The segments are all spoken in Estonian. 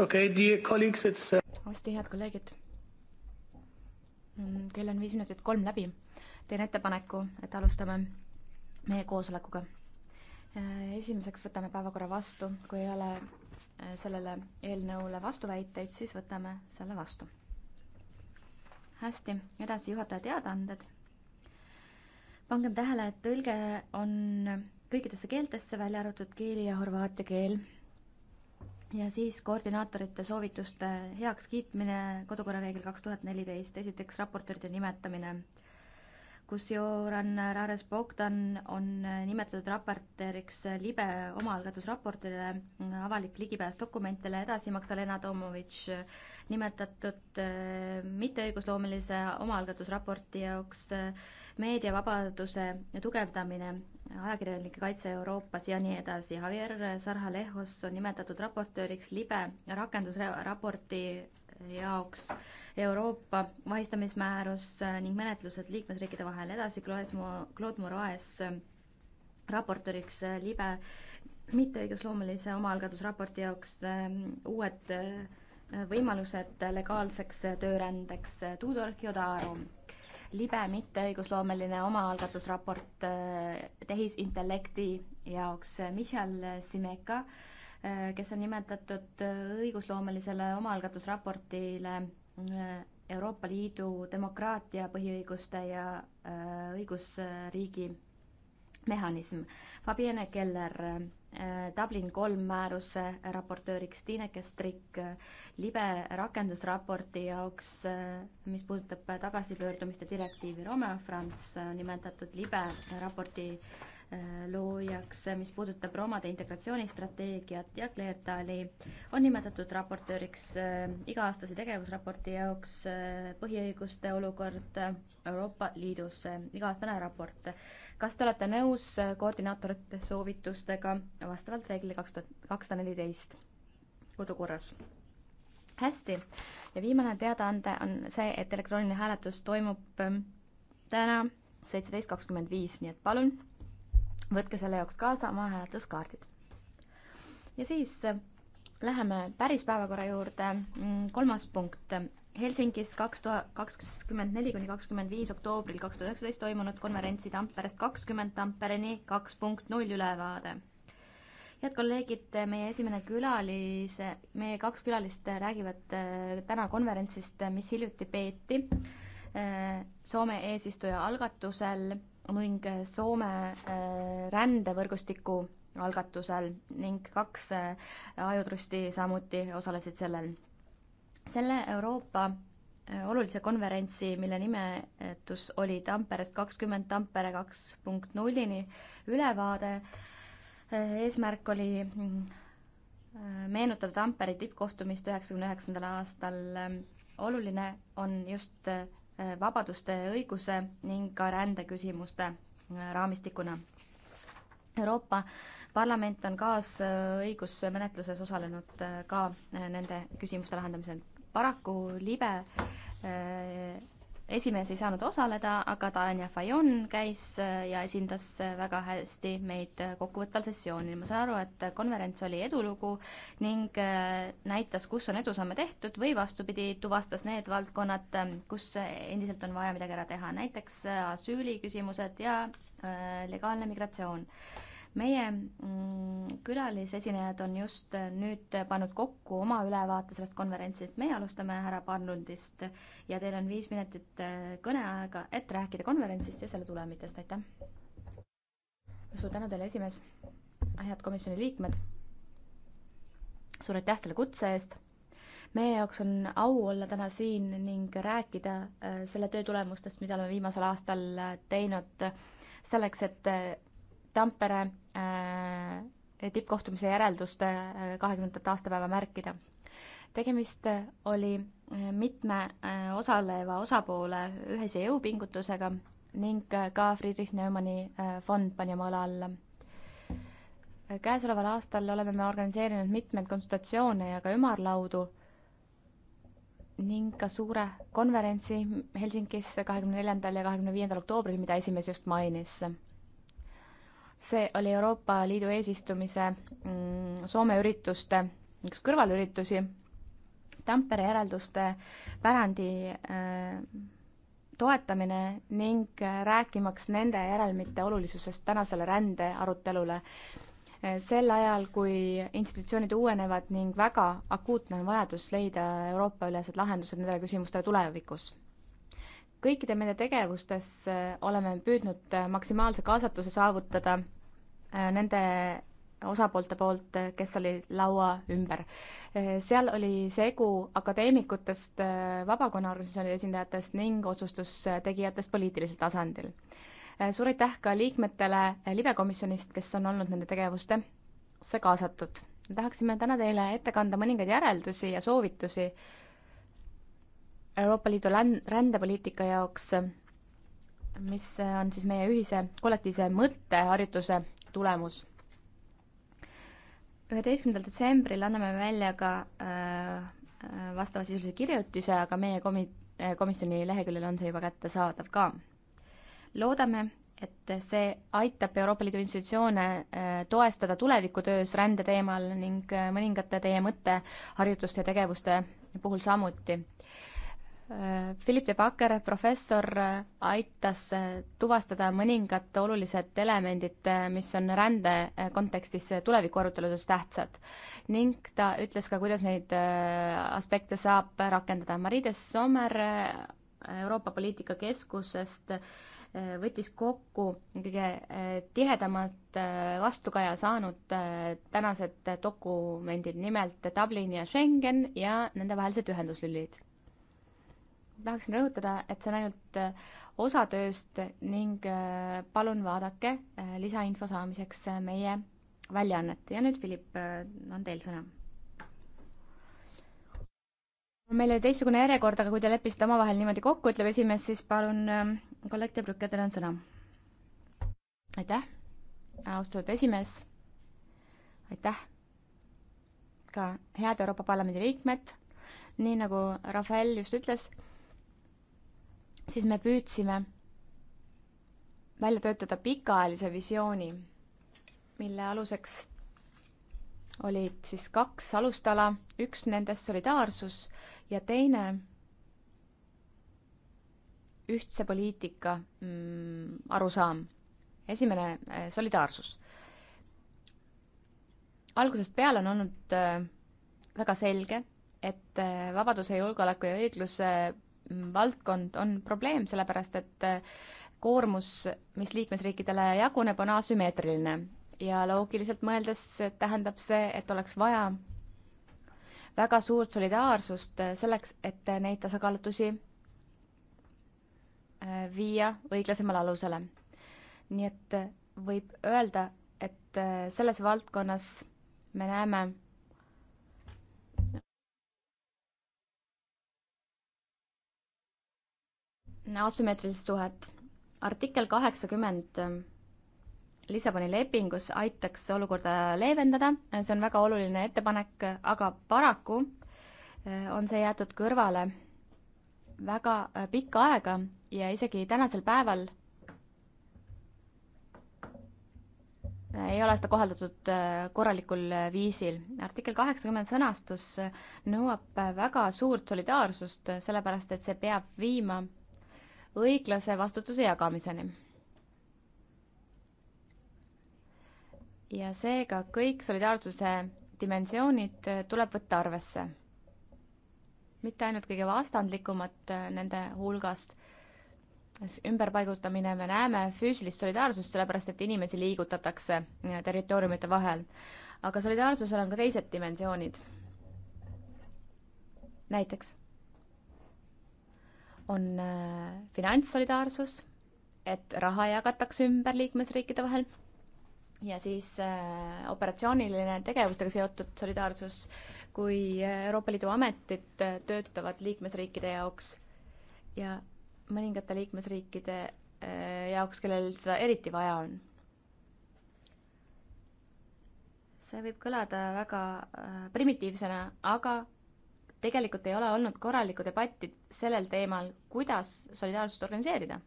okay, dear colleagues, it's uh.... hästi, head kolleegid. Mm, kell on viis minutit kolm läbi. teen ettepaneku, et alustame meie koosolekuga. Äh, esimeseks võtame päevakorra vastu, kui ei ole äh, sellele eelnõule vastuväiteid, siis võtame selle vastu. hästi, edasi juhataja teadaanded. pangem tähele, et tõlge on kõikidesse keeltesse, välja arvatud kiili ja horvaatia keel ja siis koordinaatorite soovituste heakskiitmine kodukorrareegel kaks tuhat neliteist, esiteks raportööride nimetamine kus Joran Rares Bogdan on äh, nimetatud raportööriks äh, libe omaalgatusraportile äh, avalik ligipääs dokumentidele, edasi Magdalena Tomovitš nimetatud mitteõigusloomelise omaalgatusraporti jaoks meediavabaduse tugevdamine, ajakirjanike kaitse Euroopas ja nii edasi. Javier Sarhalejos on nimetatud raportööriks libe rakendusraporti jaoks Euroopa vahistamismäärus äh, ning menetlused liikmesriikide vahel edasi, Claude Moraes äh, raportööriks äh, libe mitteõigusloomelise omaalgatusraporti jaoks ähm, uued võimalused legaalseks töörändeks, Tudor Hyodaro libe mitteõigusloomeline omaalgatusraport tehisintellekti jaoks Michal Simeka äh, Äh, kes on nimetatud äh, õigusloomelisele omaalgatusraportile äh, Euroopa Liidu demokraatia, põhiõiguste ja õigusriigi mehhanism. Fabienne Keller, Dublin kolm määruse raportööriks, Tiineke Strik, libe rakendusraporti jaoks, mis puudutab tagasipöördumiste direktiivi, Romeo Franz nimetatud libe raporti äh, loojaks, mis puudutab romade integratsioonistrateegiat ja Claire Tali on nimetatud raportööriks äh, iga-aastase tegevusraporti jaoks äh, põhiõiguste olukord Euroopa Liidus, äh, iga-aastane raport. kas te olete nõus koordinaatorite soovitustega vastavalt reeglile kaks tuhat kakssada neliteist kodukorras? hästi, ja viimane teadaanne on see, et elektrooniline hääletus toimub täna seitseteist kakskümmend viis, nii et palun võtke selle jaoks kaasa oma hääletuskaardid. ja siis äh, läheme päris päevakorra juurde, mm, kolmas punkt. Helsingis kaks tuhat kakskümmend neli kuni kakskümmend viis oktoobril kaks tuhat üheksateist toimunud konverentsi Tamperest kakskümmend Tampereni kaks punkt null ülevaade head kolleegid, meie esimene külalise, meie kaks külalist räägivad äh, täna konverentsist, mis hiljuti peeti äh, Soome eesistuja algatusel ning Soome äh, rändevõrgustiku algatusel ning kaks äh, ajutrusti samuti osalesid sellel. selle Euroopa äh, olulise konverentsi, mille nimetus oli Tamperest kakskümmend Tampere kaks punkt nullini ülevaade, eesmärk oli mm, meenutada Tamperi tippkohtumist üheksakümne üheksandal aastal. oluline on just vabaduste, õiguse ning ka rändeküsimuste äh, raamistikuna. Euroopa Parlament on kaasõigusmenetluses osalenud äh, ka äh, nende küsimuste lahendamisel. paraku libe esimees ei saanud osaleda, aga Tanja Fajon käis äh, ja esindas äh, väga hästi meid äh, kokkuvõtval sessioonil. ma saan aru, et konverents oli edulugu ning näitas, kus on edusamme tehtud või vastupidi, tuvastas need valdkonnad, kus endiselt on vaja midagi ära teha, näiteks asüüliküsimused ja legaalne migratsioon meie mm, külalisesinejad on just nüüd pannud kokku oma ülevaate sellest konverentsist, meie alustame härra Barnundist ja teil on viis minutit äh, kõneaega, et rääkida konverentsist ja selle tulemitest, aitäh! suur tänu teile, esimees! head komisjoni liikmed! suur aitäh selle kutse eest! meie jaoks on au olla täna siin ning rääkida äh, selle töö tulemustest, mida oleme viimasel aastal äh, teinud selleks, et Tampere äh, tippkohtumise järelduste äh, kahekümnendat aastapäeva märkida. tegemist äh, oli mitme osaleva osapoole ühise jõupingutusega ning ka Friedrich Neumanni fond pani oma õla alla käesoleval aastal oleme me organiseerinud mitmeid konsultatsioone ja ka ümarlaudu ning ka suure konverentsi Helsingis kahekümne neljandal ja kahekümne viiendal oktoobril, mida esimees just mainis see oli Euroopa Liidu eesistumise mm, Soome ürituste üks kõrvalüritusi. Tampere järelduste pärandi äh, toetamine ning äh, rääkimaks nende järelmite olulisusest tänasele rändearutelule. Äh, sel ajal, kui institutsioonid uuenevad ning väga akuutne on vajadus leida Euroopa-ülesed lahendused nendele küsimustele tulevikus kõikide meie tegevustes äh, oleme püüdnud äh, maksimaalse kaasatuse saavutada äh, nende osapoolte poolt, kes oli laua ümber. seal oli segu akadeemikutest, vabakonna organisatsiooni esindajatest ning otsustustegijatest poliitilisel tasandil. suur aitäh ka liikmetele libekomisjonist, kes on olnud nende tegevustesse kaasatud. tahaksime täna teile ette kanda mõningaid järeldusi ja soovitusi äh, Euroopa Liidu rändepoliitika jaoks, mis on siis meie ühise kollektiivse mõtteharjutuse tulemus. üheteistkümnendal detsembril anname välja ka äh, äh, vastavasisulise kirjutise, aga meie komi-, äh, komisjoni leheküljel on see juba kättesaadav ka. loodame, et see aitab Euroopa Liidu institutsioone toestada tulevikutöös rände teemal ning mõningate teie mõtteharjutuste ja tegevuste puhul samuti. Äh, Philip de Backer, professor, äh, aitas äh, tuvastada mõningad olulised elemendid, mis on rände kontekstis tuleviku aruteludes tähtsad. ning ta ütles ka, kuidas neid aspekte saab rakendada. Marides Sommer Euroopa Poliitika Keskusest võttis kokku kõige tihedamalt vastukaja saanud tänased dokumendid, nimelt Dublin ja Schengen ja nendevahelised ühenduslülid tahaksin rõhutada, et see on ainult äh, osa tööst ning äh, palun vaadake äh, lisainfo saamiseks meie väljaannet ja nüüd Philipp, on teil sõna. meil oli teistsugune järjekord, aga kui te leppisite omavahel niimoodi kokku, ütleb esimees, siis palun, kolleeg Tebrüke, teil on sõna. aitäh, austatud esimees. aitäh ka head Euroopa Parlamendi liikmed, nii nagu Rafael just ütles siis me püüdsime välja töötada pikaajalise visiooni, mille aluseks olid siis kaks alustala, üks nendest solidaarsus ja teine ühtse poliitika mm, arusaam. esimene, äh, solidaarsus. algusest peale on olnud äh, väga selge, et äh, vabaduse, julgeoleku ja õigluse valdkond on probleem, sellepärast et äh, koormus, mis liikmesriikidele jaguneb, on asümmeetriline ja loogiliselt mõeldes tähendab see, et oleks vaja väga suurt solidaarsust äh, selleks, et neid tasakaalutusi äh, viia õiglasemale alusele. nii et võib öelda, et selles valdkonnas me näeme asümmeetrilist suhet. artikkel kaheksakümmend Lissaboni lepingus aitaks olukorda leevendada, see on väga oluline ettepanek, aga paraku eh, on see jäetud kõrvale väga eh, pikka aega ja isegi tänasel päeval eh, ei ole seda kohaldatud korralikul viisil. artikkel kaheksakümmend sõnastus nõuab väga suurt solidaarsust, sellepärast et see peab viima õiglase vastutuse jagamiseni. ja seega kõik solidaarsuse dimensioonid tuleb võtta arvesse. mitte ainult kõige vastandlikumat nende hulgast, ümberpaigutamine, me näeme füüsilist solidaarsust, sellepärast et inimesi liigutatakse territooriumite vahel. aga solidaarsusel on ka teised dimensioonid. näiteks on äh, finantssolidaarsus, et raha jagatakse ümber liikmesriikide vahel ja siis äh, operatsiooniline tegevustega seotud solidaarsus, kui Euroopa Liidu ametid äh, töötavad liikmesriikide jaoks ja mõningate liikmesriikide äh, jaoks, kellel seda eriti vaja on. see võib kõlada väga äh, primitiivsena, aga tegelikult ei ole olnud korralikku debatti sellel teemal, kuidas solidaarsust organiseerida.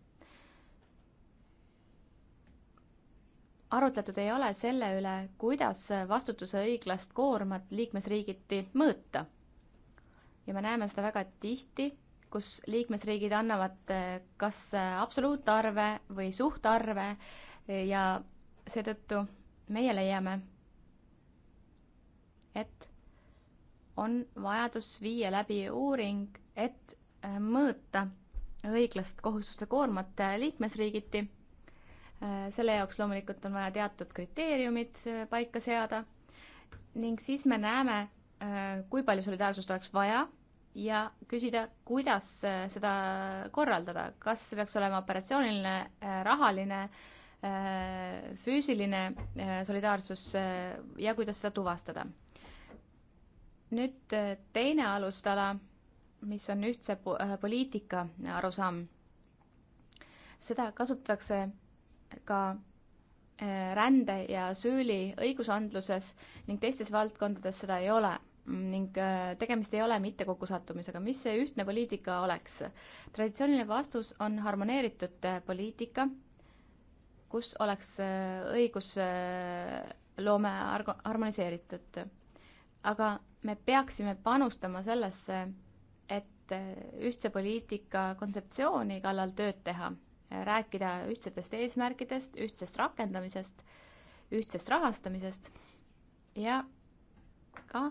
arutletud ei ole selle üle, kuidas vastutuse õiglast koormat liikmesriigiti mõõta. ja me näeme seda väga tihti, kus liikmesriigid annavad eh, kas eh, absoluutarve või suhtarve eh, ja seetõttu meie leiame, et on vajadus viia läbi uuring, et äh, mõõta õiglast kohustuste koormat äh, liikmesriigiti. Äh, selle jaoks loomulikult on vaja teatud kriteeriumid paika seada ning siis me näeme, kui palju solidaarsust oleks vaja ja küsida, kuidas seda korraldada, kas see peaks olema operatsiooniline, rahaline, füüsiline solidaarsus ja kuidas seda tuvastada nüüd äh, teine alustala, mis on ühtse äh, poliitika arusaam. seda kasutatakse ka äh, rände ja asüüli õigusandluses ning teistes valdkondades seda ei ole ning tegemist ei ole mitte kokkusattumisega. mis see ühtne poliitika oleks? traditsiooniline vastus on harmoneeritud poliitika, kus oleks õigusloome harmoniseeritud. aga me peaksime panustama sellesse, et äh, ühtse poliitika kontseptsiooni kallal tööd teha, rääkida ühtsetest eesmärkidest, ühtsest rakendamisest, ühtsest rahastamisest ja ka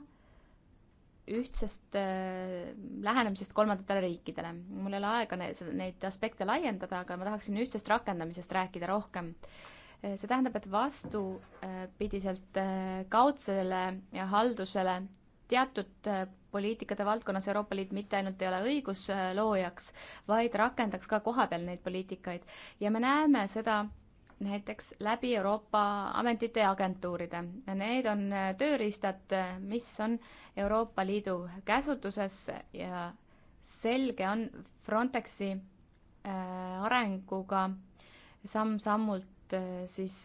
ühtsest äh, lähenemisest kolmandatele riikidele. mul ei ole aega neid aspekte laiendada, aga ma tahaksin ühtsest rakendamisest rääkida rohkem. Äh, see tähendab, et vastupidiselt kaudsele haldusele teatud äh, poliitikate valdkonnas Euroopa Liit mitte ainult ei ole õigusloojaks, vaid rakendaks ka kohapeal neid poliitikaid. ja me näeme seda näiteks läbi Euroopa ametite ja agentuuride. Need on äh, tööriistad, äh, mis on Euroopa Liidu käsutuses ja selge on Frontexi arenguga samm-sammult siis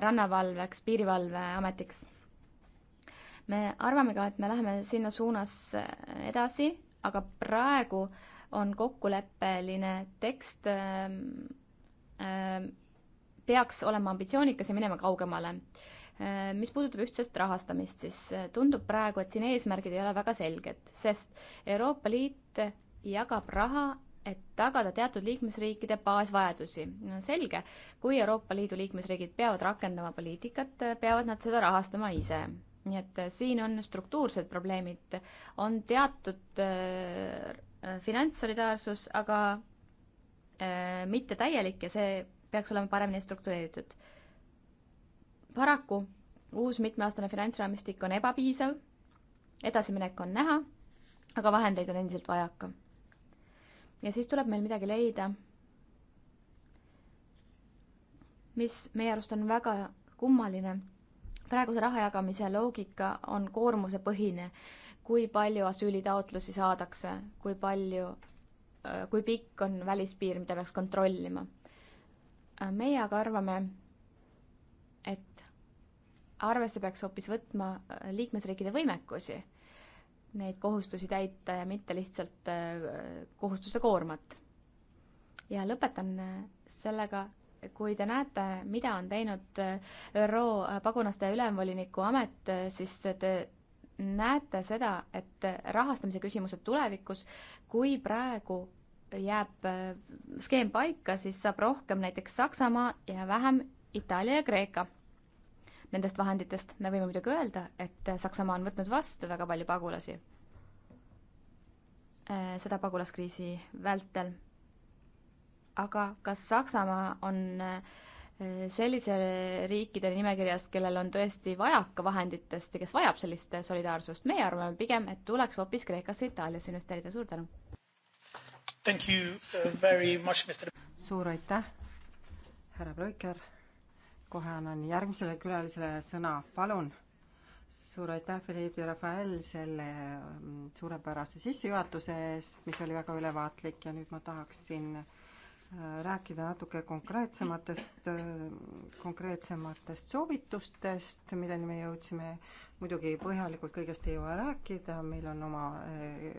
rannavalveks, piirivalveametiks me arvame ka, et me läheme sinna suunas äh, edasi, aga praegu on kokkuleppeline tekst ähm, ähm, peaks olema ambitsioonikas ja minema kaugemale. Äh, mis puudutab ühtsest rahastamist, siis äh, tundub praegu, et siin eesmärgid ei ole väga selged, sest Euroopa Liit jagab raha et tagada teatud liikmesriikide baasvajadusi. no selge, kui Euroopa Liidu liikmesriigid peavad rakendama poliitikat, peavad nad seda rahastama ise nii et äh, siin on struktuursed probleemid, on teatud äh, finantssolidaarsus, aga äh, mitte täielik ja see peaks olema paremini struktureeritud. paraku uus mitmeaastane finantsraamistik on ebapiisav, edasiminek on näha, aga vahendeid on endiselt vajaka. ja siis tuleb meil midagi leida, mis meie arust on väga kummaline praeguse rahajagamise loogika on koormusepõhine. kui palju asüülitaotlusi saadakse, kui palju, äh, kui pikk on välispiir, mida peaks kontrollima. Äh, meie aga arvame, et arvesse peaks hoopis võtma äh, liikmesriikide võimekusi neid kohustusi täita ja mitte lihtsalt kohustuste koormat. ja lõpetan sellega, kui te näete, mida on teinud äh, ÜRO äh, pagulaste ülemvoliniku amet, äh, siis te näete seda, et rahastamise küsimused tulevikus, kui praegu jääb skeem paika, siis saab rohkem näiteks Saksamaa ja vähem Itaalia ja Kreeka. Nendest vahenditest me võime muidugi öelda, et Saksamaa on võtnud vastu väga palju pagulasi seda pagulaskriisi vältel aga kas Saksamaa on äh, sellise riikide nimekirjas, kellel on tõesti vajaka vahenditest ja kes vajab sellist solidaarsust, meie arvame pigem, et tuleks hoopis Kreekasse, Itaaliasse investeerida, suur tänu! Uh, suur aitäh, härra Breuker, kohe annan järgmisele külalisele sõna, palun! suur aitäh, Philipp ja Rafael, selle mm, suurepärase sissejuhatuse eest, mis oli väga ülevaatlik ja nüüd ma tahaksin äh, rääkida natuke konkreetsematest, konkreetsematest soovitustest, milleni me jõudsime. muidugi põhjalikult kõigest ei jõua rääkida, meil on oma eh,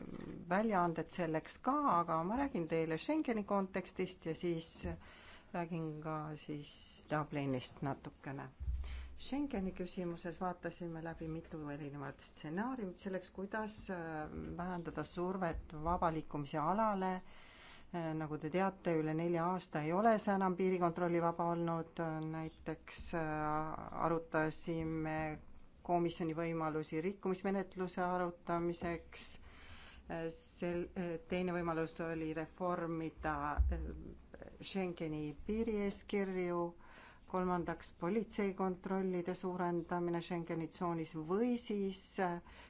väljaanded selleks ka, aga ma räägin teile Schengeni kontekstist ja siis räägin ka siis Dublinist natukene. Schengeni küsimuses vaatasime läbi mitu erinevat stsenaariumit selleks, kuidas eh, vähendada survet vaba liikumise alale äh, Äh, nagu te teate, üle nelja aasta ei ole see enam piirikontrolli vaba olnud, näiteks äh, arutasime komisjoni võimalusi rikkumismenetluse arutamiseks, äh, sel-, teine võimalus oli reformida Schengeni piirieeskirju, kolmandaks politseikontrollide suurendamine Schengeni tsoonis või siis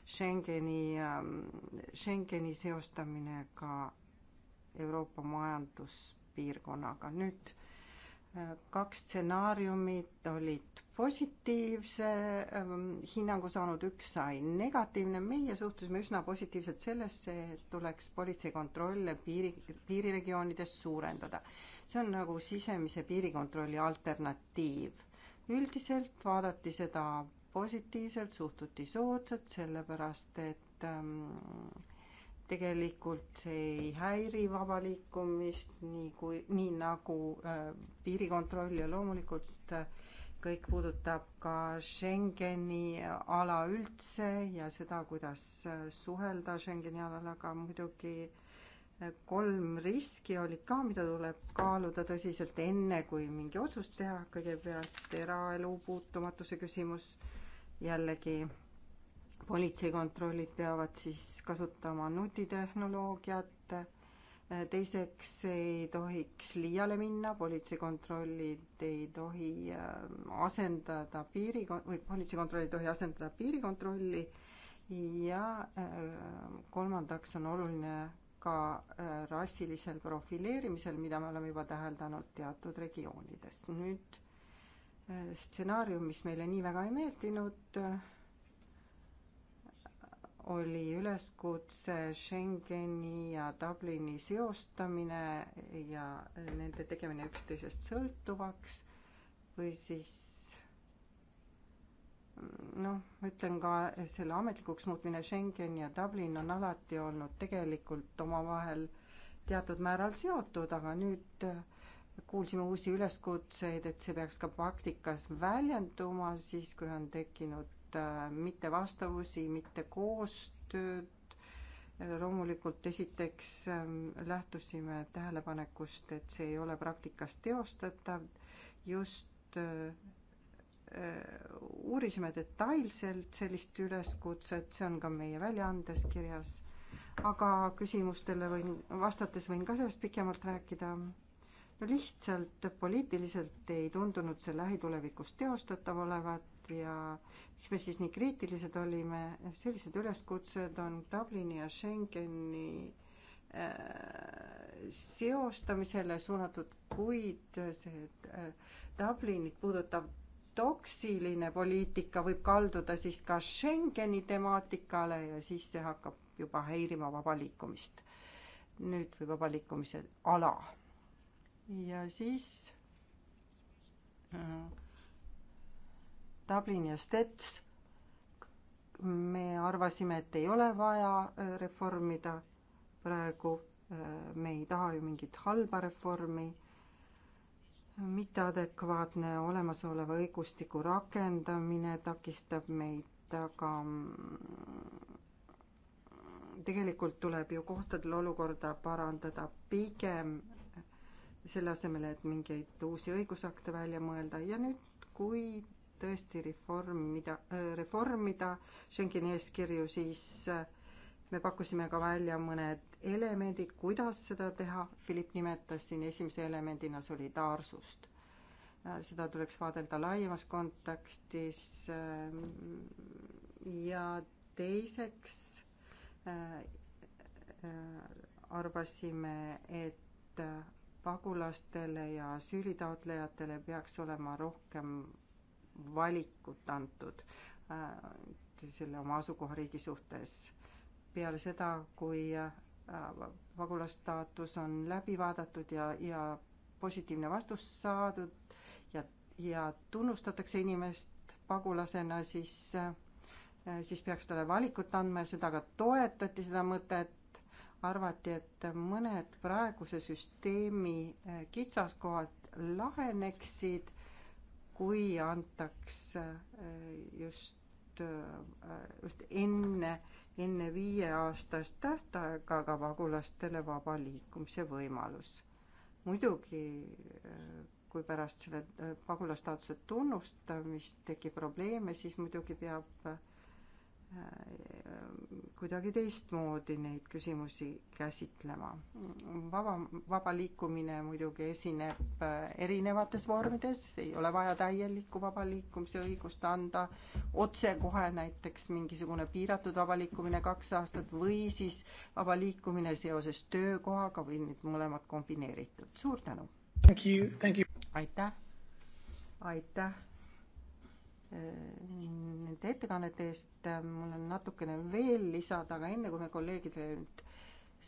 Schengeni, ähm, Schengeni seostamine ka Euroopa majanduspiirkonnaga. nüüd äh, kaks stsenaariumit olid positiivse ähm, hinnangu saanud, üks sai negatiivne, meie suhtusime üsna positiivselt sellesse, et tuleks politseikontrolle piiri, piiriregioonides suurendada. see on nagu sisemise piirikontrolli alternatiiv. üldiselt vaadati seda positiivselt, suhtuti soodsalt, sellepärast et ähm, tegelikult see ei häiri vaba liikumist nii kui, nii nagu äh, piirikontroll ja loomulikult äh, kõik puudutab ka Schengeni ala üldse ja seda, kuidas äh, suhelda Schengeni alal, aga muidugi äh, kolm riski olid ka, mida tuleb kaaluda tõsiselt, enne kui mingi otsus teha. kõigepealt eraelu puutumatuse küsimus jällegi politseikontrollid peavad siis kasutama nutitehnoloogiat, teiseks ei tohiks liiale minna, politseikontrollid ei tohi äh, asendada piiri või politseikontroll ei tohi asendada piirikontrolli ja äh, kolmandaks on oluline ka äh, rassilisel profileerimisel, mida me oleme juba täheldanud teatud regioonides. nüüd stsenaarium, mis meile nii väga ei meeldinud oli üleskutse Schengeni ja Dublini seostamine ja nende tegemine üksteisest sõltuvaks või siis noh, ütlen ka selle ametlikuks muutmine, Schengen ja Dublin on alati olnud tegelikult omavahel teatud määral seotud, aga nüüd kuulsime uusi üleskutseid, et see peaks ka praktikas väljenduma siis, kui on tekkinud Äh, mittevastavusi, mitte koostööd. loomulikult esiteks ähm, lähtusime tähelepanekust, et see ei ole praktikas teostatav. just äh, äh, uurisime detailselt sellist üleskutset, see on ka meie väljaandes kirjas. aga küsimustele võin, vastates võin ka sellest pikemalt rääkida no lihtsalt poliitiliselt ei tundunud see lähitulevikus teostatav olevat ja miks me siis nii kriitilised olime, sellised üleskutsed on Dublini ja Schengeni äh, seostamisele suunatud, kuid see äh, Dublinit puudutav toksiline poliitika võib kalduda siis ka Schengeni temaatikale ja siis see hakkab juba häirima vaba liikumist. nüüd või vaba liikumise ala. ja siis äh, Dublin ja Stets, me arvasime, et ei ole vaja äh, reformida praegu, äh, me ei taha ju mingit halba reformi, mitteadekvaatne olemasoleva õigustiku rakendamine takistab meid, aga mm, tegelikult tuleb ju kohtadel olukorda parandada pigem äh, selle asemel, et mingeid uusi õigusakte välja mõelda ja nüüd, kui tõesti reformida, reformida Schengeni eeskirju, siis äh, me pakkusime ka välja mõned elemendid, kuidas seda teha. Philipp nimetas siin esimese elemendina solidaarsust. Äh, seda tuleks vaadelda laiemas kontekstis. Äh, ja teiseks arvasime, et pagulastele ja asüülitaotlejatele peaks olema rohkem valikut antud äh, selle oma asukohariigi suhtes. peale seda, kui äh, pagulastaatus on läbi vaadatud ja, ja positiivne vastus saadud ja, ja tunnustatakse inimest pagulasena, siis, äh, siis peaks talle valikut andma ja seda ka toetati, seda mõtet, arvati, et mõned praeguse süsteemi kitsaskohad laheneksid kui antakse äh, just just äh, enne, enne viieaastast tähtaega ka pagulastele vaba liikumise võimalus. muidugi, äh, kui pärast selle pagulastaatuse tunnustamist tekib probleeme, siis muidugi peab Äh, kuidagi teistmoodi neid küsimusi käsitlema. vaba, vaba liikumine muidugi esineb äh, erinevates vormides, ei ole vaja täielikku vaba liikumise õigust anda otsekohe, näiteks mingisugune piiratud vaba liikumine kaks aastat või siis vaba liikumine seoses töökohaga või need mõlemad kombineeritud. suur tänu! aitäh! aitäh! Äh, nende ettekannete eest. Äh, mul on natukene veel lisada, aga enne kui me kolleegidele nüüd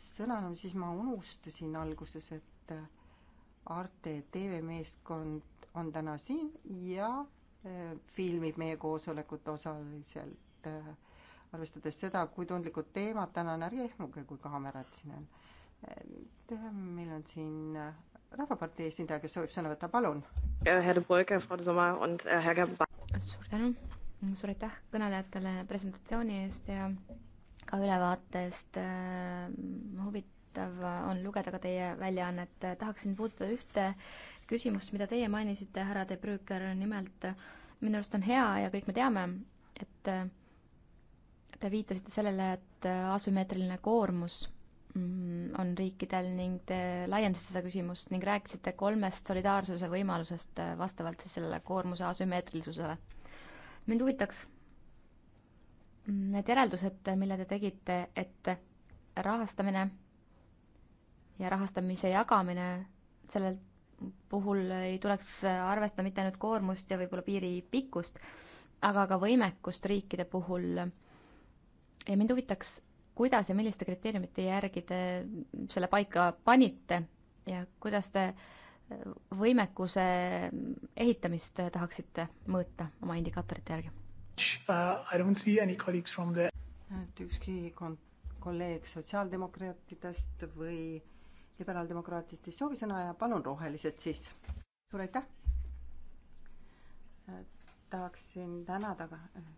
sõna anname, siis ma unustasin alguses, et äh, Arte TV-meeskond on täna siin ja filmib meie koosolekut osaliselt. arvestades seda, kui tundlikud teemad täna on, ärge ehmuge, kui kaamerad siin on. meil on siin Rahvapartei esindaja, kes soovib sõna võtta, palun suur tänu, suur aitäh kõnelejatele presentatsiooni eest ja ka ülevaate eest, äh, huvitav on lugeda ka teie väljaannet, tahaksin puudutada ühte küsimust, mida teie mainisite, härra De Brücker, nimelt minu arust on hea ja kõik me teame, et äh, te viitasite sellele, et äh, asümmeetriline koormus Mm, on riikidel ning te laiendasite seda küsimust ning rääkisite kolmest solidaarsuse võimalusest äh, vastavalt siis sellele koormuse asümmeetrilisusele. mind huvitaks mm, need järeldused, mille te tegite, et rahastamine ja rahastamise jagamine sellel puhul ei tuleks arvestada mitte ainult koormust ja võib-olla piiri pikkust, aga ka võimekust riikide puhul. ja mind huvitaks, kuidas ja milliste kriteeriumite järgi te selle paika panite ja kuidas te äh, võimekuse ehitamist tahaksite mõõta oma indikaatorite järgi uh,? The... et ükski kolleeg sotsiaaldemokraatidest või liberaaldemokraatidest ei soovi sõna ja palun rohelised siis. suur aitäh! Äh, tahaksin tänada ka äh,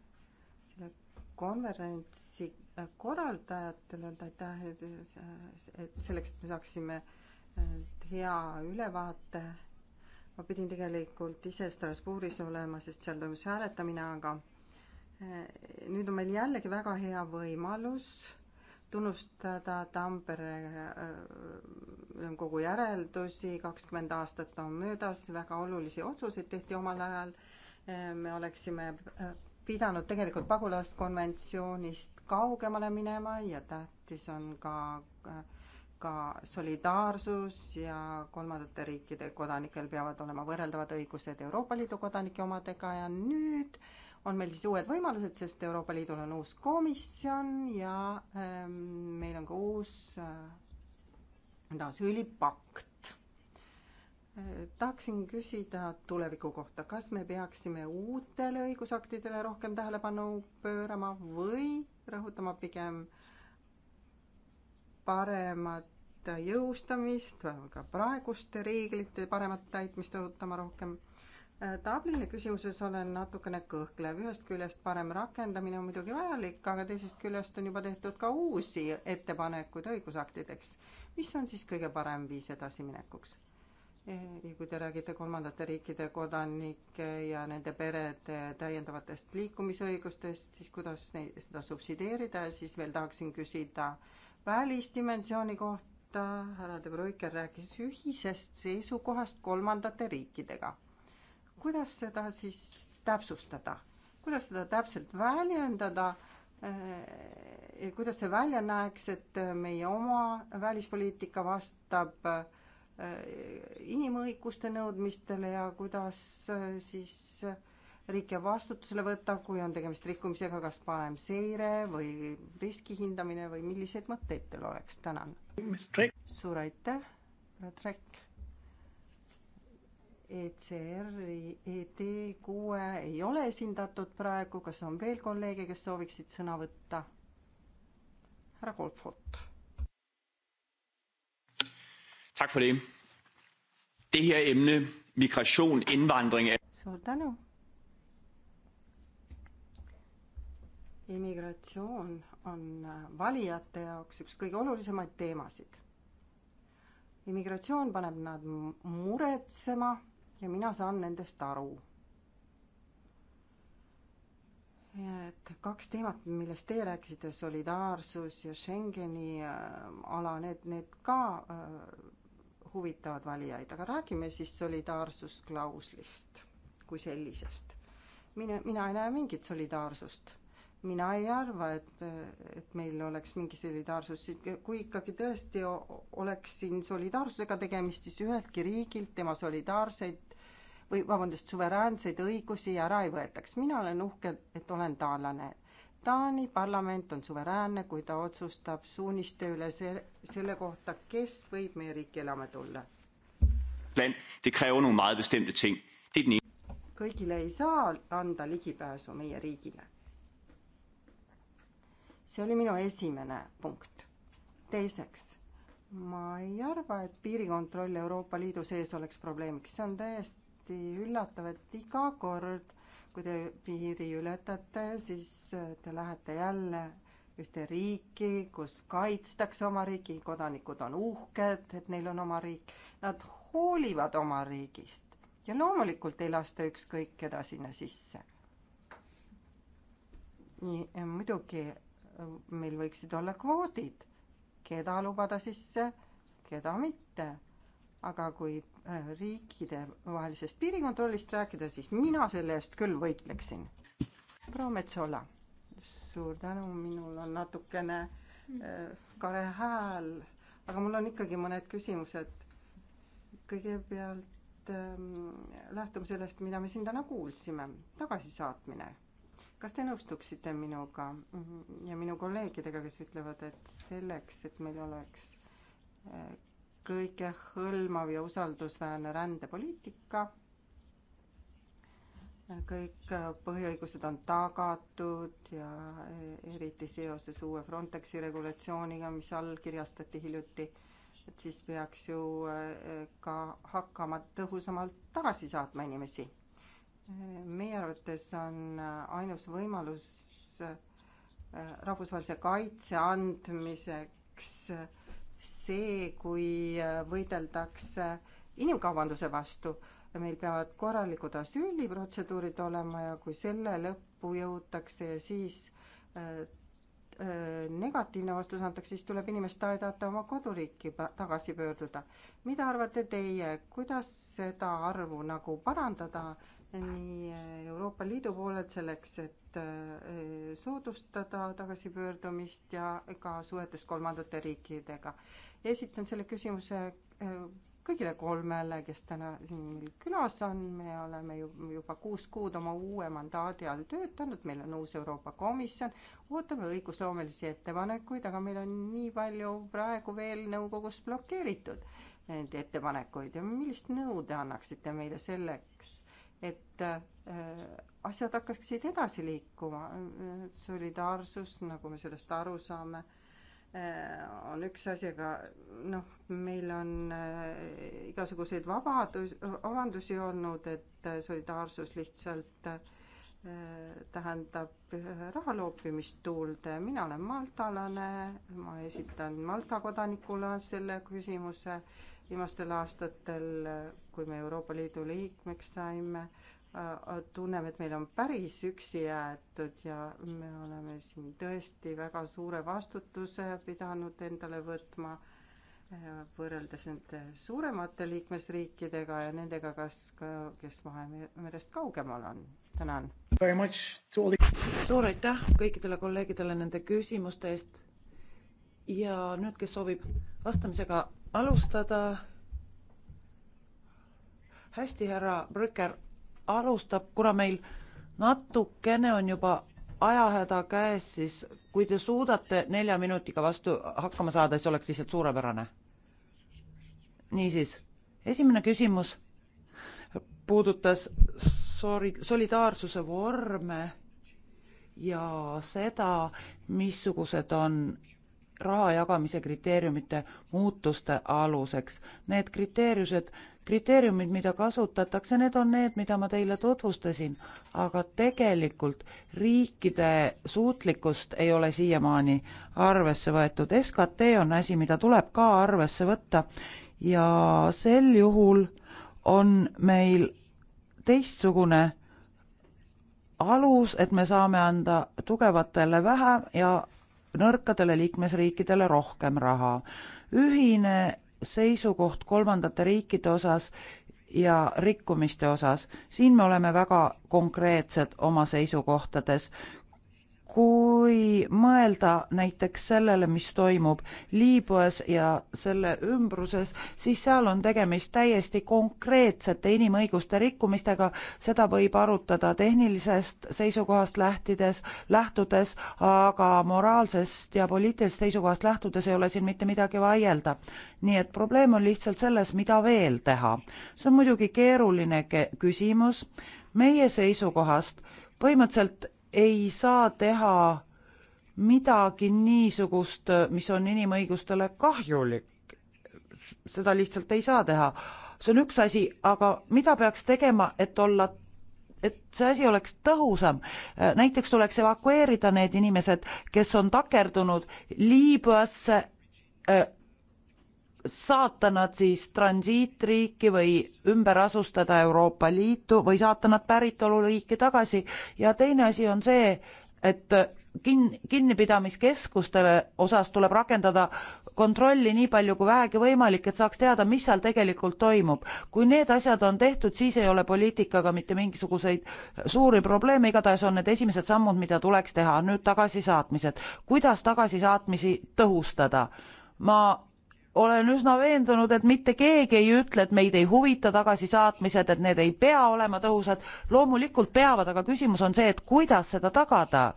selle konverentsi äh, korraldajatele öelda aitäh, et selleks, et me saaksime äh, hea ülevaate. ma pidin tegelikult ise Strasbourgis olema, sest seal toimus hääletamine, aga äh, nüüd on meil jällegi väga hea võimalus tunnustada Tampere ülemkogu järeldusi, kakskümmend aastat on möödas, väga olulisi otsuseid tehti omal ajal, me oleksime pidanud tegelikult pagulaskonventsioonist kaugemale minema ja tähtis on ka, ka solidaarsus ja kolmandate riikide kodanikel peavad olema võrreldavad õigused Euroopa Liidu kodanike omadega ja nüüd on meil siis uued võimalused, sest Euroopa Liidul on uus komisjon ja ähm, meil on ka uus äh, asüülipakt tahaksin küsida tuleviku kohta, kas me peaksime uutele õigusaktidele rohkem tähelepanu pöörama või rõhutama pigem paremat jõustamist, ka praeguste reeglite paremat täitmist rõhutama rohkem. Äh, Dublini küsimuses olen natukene kõhklev, ühest küljest parem rakendamine on muidugi vajalik, aga teisest küljest on juba tehtud ka uusi ettepanekuid õigusaktideks. mis on siis kõige parem viis edasiminekuks? ja kui te räägite kolmandate riikide kodanike ja nende perede täiendavatest liikumisõigustest, siis kuidas neid, seda subsideerida ja siis veel tahaksin küsida välisdimensiooni kohta, härra De Bruyker rääkis ühisest seisukohast kolmandate riikidega. kuidas seda siis täpsustada, kuidas seda täpselt väljendada eh, ja kuidas see välja näeks, et meie oma välispoliitika vastab äh, inimõiguste nõudmistele ja kuidas äh, siis äh, riike vastutusele võtta, kui on tegemist rikkumisega, kas parem seire või riski hindamine või milliseid mõtteid teil oleks, tänan. suur aitäh, härra Trekk. ECR-i ED kuue ei ole esindatud praegu, kas on veel kolleege, kes sooviksid sõna võtta? härra Kolfot Tak for det. Det her emne, migration, indvandring... Er- Suur tänu. immigratsioon on äh, valijate jaoks üks kõige olulisemaid teemasid. immigratsioon paneb nad muretsema ja mina saan nendest aru. et kaks teemat, millest teie rääkisite, solidaarsus ja Schengeni äh, ala, need, need ka äh, huvitavad valijaid, aga räägime siis solidaarsusklauslist kui sellisest. mina, mina ei näe mingit solidaarsust. mina ei arva, et, et meil oleks mingi solidaarsus, kui ikkagi tõesti oleks siin solidaarsusega tegemist, siis üheltki riigilt tema solidaarseid või vabandust, suveräänseid õigusi ära ei võetaks. mina olen uhke, et olen taanlane Taani parlament on suveräänne, kui ta otsustab suuniste üle see, selle kohta, kes võib meie riiki elama tulla. Er kõigile ei saa anda ligipääsu meie riigile. see oli minu esimene punkt. teiseks, ma ei arva, et piirikontroll Euroopa Liidu sees oleks probleemiks, see on täiesti üllatav, et iga kord kui te piiri ületate, siis äh, te lähete jälle ühte riiki, kus kaitstakse oma riiki, kodanikud on uhked, et neil on oma riik, nad hoolivad oma riigist ja loomulikult ei lasta ükskõik keda sinna sisse. nii, muidugi äh, meil võiksid olla kvoodid, keda lubada sisse, keda mitte. aga kui riikidevahelisest piirikontrollist rääkida, siis mina selle eest küll võitleksin. proua Metsola, suur tänu, minul on natukene äh, kare hääl, aga mul on ikkagi mõned küsimused. kõigepealt ähm, lähtume sellest, mida me siin täna kuulsime, tagasisaatmine. kas te nõustuksite minuga ja minu kolleegidega, kes ütlevad, et selleks, et meil oleks äh, kõige hõlmav ja usaldusväärne rändepoliitika. kõik põhiõigused on tagatud ja eriti seoses uue Frontexi regulatsiooniga, mis allkirjastati hiljuti, et siis peaks ju eh, ka hakkama tõhusamalt tagasi saatma inimesi. meie arvates on ainus võimalus eh, rahvusvahelise kaitse andmiseks äh, see, kui äh, võideldakse inimkaubanduse vastu. meil peavad korralikud asüüliprotseduurid olema ja kui selle lõppu jõutakse ja siis äh, äh, negatiivne vastus antakse, siis tuleb inimest aidata oma koduriiki tagasi pöörduda. mida arvate teie, kuidas seda arvu nagu parandada nii äh, Euroopa Liidu poolelt selleks, et äh, soodustada tagasipöördumist ja ka suhetes kolmandate riikidega. esitan selle küsimuse äh, kõigile kolmele, kes täna siin meil külas on, me oleme juba kuus kuud oma uue mandaadi all töötanud, meil on uus Euroopa Komisjon, ootame õigusloomelisi ettepanekuid, aga meil on nii palju praegu veel nõukogus blokeeritud neid ettepanekuid ja millist nõu te annaksite meile selleks, et äh, asjad hakkaksid edasi liikuma. solidaarsus, nagu me sellest aru saame, äh, on üks asi, aga noh, meil on äh, igasuguseid vabadus, vabandusi olnud, et solidaarsus lihtsalt tähendab raha loopimist tuulde. mina olen maltalane, ma esitan Malta kodanikule selle küsimuse viimastel aastatel, kui me Euroopa Liidu liikmeks saime, äh, äh, tunneme, et meil on päris üksi jäetud ja me oleme siin tõesti väga suure vastutuse pidanud endale võtma äh, võrreldes nende suuremate liikmesriikidega ja nendega, kas ka, kes Vahemerest kaugemal on. tänan. suur aitäh kõikidele kolleegidele nende küsimuste eest. ja nüüd, kes soovib vastamisega alustada. hästi, härra Brücker alustab, kuna meil natukene on juba ajahäda käes, siis kui te suudate nelja minutiga vastu hakkama saada, siis oleks lihtsalt suurepärane. niisiis, esimene küsimus puudutas sori-, solidaarsuse vorme ja seda, missugused on raha jagamise kriteeriumite muutuste aluseks. Need kriteeriused, kriteeriumid, mida kasutatakse, need on need, mida ma teile tutvustasin, aga tegelikult riikide suutlikkust ei ole siiamaani arvesse võetud. SKT on asi, mida tuleb ka arvesse võtta ja sel juhul on meil teistsugune alus, et me saame anda tugevatele vähem ja nõrkadele liikmesriikidele rohkem raha. ühine seisukoht kolmandate riikide osas ja rikkumiste osas, siin me oleme väga konkreetsed oma seisukohtades kui mõelda näiteks sellele, mis toimub Liibüas ja selle ümbruses, siis seal on tegemist täiesti konkreetsete inimõiguste rikkumistega, seda võib arutada tehnilisest seisukohast lähtides, lähtudes, aga moraalsest ja poliitilisest seisukohast lähtudes ei ole siin mitte midagi vaielda. nii et probleem on lihtsalt selles, mida veel teha. see on muidugi keeruline ke küsimus, meie seisukohast põhimõtteliselt ei saa teha midagi niisugust, mis on inimõigustele kahjulik. seda lihtsalt ei saa teha. see on üks asi, aga mida peaks tegema, et olla et see asi oleks tõhusam. näiteks tuleks evakueerida need inimesed, kes on takerdunud Liibüasse äh, saata nad siis transiitriiki või ümber asustada Euroopa Liitu või saata nad päritoluriiki tagasi ja teine asi on see, et kin-, kinnipidamiskeskustele osas tuleb rakendada kontrolli nii palju kui vähegi võimalik, et saaks teada, mis seal tegelikult toimub. kui need asjad on tehtud, siis ei ole poliitikaga mitte mingisuguseid suuri probleeme, igatahes on need esimesed sammud, mida tuleks teha. nüüd tagasisaatmised. kuidas tagasisaatmisi tõhustada? ma olen üsna veendunud, et mitte keegi ei ütle, et meid ei huvita tagasisaatmised, et need ei pea olema tõhusad. loomulikult peavad, aga küsimus on see, et kuidas seda tagada.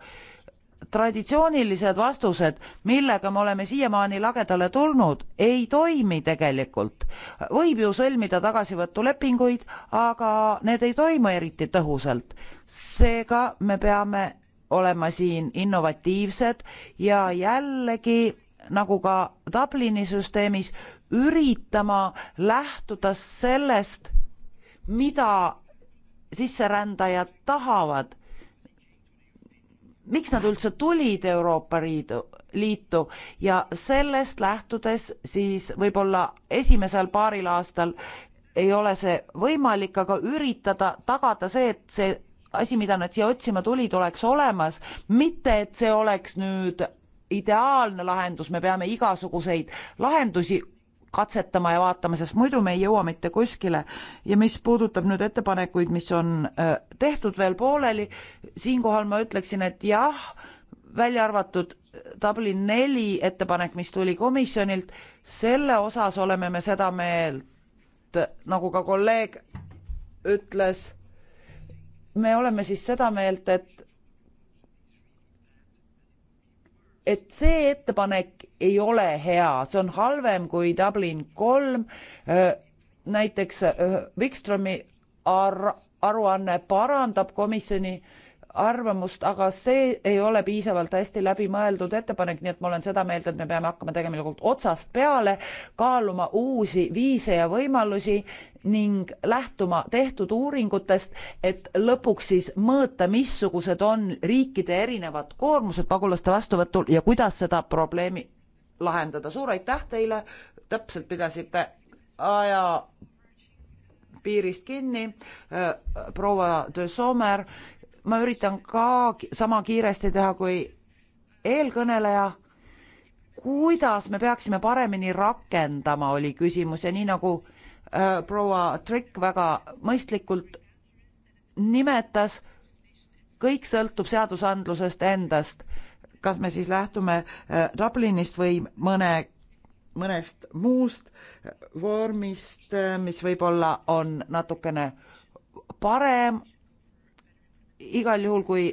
traditsioonilised vastused, millega me oleme siiamaani lagedale tulnud, ei toimi tegelikult. võib ju sõlmida tagasivõtulepinguid, aga need ei toimu eriti tõhusalt. seega me peame olema siin innovatiivsed ja jällegi nagu ka Dublini süsteemis üritama lähtuda sellest, mida sisserändajad tahavad. miks nad üldse tulid Euroopa Liidu, Liitu ja sellest lähtudes siis võib-olla esimesel paaril aastal ei ole see võimalik, aga üritada tagada see, et see asi, mida nad siia otsima tulid, oleks olemas, mitte et see oleks nüüd ideaalne lahendus, me peame igasuguseid lahendusi katsetama ja vaatama, sest muidu me ei jõua mitte kuskile. ja mis puudutab nüüd ettepanekuid, mis on äh, tehtud veel pooleli, siinkohal ma ütleksin, et jah, välja arvatud Dublin äh, neli ettepanek, mis tuli komisjonilt, selle osas oleme me seda meelt, äh, nagu ka kolleeg ütles, me oleme siis seda meelt, et et see ettepanek ei ole hea, see on halvem kui Dublin kolm. Äh, näiteks äh, Wikströmi ar aruanne parandab komisjoni äh, arvamust, aga see ei ole piisavalt hästi läbimõeldud ettepanek, nii et ma olen seda meelt, et me peame hakkama tegema otsast peale, kaaluma uusi viise ja võimalusi ning lähtuma tehtud uuringutest, et lõpuks siis mõõta, missugused on riikide erinevad koormused pagulaste vastuvõtul ja kuidas seda probleemi lahendada. suur aitäh teile, täpselt pidasite aja piirist kinni. proua de Sommer ma üritan ka sama kiiresti teha kui eelkõneleja. kuidas me peaksime paremini rakendama, oli küsimus ja nii nagu äh, proua Trikk väga mõistlikult nimetas, kõik sõltub seadusandlusest endast. kas me siis lähtume äh, Dublinist või mõne, mõnest muust äh, vormist, äh, mis võib-olla on natukene parem, igal juhul, kui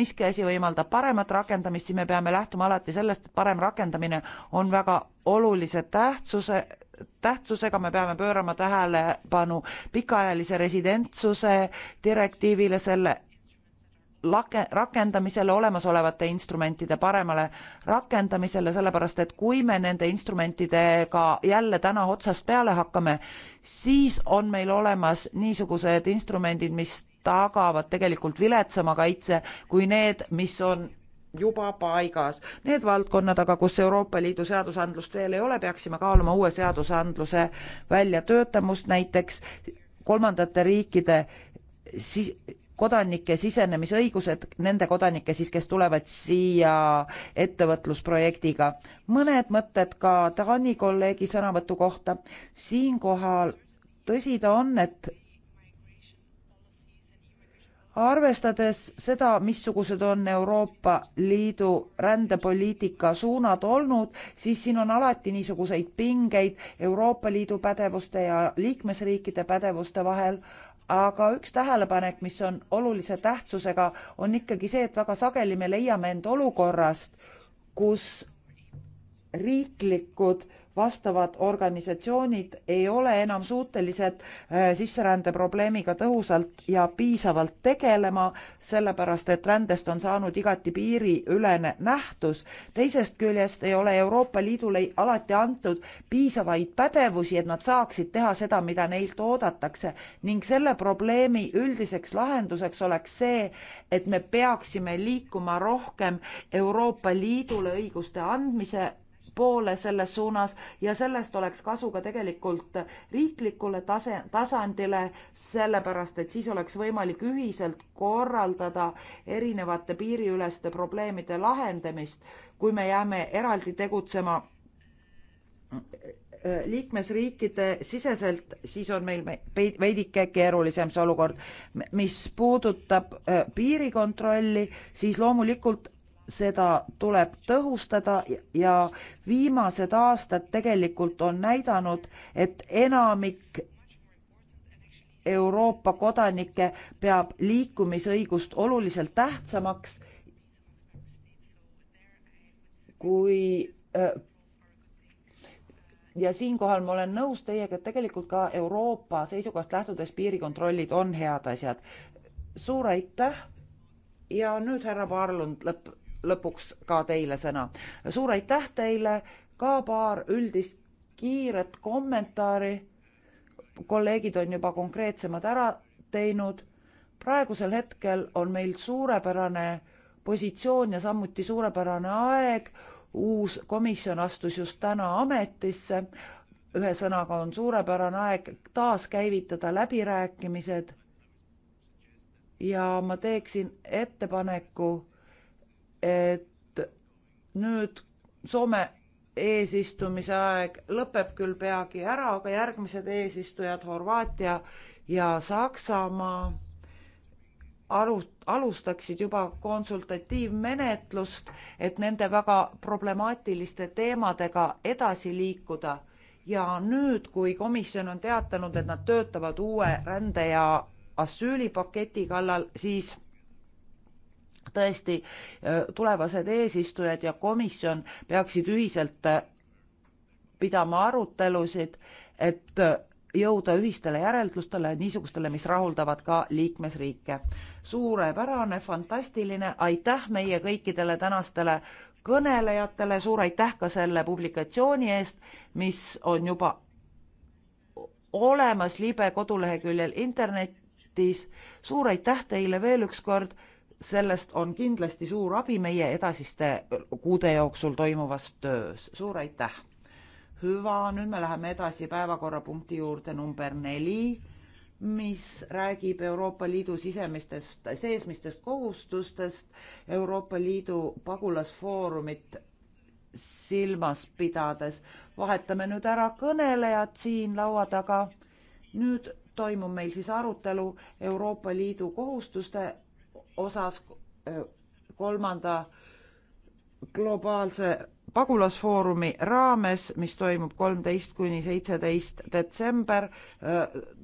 miski asi võimaldab paremat rakendamist, siis me peame lähtuma alati sellest, et parem rakendamine on väga olulise tähtsuse, tähtsusega, me peame pöörama tähelepanu pikaajalise residentsuse direktiivile, selle lake-, rakendamisele, olemasolevate instrumentide paremale rakendamisele, sellepärast et kui me nende instrumentidega jälle täna otsast peale hakkame, siis on meil olemas niisugused instrumendid, mis tagavad tegelikult viletsama kaitse kui need, mis on juba paigas. Need valdkonnad aga, kus Euroopa Liidu seadusandlust veel ei ole, peaksime kaaluma uue seadusandluse väljatöötamust, näiteks kolmandate riikide si-, kodanike sisenemisõigused, nende kodanike siis, kes tulevad siia ettevõtlusprojektiga. mõned mõtted ka Taani kolleegi sõnavõtu kohta. siinkohal tõsi ta on, et arvestades seda, missugused on Euroopa Liidu rändepoliitika suunad olnud, siis siin on alati niisuguseid pingeid Euroopa Liidu pädevuste ja liikmesriikide pädevuste vahel, aga üks tähelepanek, mis on olulise tähtsusega, on ikkagi see, et väga sageli me leiame end olukorrast, kus riiklikud vastavad organisatsioonid ei ole enam suutelised äh, sisserände probleemiga tõhusalt ja piisavalt tegelema, sellepärast et rändest on saanud igati piiriülene nähtus. teisest küljest ei ole Euroopa Liidule alati antud piisavaid pädevusi, et nad saaksid teha seda, mida neilt oodatakse ning selle probleemi üldiseks lahenduseks oleks see, et me peaksime liikuma rohkem Euroopa Liidule õiguste andmise poole selles suunas ja sellest oleks kasu ka tegelikult riiklikule tase, tasandile, sellepärast et siis oleks võimalik ühiselt korraldada erinevate piiriüleste probleemide lahendamist, kui me jääme eraldi tegutsema liikmesriikide siseselt, siis on meil veidike keerulisem see olukord. mis puudutab äh, piirikontrolli, siis loomulikult seda tuleb tõhustada ja viimased aastad tegelikult on näidanud, et enamik Euroopa kodanikke peab liikumisõigust oluliselt tähtsamaks kui äh, ja siinkohal ma olen nõus teiega, et tegelikult ka Euroopa seisukohast lähtudes piirikontrollid on head asjad. suur aitäh ja nüüd härra Paarlund lõpp lõpuks ka teile sõna. suur aitäh teile, ka paar üldist kiiret kommentaari. kolleegid on juba konkreetsemad ära teinud. praegusel hetkel on meil suurepärane positsioon ja samuti suurepärane aeg. uus komisjon astus just täna ametisse. ühesõnaga on suurepärane aeg taaskäivitada läbirääkimised. ja ma teeksin ettepaneku et nüüd Soome eesistumise aeg lõpeb küll peagi ära, aga järgmised eesistujad Horvaatia ja Saksamaa alu-, alustaksid juba konsultatiivmenetlust, et nende väga problemaatiliste teemadega edasi liikuda. ja nüüd, kui komisjon on teatanud, et nad töötavad uue rände ja asüülipaketi kallal, siis tõesti äh, tulevased eesistujad ja komisjon peaksid ühiselt äh, pidama arutelusid, et äh, jõuda ühistele järeldustele, niisugustele, mis rahuldavad ka liikmesriike. suurepärane, fantastiline, aitäh meie kõikidele tänastele kõnelejatele, suur aitäh ka selle publikatsiooni eest, mis on juba olemas libe koduleheküljel internetis. suur aitäh teile veel ükskord sellest on kindlasti suur abi meie edasiste kuude jooksul toimuvas töös. suur aitäh! hüva, nüüd me läheme edasi päevakorrapunkti juurde number neli, mis räägib Euroopa Liidu sisemistest, seesmistest kohustustest Euroopa Liidu pagulasfoorumit silmas pidades. vahetame nüüd ära kõnelejad siin laua taga. nüüd toimub meil siis arutelu Euroopa Liidu kohustuste osas kolmanda globaalse pagulasfoorumi raames, mis toimub kolmteist kuni seitseteist detsember.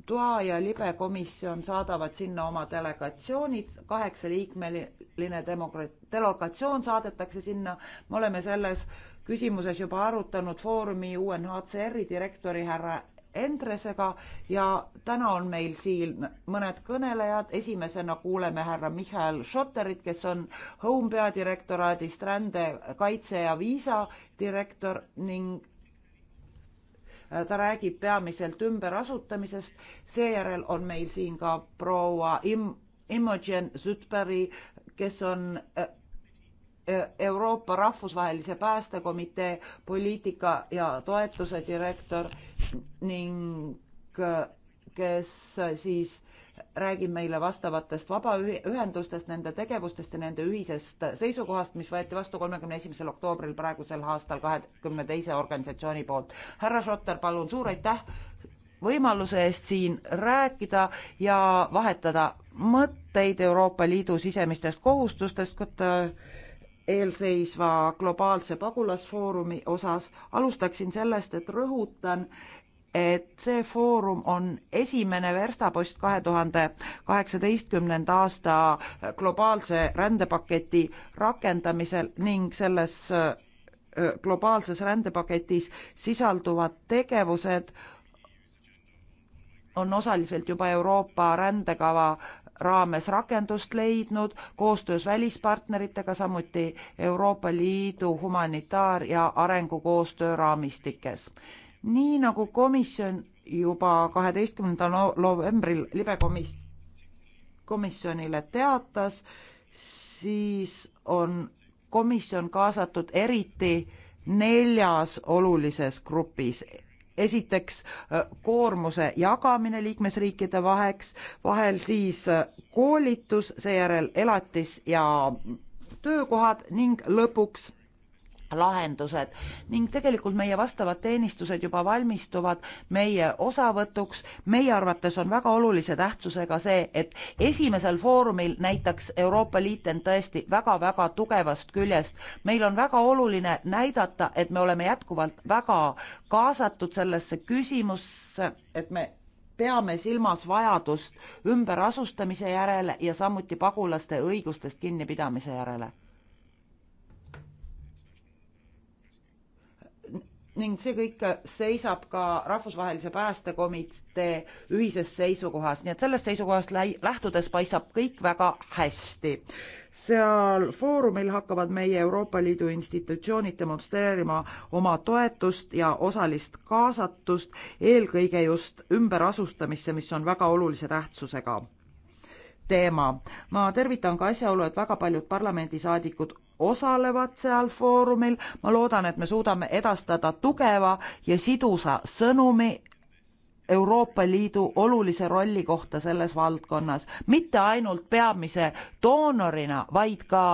toa ja libe komisjon saadavad sinna oma delegatsioonid, kaheksaliikmeline delegatsioon saadetakse sinna. me oleme selles küsimuses juba arutanud Foorumi UNHCR-i direktori härra Endresega ja täna on meil siin mõned kõnelejad. esimesena kuuleme härra Michael Schotterit, kes on Home peadirektoraadist rände, kaitse ja viisa direktor ning äh, ta räägib peamiselt ümberasutamisest. seejärel on meil siin ka proua Im-, Imogen Sütberi, kes on äh, E, Euroopa Rahvusvahelise Päästekomitee poliitika ja toetuse direktor ning e, kes e, siis räägib meile vastavatest vabaühendustest, nende tegevustest ja nende ühisest seisukohast, mis võeti vastu kolmekümne esimesel oktoobril praegusel aastal kahekümne teise organisatsiooni poolt. härra Schotter, palun suur aitäh võimaluse eest siin rääkida ja vahetada mõtteid Euroopa Liidu sisemistest kohustustest, eelseisva globaalse pagulasfoorumi osas alustaksin sellest, et rõhutan, et see foorum on esimene verstapost kahe tuhande kaheksateistkümnenda aasta globaalse rändepaketi rakendamisel ning selles globaalses rändepaketis sisalduvad tegevused on osaliselt juba Euroopa rändekava raames rakendust leidnud koostöös välispartneritega, samuti Euroopa Liidu humanitaar- ja arengukoostöö raamistikes. nii nagu komisjon juba kaheteistkümnendal novembril libekomis-, komisjonile teatas, siis on komisjon kaasatud eriti neljas olulises grupis esiteks äh, koormuse jagamine liikmesriikide vaheks, vahel siis äh, koolitus, seejärel elatis ja töökohad ning lõpuks lahendused ning tegelikult meie vastavad teenistused juba valmistuvad meie osavõtuks. meie arvates on väga olulise tähtsusega see, et esimesel foorumil näitaks Euroopa Liit end tõesti väga-väga tugevast küljest. meil on väga oluline näidata, et me oleme jätkuvalt väga kaasatud sellesse küsimusse, et me peame silmas vajadust ümberasustamise järele ja samuti pagulaste õigustest kinnipidamise järele ning see kõik seisab ka Rahvusvahelise Päästekomitee ühises seisukohas, nii et sellest seisukohast lähtudes paistab kõik väga hästi. seal foorumil hakkavad meie Euroopa Liidu institutsioonid demonstreerima oma toetust ja osalist kaasatust eelkõige just ümberasustamisse, mis on väga olulise tähtsusega teema. ma tervitan ka asjaolu, et väga paljud parlamendisaadikud osalevad seal foorumil. ma loodan, et me suudame edastada tugeva ja sidusa sõnumi Euroopa Liidu olulise rolli kohta selles valdkonnas, mitte ainult peamise doonorina, vaid ka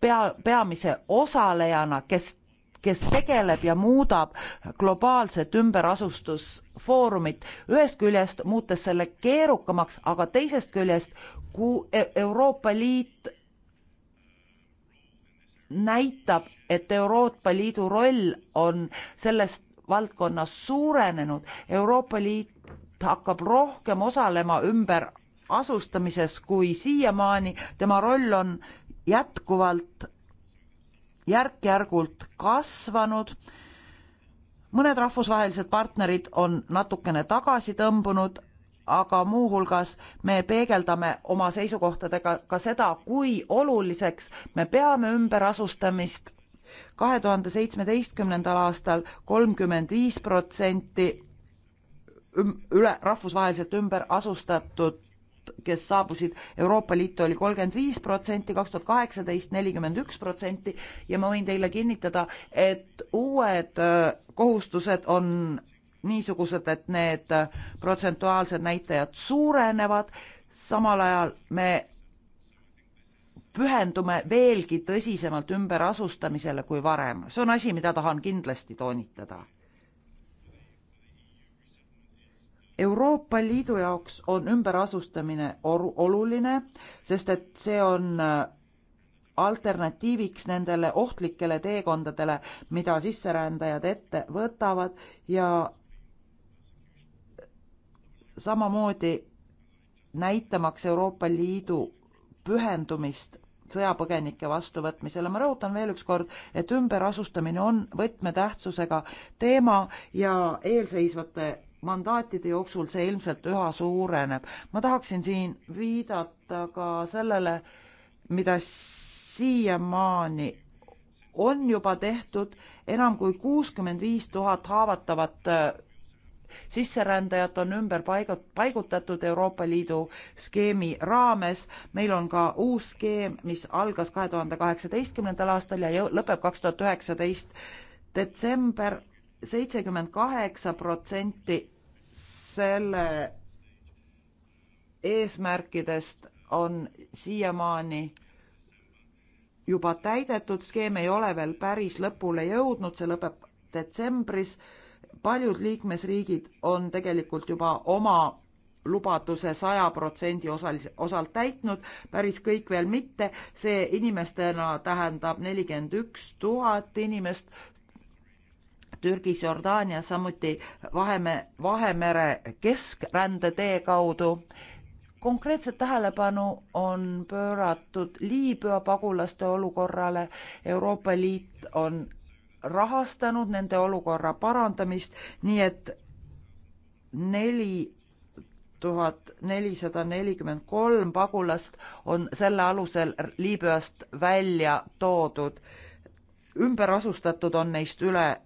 pea, peamise osalejana, kes kes tegeleb ja muudab globaalset ümberasustusfoorumit, ühest küljest muutes selle keerukamaks, aga teisest küljest, kui e-, Euroopa Liit näitab, et Euroopa Liidu roll on selles valdkonnas suurenenud. Euroopa Liit hakkab rohkem osalema ümberasustamises kui siiamaani, tema roll on jätkuvalt järk-järgult kasvanud. mõned rahvusvahelised partnerid on natukene tagasi tõmbunud, aga muuhulgas me peegeldame oma seisukohtadega ka seda, kui oluliseks me peame ümberasustamist. kahe tuhande seitsmeteistkümnendal aastal kolmkümmend viis protsenti üle, rahvusvaheliselt ümber asustatud kes saabusid Euroopa Liitu oli kolmkümmend viis protsenti, kaks tuhat kaheksateist nelikümmend üks protsenti ja ma võin teile kinnitada, et uued äh, kohustused on niisugused, et need äh, protsentuaalsed näitajad suurenevad, samal ajal me pühendume veelgi tõsisemalt ümberasustamisele kui varem. see on asi, mida tahan kindlasti toonitada. Euroopa Liidu jaoks on ümberasustamine oluline, sest et see on äh, alternatiiviks nendele ohtlikele teekondadele, mida sisserändajad ette võtavad ja samamoodi näitamaks Euroopa Liidu pühendumist sõjapõgenike vastuvõtmisele. ma rõhutan veel ükskord, et ümberasustamine on võtmetähtsusega teema ja eelseisvate mandaatide jooksul see ilmselt üha suureneb. ma tahaksin siin viidata ka sellele, mida siiamaani on juba tehtud enam kui kuuskümmend viis tuhat haavatavat sisserändajat on ümber paigat-, paigutatud Euroopa Liidu skeemi raames. meil on ka uus skeem, mis algas kahe tuhande kaheksateistkümnendal aastal ja lõpeb kaks tuhat üheksateist detsember, seitsekümmend kaheksa protsenti selle eesmärkidest on siiamaani juba täidetud, skeem ei ole veel päris lõpule jõudnud, see lõpeb detsembris paljud liikmesriigid on tegelikult juba oma lubaduse saja protsendi osalis-, osalt täitnud, päris kõik veel mitte, see inimestena tähendab nelikümmend üks tuhat inimest, Türgis, Jordaanias, samuti Vaheme, Vahemere keskrände kaudu. konkreetset tähelepanu on pööratud Liibüa pagulaste olukorrale, Euroopa Liit on rahastanud nende olukorra parandamist, nii et neli tuhat nelisada nelikümmend kolm pagulast on selle alusel Liibüast välja toodud. ümber asustatud on neist üle,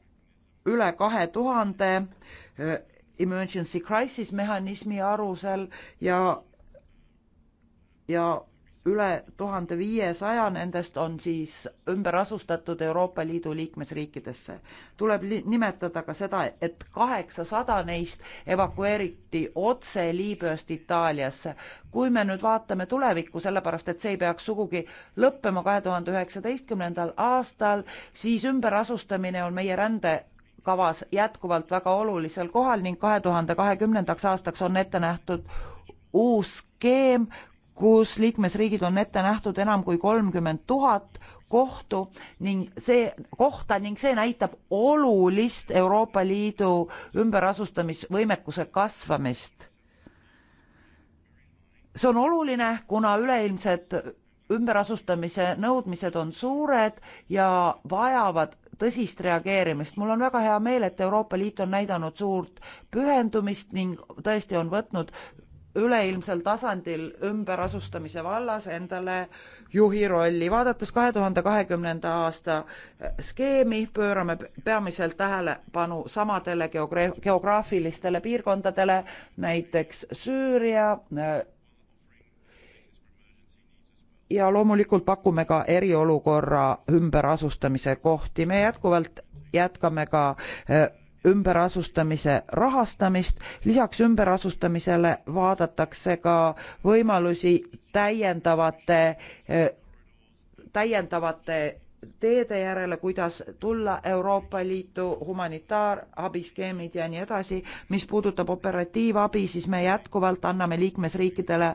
üle kahe tuhande eh, emergency crisis mehhanismi arusel ja, ja üle tuhande viiesaja nendest on siis ümber asustatud Euroopa Liidu liikmesriikidesse. tuleb li nimetada ka seda, et kaheksasada neist evakueeriti otse Liibüast Itaaliasse. kui me nüüd vaatame tulevikku, sellepärast et see ei peaks sugugi lõppema kahe tuhande üheksateistkümnendal aastal, siis ümberasustamine on meie rände kavas jätkuvalt väga olulisel kohal ning kahe tuhande kahekümnendaks aastaks on ette nähtud uus skeem, kus liikmesriigid on ette nähtud enam kui kolmkümmend tuhat kohtu ning see kohta ning see näitab olulist Euroopa Liidu ümberasustamisvõimekuse kasvamist. see on oluline, kuna üleilmsed ümberasustamise nõudmised on suured ja vajavad tõsist reageerimist. mul on väga hea meel, et Euroopa Liit on näidanud suurt pühendumist ning tõesti on võtnud üleilmsel tasandil ümberasustamise vallas endale juhi rolli. vaadates kahe tuhande kahekümnenda aasta skeemi, pöörame peamiselt tähelepanu samadele geograaf-, geograafilistele piirkondadele, näiteks Süüria, ja loomulikult pakume ka eriolukorra ümberasustamise kohti. me jätkuvalt jätkame ka ümberasustamise rahastamist, lisaks ümberasustamisele vaadatakse ka võimalusi täiendavate, eh, täiendavate teede järele, kuidas tulla Euroopa Liitu, humanitaarabiskeemid ja nii edasi. mis puudutab operatiivabi, siis me jätkuvalt anname liikmesriikidele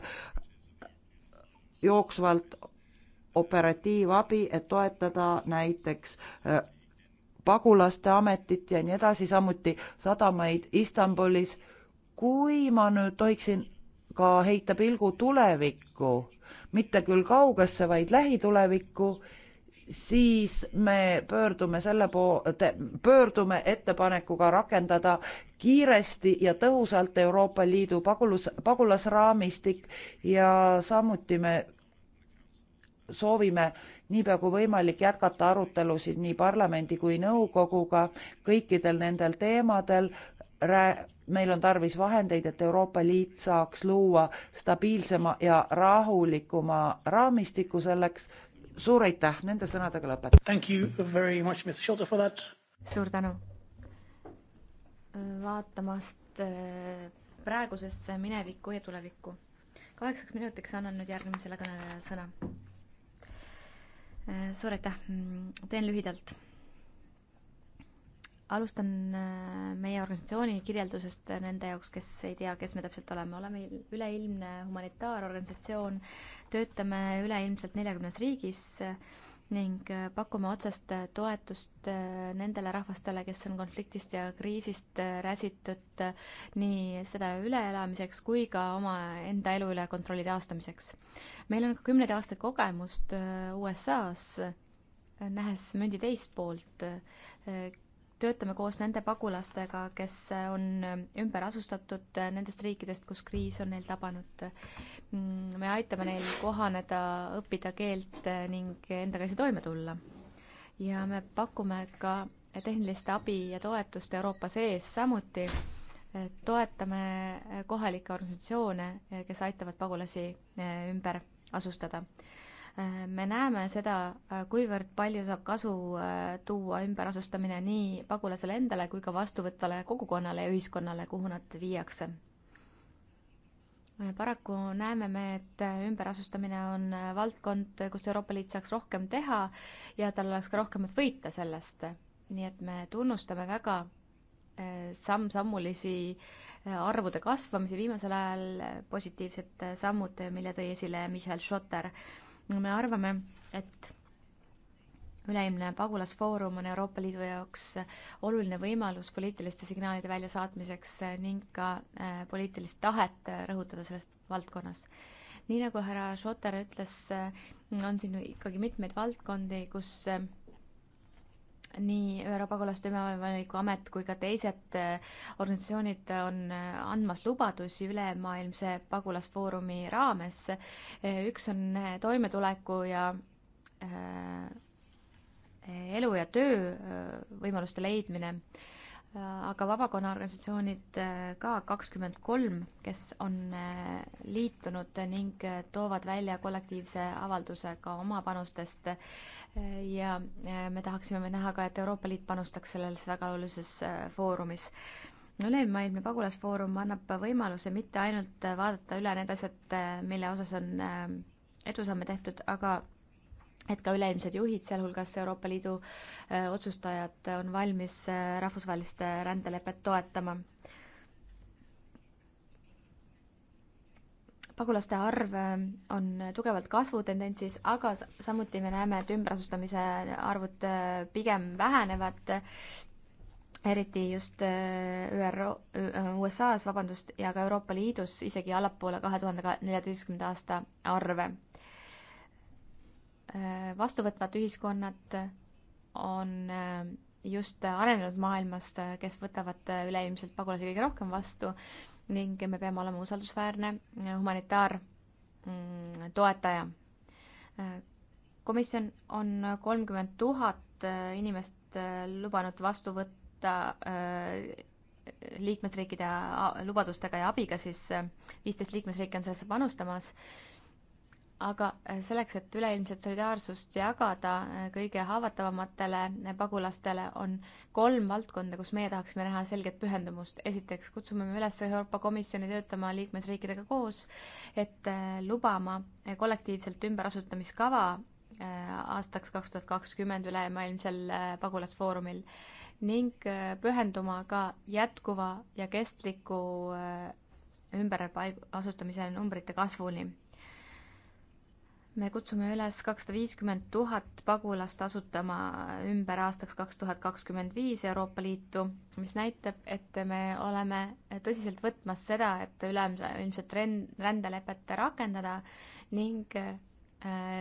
jooksvalt operatiivabi, et toetada näiteks eh, pagulaste ametit ja nii edasi, samuti sadamaid Istanbulis. kui ma nüüd tohiksin ka heita pilgu tulevikku, mitte küll kaugesse, vaid lähitulevikku, siis me pöördume selle poole, pöördume ettepanekuga rakendada kiiresti ja tõhusalt Euroopa Liidu pagulus, pagulasraamistik ja samuti me soovime niipea kui võimalik jätkata arutelusid nii parlamendi kui nõukoguga kõikidel nendel teemadel. meil on tarvis vahendeid, et Euroopa Liit saaks luua stabiilsema ja rahulikuma raamistiku selleks. suur aitäh, nende sõnadega lõpetan. suur tänu vaatamast äh, praegusesse minevikku ja tulevikku. kaheksaks minutiks annan nüüd järgmisele kõnelejale sõna Äh, suur aitäh, mm, teen lühidalt. alustan äh, meie organisatsiooni kirjeldusest äh, nende jaoks, kes ei tea, kes me täpselt oleme, oleme üleilmne humanitaarorganisatsioon, töötame üleilmselt neljakümnes riigis ning äh, pakkuma otsest äh, toetust äh, nendele rahvastele, kes on konfliktist ja kriisist räsitud nii seda üleelamiseks kui ka omaenda elu üle kontrolli taastamiseks. meil on ka kümneid aastaid kogemust USA-s, nähes mündi teist poolt, töötame koos nende pagulastega, kes on ümber asustatud nendest riikidest, kus kriis on neil tabanud. Mm, me aitame neil kohaneda, õppida keelt eh, ning endaga ise toime tulla. ja me pakume ka tehnilist abi ja toetust Euroopa sees samuti, eh, toetame eh, kohalikke organisatsioone, kes aitavad pagulasi ümber asustada. me näeme seda, kuivõrd palju saab kasu tuua ümberasustamine nii pagulasele endale kui ka vastuvõtvale kogukonnale ja ühiskonnale, kuhu nad viiakse paraku näeme me, et ümberasustamine on valdkond, kus Euroopa Liit saaks rohkem teha ja tal oleks ka rohkemat võita sellest. nii et me tunnustame väga eh, samm-sammulisi eh, arvude kasvamisi viimasel ajal, eh, positiivsed sammud, mille tõi esile Michel Schotter. me arvame, et üleilmne pagulasfoorum on Euroopa Liidu jaoks oluline võimalus poliitiliste signaalide väljasaatmiseks ning ka äh, poliitilist tahet rõhutada selles valdkonnas. nii nagu härra Schotter ütles, äh, on siin ikkagi mitmeid valdkondi, kus äh, nii ÜRO pagulaste ülemaailmaliku amet kui ka teised organisatsioonid on andmas lubadusi ülemaailmse pagulasfoorumi raames. üks on toimetuleku ja elu ja töö äh, võimaluste leidmine, äh, aga vabakonnaorganisatsioonid äh, ka kakskümmend kolm, kes on liitunud ning toovad välja kollektiivse avalduse ka oma panustest ja me tahaksime näha ka, et Euroopa Liit panustaks selles väga olulises foorumis ülemaailmne pagulasfoorum annab võimaluse mitte ainult vaadata üle need asjad, mille osas on edusamme tehtud, aga et ka üleilmsed juhid, sealhulgas Euroopa Liidu äh, otsustajad, on valmis äh, rahvusvahelist rändelepet toetama. pagulaste arv äh, on tugevalt kasvutendentsis, aga samuti me näeme, et ümberasustamise arvud pigem vähenevad, eriti just ÜRO, USA-s, vabandust, ja ka Euroopa Liidus isegi allapoole kahe tuhande neljateistkümnenda aasta arve Äh, vastuvõtvad ühiskonnad on äh, just arenenud maailmas, äh, kes võtavad üleilmselt pagulasi kõige rohkem vastu ning me peame olema usaldusväärne humanitaartoetaja. Mm, komisjon on kolmkümmend tuhat inimest lubanud vastu võtta liikmesriikide lubadustega ja abiga, siis viisteist liikmesriiki on sellesse panustamas aga äh, selleks, et üleilmset solidaarsust jagada äh, kõige haavatavamatele äh, pagulastele, on kolm valdkonda, kus meie tahaksime näha selget pühendumust. esiteks kutsume me üles Euroopa Komisjoni töötama liikmesriikidega koos, et lubama kollektiivselt ümberasutamiskava aastaks kaks tuhat kakskümmend ülemaailmsel pagulasfoorumil ning pühenduma ka jätkuva ja kestliku ümberpaig-, asutamise numbrite kasvuni me kutsume üles kakssada viiskümmend tuhat pagulast asutama ümber aastaks kaks tuhat kakskümmend viis Euroopa Liitu, mis näitab, et me oleme tõsiselt võtmas seda, et üleilmset rend-, rändelepet rakendada ning äh,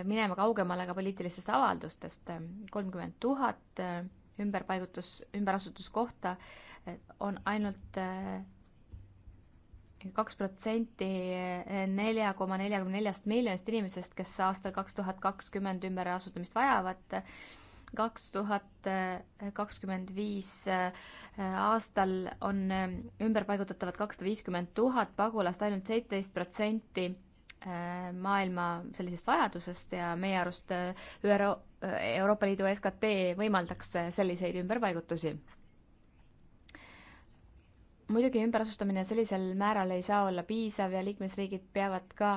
minema kaugemale ka poliitilistest avaldustest. kolmkümmend tuhat ümberpaigutus, ümberasutuskohta äh, on ainult äh, kaks protsenti nelja koma neljakümne neljast miljonist inimesest, kes aastal kaks tuhat kakskümmend ümberasutamist vajavad, kaks tuhat kakskümmend viis aastal on ümberpaigutatavad kakssada viiskümmend tuhat pagulast ainult, ainult seitseteist protsenti maailma sellisest vajadusest ja meie arust ÜRO, Euroopa Liidu SKT võimaldaks selliseid ümberpaigutusi muidugi ümberasustamine sellisel määral ei saa olla piisav ja liikmesriigid peavad ka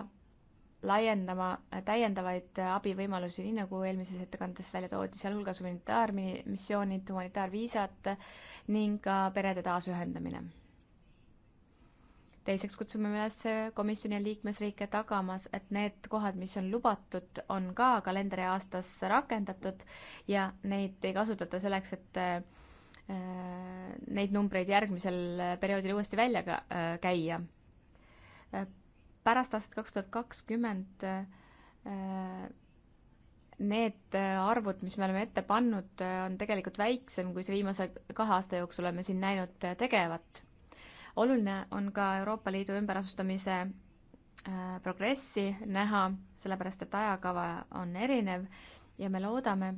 laiendama äh, täiendavaid äh, abivõimalusi, nii nagu eelmises ettekandes välja toodi, sealhulgas humanitaarmissioonid, humanitaarviisad äh, ning ka perede taasühendamine. teiseks kutsume üles komisjoni liikmesriike tagamas, et need kohad, mis on lubatud, on ka kalendriaastas rakendatud ja neid ei kasutata selleks, et Äh, neid numbreid järgmisel äh, perioodil uuesti välja äh, käia. pärast aastat kaks tuhat kakskümmend need arvud, mis me oleme ette pannud, on tegelikult väiksem, kui see viimase kahe aasta jooksul oleme siin näinud tegevat. oluline on ka Euroopa Liidu ümberasustamise progressi näha, sellepärast et ajakava on erinev ja me loodame,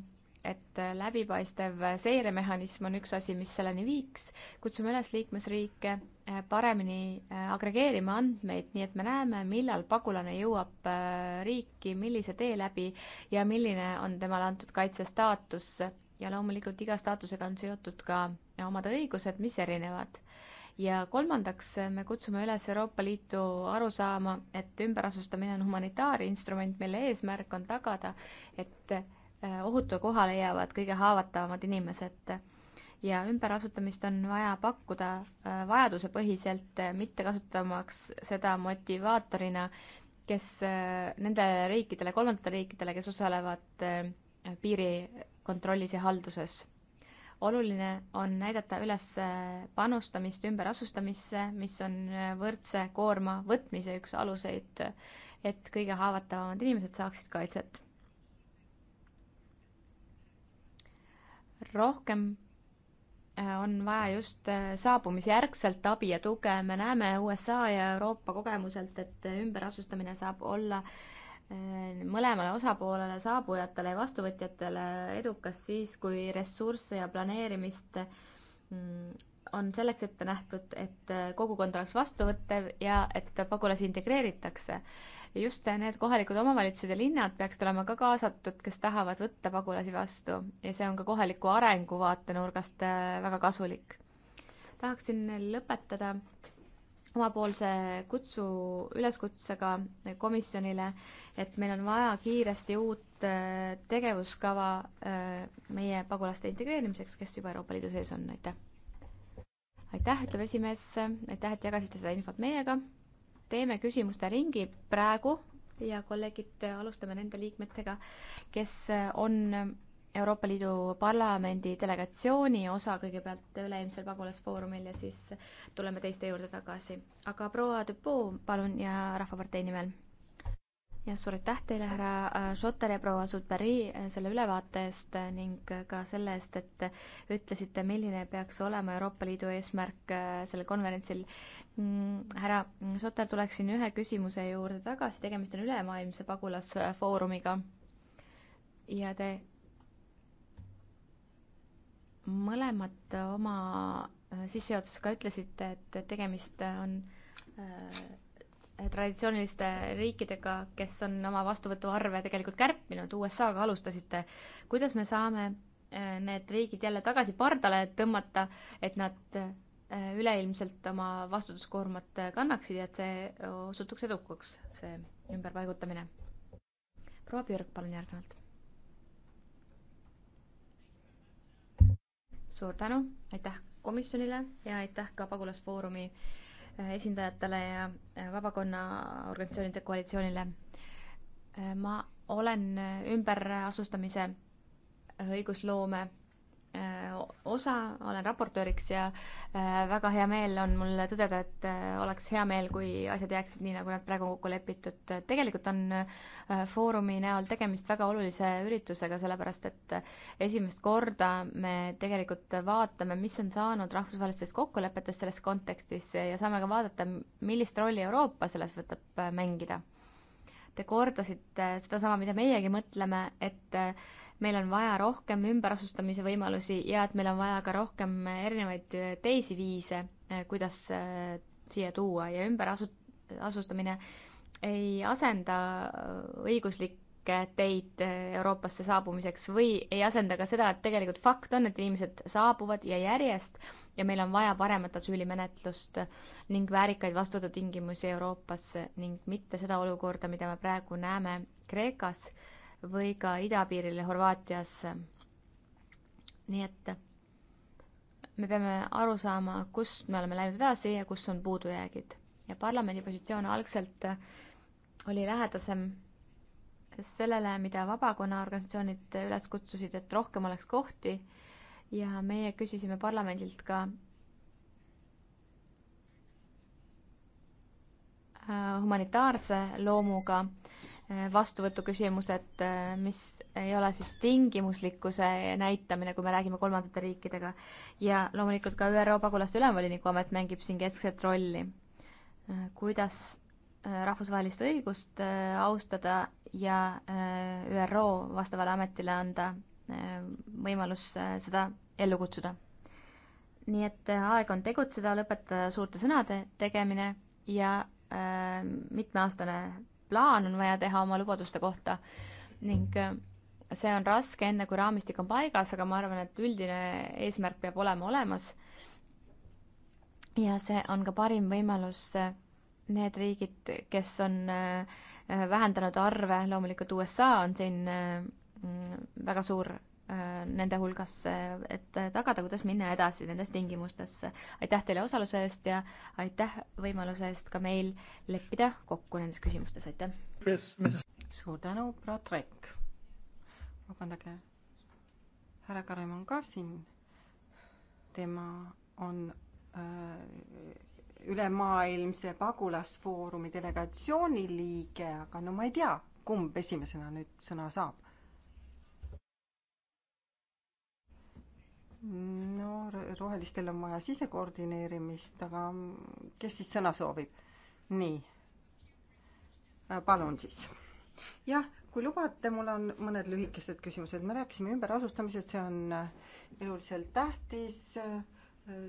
et äh, läbipaistev seiremehhanism on üks asi, mis selleni viiks. kutsume üles liikmesriike äh, paremini äh, agregeerima andmeid, nii et me näeme, millal pagulane jõuab riiki, millise tee läbi ja milline on temale antud kaitsestaatus ja loomulikult iga staatusega on seotud ka omad õigused, mis erinevad ja kolmandaks me kutsume üles Euroopa Liitu aru saama, et ümberasustamine on humanitaarinstrument, mille eesmärk on tagada, et Äh, ohutu kohale jäävad kõige haavatavamad inimesed. ja ümberasutamist on vaja pakkuda äh, vajadusepõhiselt, äh, mitte kasutamaks seda motivaatorina, kes nendele riikidele, kolmandatele riikidele, kes osalevad piirikontrollis ja halduses. oluline on näidata üles panustamist ümberasustamisse, mis on võrdse koorma võtmise üks aluseid, et kõige haavatavamad inimesed saaksid kaitset rohkem äh, on vaja just äh, saabumisjärgselt abi ja tuge, me näeme USA ja Euroopa kogemuselt, et äh, ümberasustamine saab olla mõlemale osapoolele, saabujatele ja vastuvõtjatele edukas siis, kui ressursse ja planeerimist mm, on selleks ette nähtud, et äh, kogukond oleks vastuvõttev ja et pagulasi integreeritakse. just need kohalikud omavalitsused ja linnad peaksid olema ka kaasatud, kes tahavad võtta pagulasi vastu ja see on ka kohaliku arengu vaatenurgast äh, väga kasulik. tahaksin lõpetada omapoolse kutsu, üleskutsega komisjonile, et meil on vaja kiiresti uut äh, tegevuskava meie pagulaste integreerimiseks, kes juba Euroopa Liidu sees on, aitäh! aitäh, ütleb esimees, aitäh, et jagasite seda infot meiega. teeme küsimuste ringi praegu ja kolleegid, alustame nende liikmetega, kes on Euroopa Liidu Parlamendi delegatsiooni osa kõigepealt üleilmsel pagulasfoorumil ja siis tuleme teiste juurde tagasi. aga proua Dupont, palun, ja Rahvapartei nimel jah, suur aitäh teile, härra äh, Schotter ja proua Sutberi äh, selle ülevaate eest äh, ning ka selle eest, et ütlesite, milline peaks olema Euroopa Liidu eesmärk sellel konverentsil. Mm, härra mm, Schotter, tuleksin ühe küsimuse juurde tagasi, tegemist on ülemaailmse pagulasfoorumiga. ja te mõlemad oma sissejuhatuses ka ütlesite, et tegemist on äh, traditsiooniliste riikidega, kes on oma vastuvõtuarve tegelikult kärpinud, USA-ga alustasite. kuidas me saame eh, need riigid jälle tagasi pardale tõmmata, et nad eh, üleilmselt oma vastutuskoormat kannaksid ja et see osutuks edukaks, see ümberpaigutamine? proua Björk, palun järgnevalt. suur tänu, aitäh komisjonile ja aitäh ka pagulasfoorumi äh, esindajatele ja vabakonna organisatsioonide koalitsioonile. ma olen ümberasustamise õigusloome Äh, osa, olen raportööriks ja äh, väga hea meel on mul tõdeda, et äh, oleks hea meel, kui asjad jääksid nii, nagu nad praegu kokku lepitud. tegelikult on Foorumi näol tegemist väga olulise üritusega, sellepärast et esimest korda me tegelikult vaatame, mis on saanud rahvusvahelistest kokkulepetest selles kontekstis ja saame ka vaadata, millist rolli Euroopa selles võtab mängida. Te kordasite sedasama, mida meiegi mõtleme, et meil on vaja rohkem ümberasustamise võimalusi ja et meil on vaja ka rohkem äh, erinevaid äh, teisi viise, äh, kuidas siia tuua ja ümberasu-, asustamine ei asenda õiguslik pikk teid Euroopasse saabumiseks või ei asenda ka seda, et tegelikult fakt on, et inimesed saabuvad ja järjest ja meil on vaja paremat asüülimenetlust ning väärikaid vastuvõtutingimusi Euroopasse ning mitte seda olukorda, mida me praegu näeme Kreekas või ka idapiirile Horvaatiasse. nii et me peame aru saama, kust me oleme läinud edasi ja kus on puudujäägid. ja parlamendi positsioon algselt oli lähedasem sellele, mida vabakonna organisatsioonid üles kutsusid, et rohkem oleks kohti ja meie küsisime parlamendilt ka äh, humanitaarse loomuga Äh, vastuvõtuküsimused, äh, mis ei ole siis tingimuslikkuse näitamine, kui me räägime kolmandate riikidega. ja loomulikult ka ÜRO pagulaste ülemvoliniku amet mängib siin keskset rolli. Äh, kuidas rahvusvahelist õigust austada ja ÜRO vastavale ametile anda võimalus seda ellu kutsuda. nii et aeg on tegutseda, lõpetada suurte sõnade tegemine ja mitmeaastane plaan on vaja teha oma lubaduste kohta ning äh, see on raske, enne kui raamistik on paigas, aga ma arvan, et üldine eesmärk peab olema olemas. ja see on ka parim võimalus äh, need riigid, kes on äh, vähendanud arve, loomulikult USA on siin mm, väga suur Äh, nende hulgas, et tagada, kuidas minna edasi nendes tingimustes. aitäh teile osaluse eest ja aitäh võimaluse eest ka meil leppida kokku nendes küsimustes, aitäh! suur tänu, Pratrek! vabandage, härra Karem on ka siin, tema on äh, ülemaailmse pagulasfoorumi delegatsiooni liige, aga no ma ei tea, kumb esimesena nüüd sõna saab no rohelistel on vaja sisekoordineerimist, aga kes siis sõna soovib? nii. Äh, palun siis. jah, kui lubate, mul on mõned lühikesed küsimused. me rääkisime ümberasustamisest, see on äh, eluliselt tähtis äh,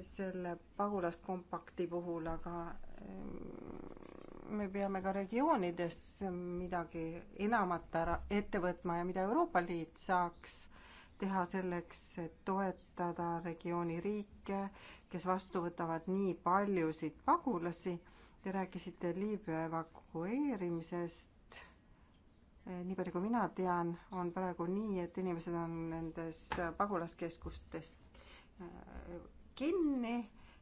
selle pagulaskompakti puhul, aga me peame ka regioonides midagi enamat ära ette võtma ja mida Euroopa Liit saaks teha selleks, et toetada regiooni riike, kes vastu võtavad nii paljusid pagulasi. Te rääkisite Liibüa evakueerimisest. Eh, nii palju, kui mina tean, on praegu nii, et inimesed on nendes pagulaskeskustes eh, kinni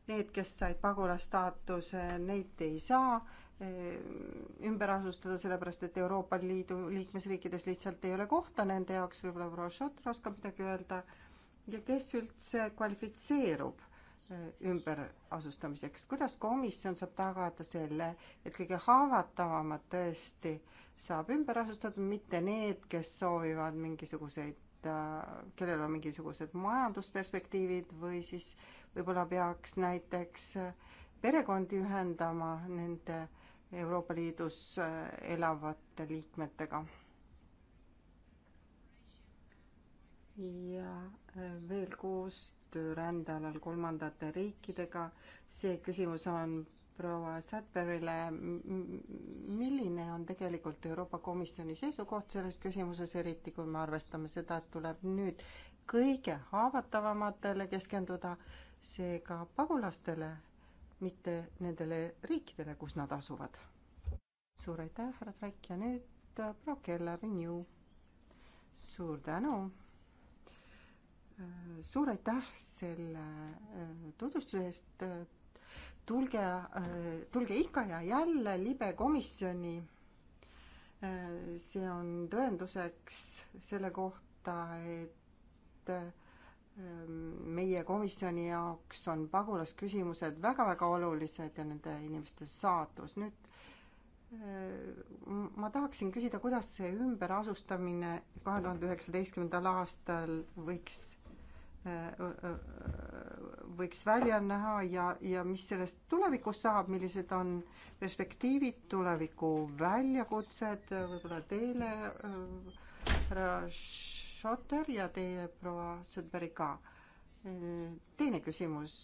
need, kes said pagulasstaatuse, neid ei saa eh, ümber asustada, sellepärast et Euroopa Liidu liikmesriikides lihtsalt ei ole kohta nende jaoks, võib-olla Vrošot oskab midagi öelda, ja kes üldse kvalifitseerub eh, ümberasustamiseks, kuidas komisjon saab tagada selle, et kõige haavatavamad tõesti saab ümber asustatud, mitte need, kes soovivad mingisuguseid, eh, kellel on mingisugused majandusperspektiivid või siis võib-olla peaks näiteks perekondi ühendama nende Euroopa Liidus äh, elavate liikmetega. ja äh, veel koostöö rändealal kolmandate riikidega, see küsimus on proua Sudberyle, milline on tegelikult Euroopa Komisjoni seisukoht selles küsimuses, eriti kui me arvestame seda, et tuleb nüüd kõige haavatavamatele keskenduda seega pagulastele, mitte nendele riikidele, kus nad asuvad. suur aitäh, härra Traik ja nüüd äh, proua Keller, Renew. suur tänu. Äh, suur aitäh selle äh, tutvustuse eest. tulge, tulge ikka ja jälle libe komisjoni see on tõenduseks selle kohta, et meie komisjoni jaoks on pagulasküsimused väga-väga olulised ja nende inimeste saatus. nüüd äh, ma tahaksin küsida, kuidas see ümberasustamine kahe tuhande üheksateistkümnendal aastal võiks, äh, äh, võiks välja näha ja, ja mis sellest tulevikus saab, millised on perspektiivid, tuleviku väljakutsed võib-olla teile, härra Schotter ja teile, proua Sõdberi ka. teine küsimus,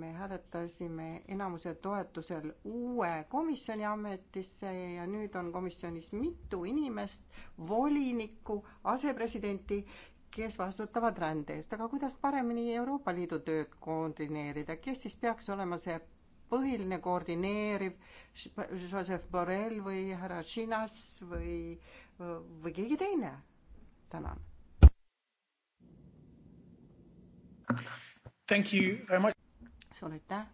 me hääletasime enamuse toetusel uue komisjoni ametisse ja nüüd on komisjonis mitu inimest, volinikku, asepresidenti, kes vastutavad rände eest, aga kuidas paremini Euroopa Liidu tööd koordineerida, kes siis peaks olema see põhiline koordineeriv Joseph Borrell või härra Chinas või, või keegi teine? tänan suur aitäh.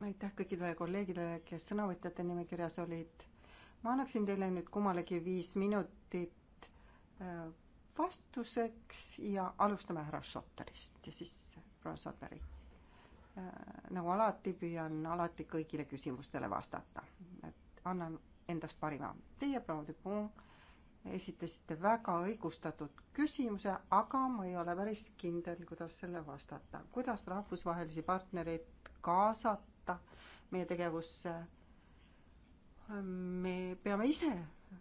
aitäh kõikidele kolleegidele, kes sõnavõtjate nimekirjas olid. ma annaksin teile nüüd kummalegi viis minutit äh, vastuseks ja alustame härra Schotterist ja siis proua Sotberi. Äh, nagu alati, püüan alati kõigile küsimustele vastata, et annan endast parima. Teie, proua Dupont esitasite väga õigustatud küsimuse, aga ma ei ole päris kindel, kuidas selle vastata. kuidas rahvusvahelisi partnereid kaasata meie tegevusse? me peame ise äh,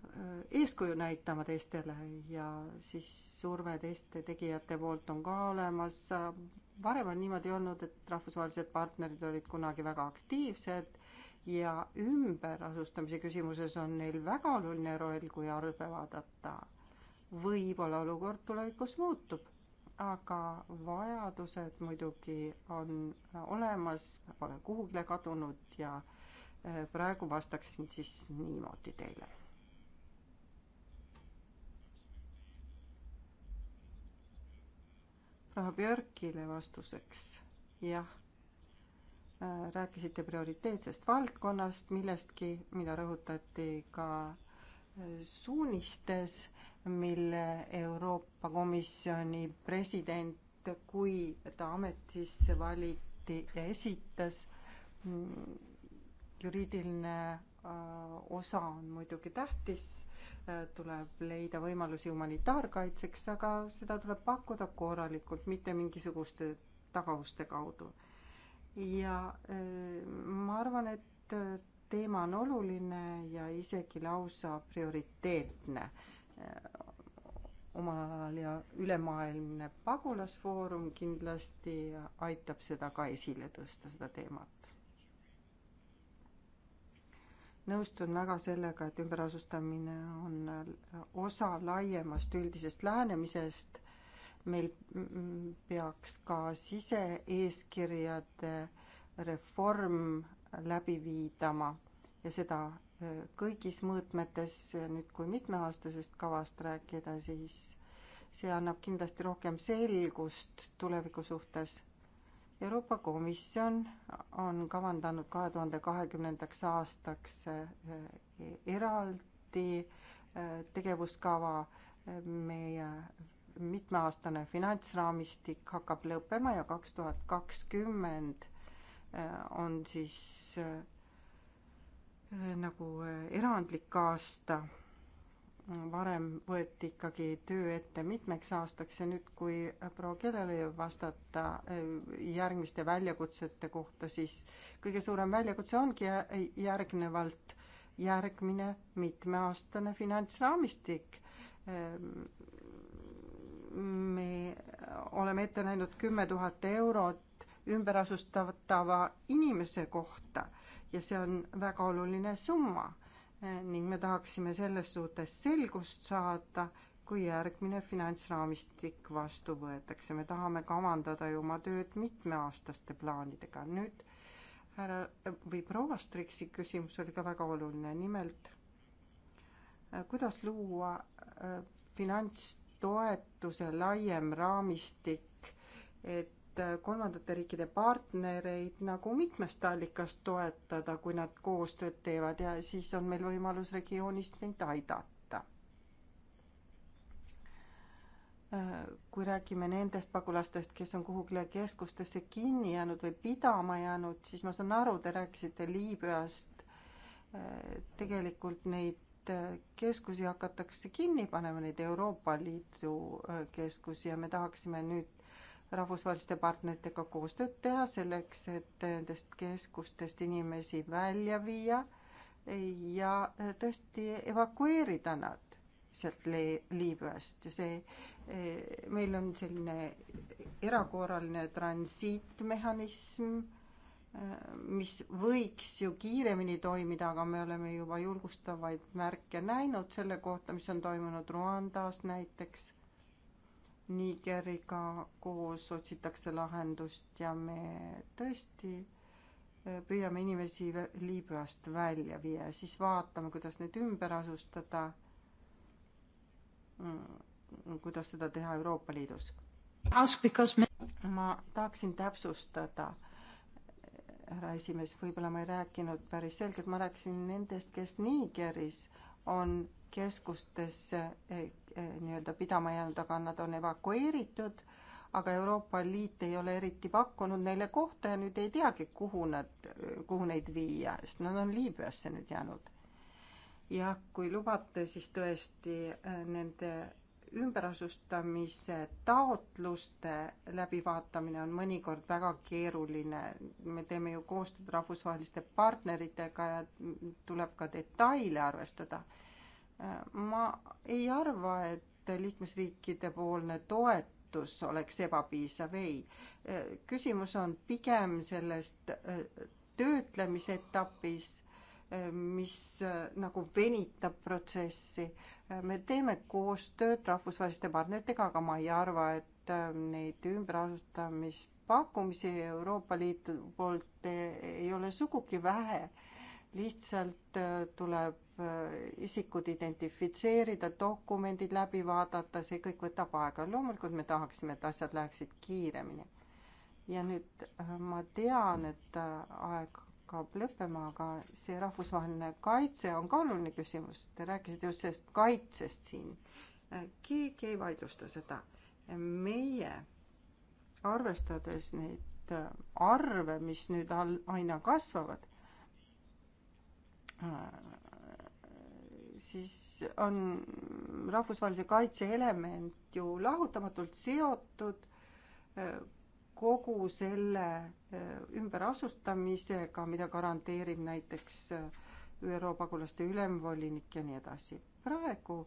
eeskuju näitama teistele ja siis surve teiste tegijate poolt on ka olemas. varem on niimoodi olnud, et rahvusvahelised partnerid olid kunagi väga aktiivsed ja ümberasustamise küsimuses on neil väga oluline roll, kui arve vaadata. võib-olla olukord tulevikus muutub, aga vajadused muidugi on olemas, pole kuhugile kadunud ja eh, praegu vastaksin siis niimoodi teile. proua Björkile vastuseks, jah Äh, rääkisite prioriteetsest valdkonnast, millestki, mida rõhutati ka äh, suunistes, mille Euroopa Komisjoni president, kui ta ametisse valiti, esitas. Mm, juriidiline äh, osa on muidugi tähtis, tuleb leida võimalusi humanitaarkaitseks, aga seda tuleb pakkuda korralikult, mitte mingisuguste tagauste kaudu ja äh, ma arvan, et äh, teema on oluline ja isegi lausa prioriteetne äh, omal alal ja ülemaailmne pagulasfoorum kindlasti aitab seda ka esile tõsta, seda teemat. nõustun väga sellega, et ümberasustamine on osa laiemast üldisest lähenemisest meil peaks ka sise-eeskirjade reform läbi viidama ja seda äh, kõigis mõõtmetes, äh, nüüd kui mitmeaastasest kavast rääkida, siis see annab kindlasti rohkem selgust tuleviku suhtes. Euroopa Komisjon on kavandanud kahe tuhande kahekümnendaks aastaks äh, eraldi tegevuskava meie mitmeaastane finantsraamistik hakkab lõppema ja kaks tuhat kakskümmend äh, on siis äh, äh, nagu erandlik aasta. varem võeti ikkagi töö ette mitmeks aastaks ja nüüd, kui proua Kerele vastata järgmiste väljakutsete kohta, siis kõige suurem väljakutse ongi järgnevalt järgmine mitmeaastane finantsraamistik me oleme ette näinud kümme tuhat eurot ümberasustatava inimese kohta ja see on väga oluline summa ning me tahaksime selles suhtes selgust saada, kui järgmine finantsraamistik vastu võetakse. me tahame kavandada ju oma tööd mitmeaastaste plaanidega. nüüd härra või proua Striksi küsimus oli ka väga oluline, nimelt kuidas luua äh, finants toetuse laiem raamistik, et kolmandate riikide partnereid nagu mitmest allikast toetada, kui nad koostööd teevad ja siis on meil võimalus regioonist neid aidata. kui räägime nendest pagulastest, kes on kuhugile keskustesse kinni jäänud või pidama jäänud, siis ma saan aru, te rääkisite Liibüast. tegelikult neid keskusi hakatakse kinni panema, neid Euroopa Liidu äh, keskusi ja me tahaksime nüüd rahvusvaheliste partneritega koostööd teha selleks, et nendest keskustest inimesi välja viia ja äh, tõesti evakueerida nad sealt Liibüast ja see, äh, meil on selline erakorraline transiitmehhanism mis võiks ju kiiremini toimida, aga me oleme juba julgustavaid märke näinud selle kohta, mis on toimunud Rwandas näiteks. Nigeriga koos otsitakse lahendust ja me tõesti e, püüame inimesi Liibüast välja viia ja siis vaatame, kuidas neid ümber asustada. Mm, kuidas seda teha Euroopa Liidus? ma tahaksin täpsustada härra esimees, võib-olla ma ei rääkinud päris selgelt, ma rääkisin nendest, kes Nigeris on keskustesse eh, eh, nii-öelda pidama jäänud, aga nad on evakueeritud, aga Euroopa Liit ei ole eriti pakkunud neile kohta ja nüüd ei teagi, kuhu nad, kuhu neid viia, sest nad on Liibüasse nüüd jäänud. jah, kui lubate, siis tõesti eh, nende ümberasustamise taotluste läbivaatamine on mõnikord väga keeruline. me teeme ju koostööd rahvusvaheliste partneritega ja tuleb ka detaile arvestada. ma ei arva, et liikmesriikide poolne toetus oleks ebapiisav, ei. küsimus on pigem sellest äh, töötlemise etapis mis äh, nagu venitab protsessi. Äh, me teeme koostööd rahvusvaheliste partneritega, aga ma ei arva, et äh, neid ümberasustamispakkumisi Euroopa Liidu poolt ei ole sugugi vähe. lihtsalt tuleb isikud identifitseerida, dokumendid läbi vaadata, see kõik võtab aega. loomulikult me tahaksime, et asjad läheksid kiiremini. ja nüüd ma tean, et aeg hakkab lõppema, aga see rahvusvaheline kaitse on ka oluline küsimus. Te rääkisite just sellest kaitsest siin. keegi ei vaidlusta seda. meie, arvestades neid arve, mis nüüd all aina kasvavad, siis on rahvusvahelise kaitse element ju lahutamatult seotud kogu selle äh, ümberasustamisega, mida garanteerib näiteks äh, ÜRO pagulaste ülemvolinik ja nii edasi. praegu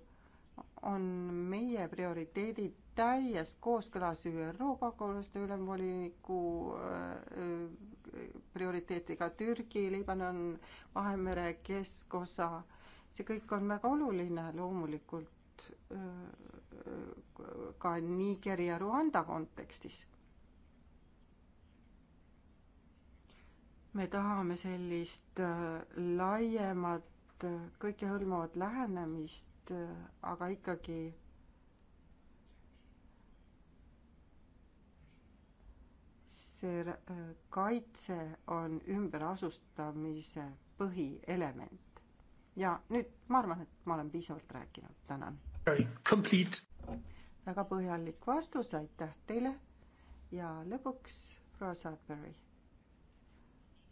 on meie prioriteedid täies kooskõlas ÜRO pagulaste ülemvoliniku äh, prioriteetiga Türgi, Liibanon, Vahemere keskosa, see kõik on väga oluline loomulikult ka Nigeri ja Rwanda kontekstis me tahame sellist äh, laiemat, äh, kõikehõlmavat lähenemist, äh, aga ikkagi see kaitse on ümberasustamise põhielement. ja nüüd ma arvan, et ma olen piisavalt rääkinud, tänan. väga põhjalik vastus, aitäh teile ja lõpuks proua Saatberry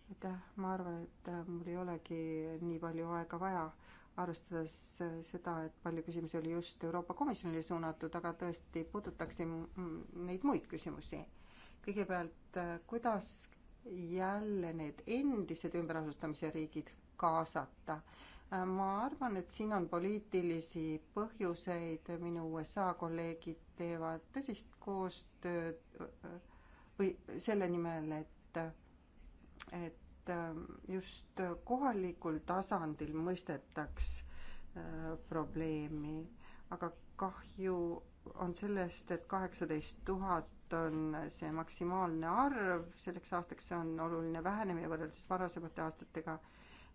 aitäh, ma arvan, et äh, mul ei olegi nii palju aega vaja, arvestades äh, seda, et palju küsimusi oli just Euroopa Komisjonile suunatud, aga tõesti puudutaksin mm, neid muid küsimusi. kõigepealt, äh, kuidas jälle need endised ümberasustamise riigid kaasata? ma arvan, et siin on poliitilisi põhjuseid, minu USA kolleegid teevad tõsist koostööd või selle nimel, et et ähm, just kohalikul tasandil mõistetaks äh, probleemi, aga kahju on sellest, et kaheksateist tuhat on see maksimaalne arv, selleks aastaks see on oluline vähenemine võrreldes varasemate aastatega.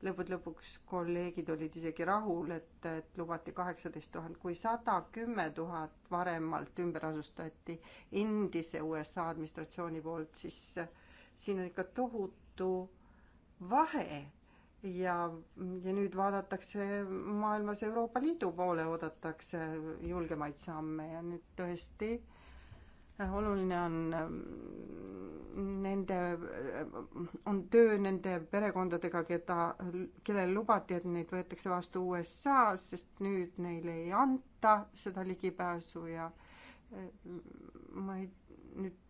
lõppude lõpuks kolleegid olid isegi rahul, et, et lubati kaheksateist tuhat, kui sada kümme tuhat varemalt ümber asustati endise USA administratsiooni poolt, siis äh, siin on ikka tohutu tohutu vahe ja, ja nüüd vaadatakse maailmas Euroopa Liidu poole, oodatakse julgemaid samme ja nüüd tõesti äh, oluline on mm, nende, äh, on töö nende perekondadega, keda, kellele lubati, et neid võetakse vastu USA-s, sest nüüd neile ei anta seda ligipääsu ja äh, ma ei, nüüd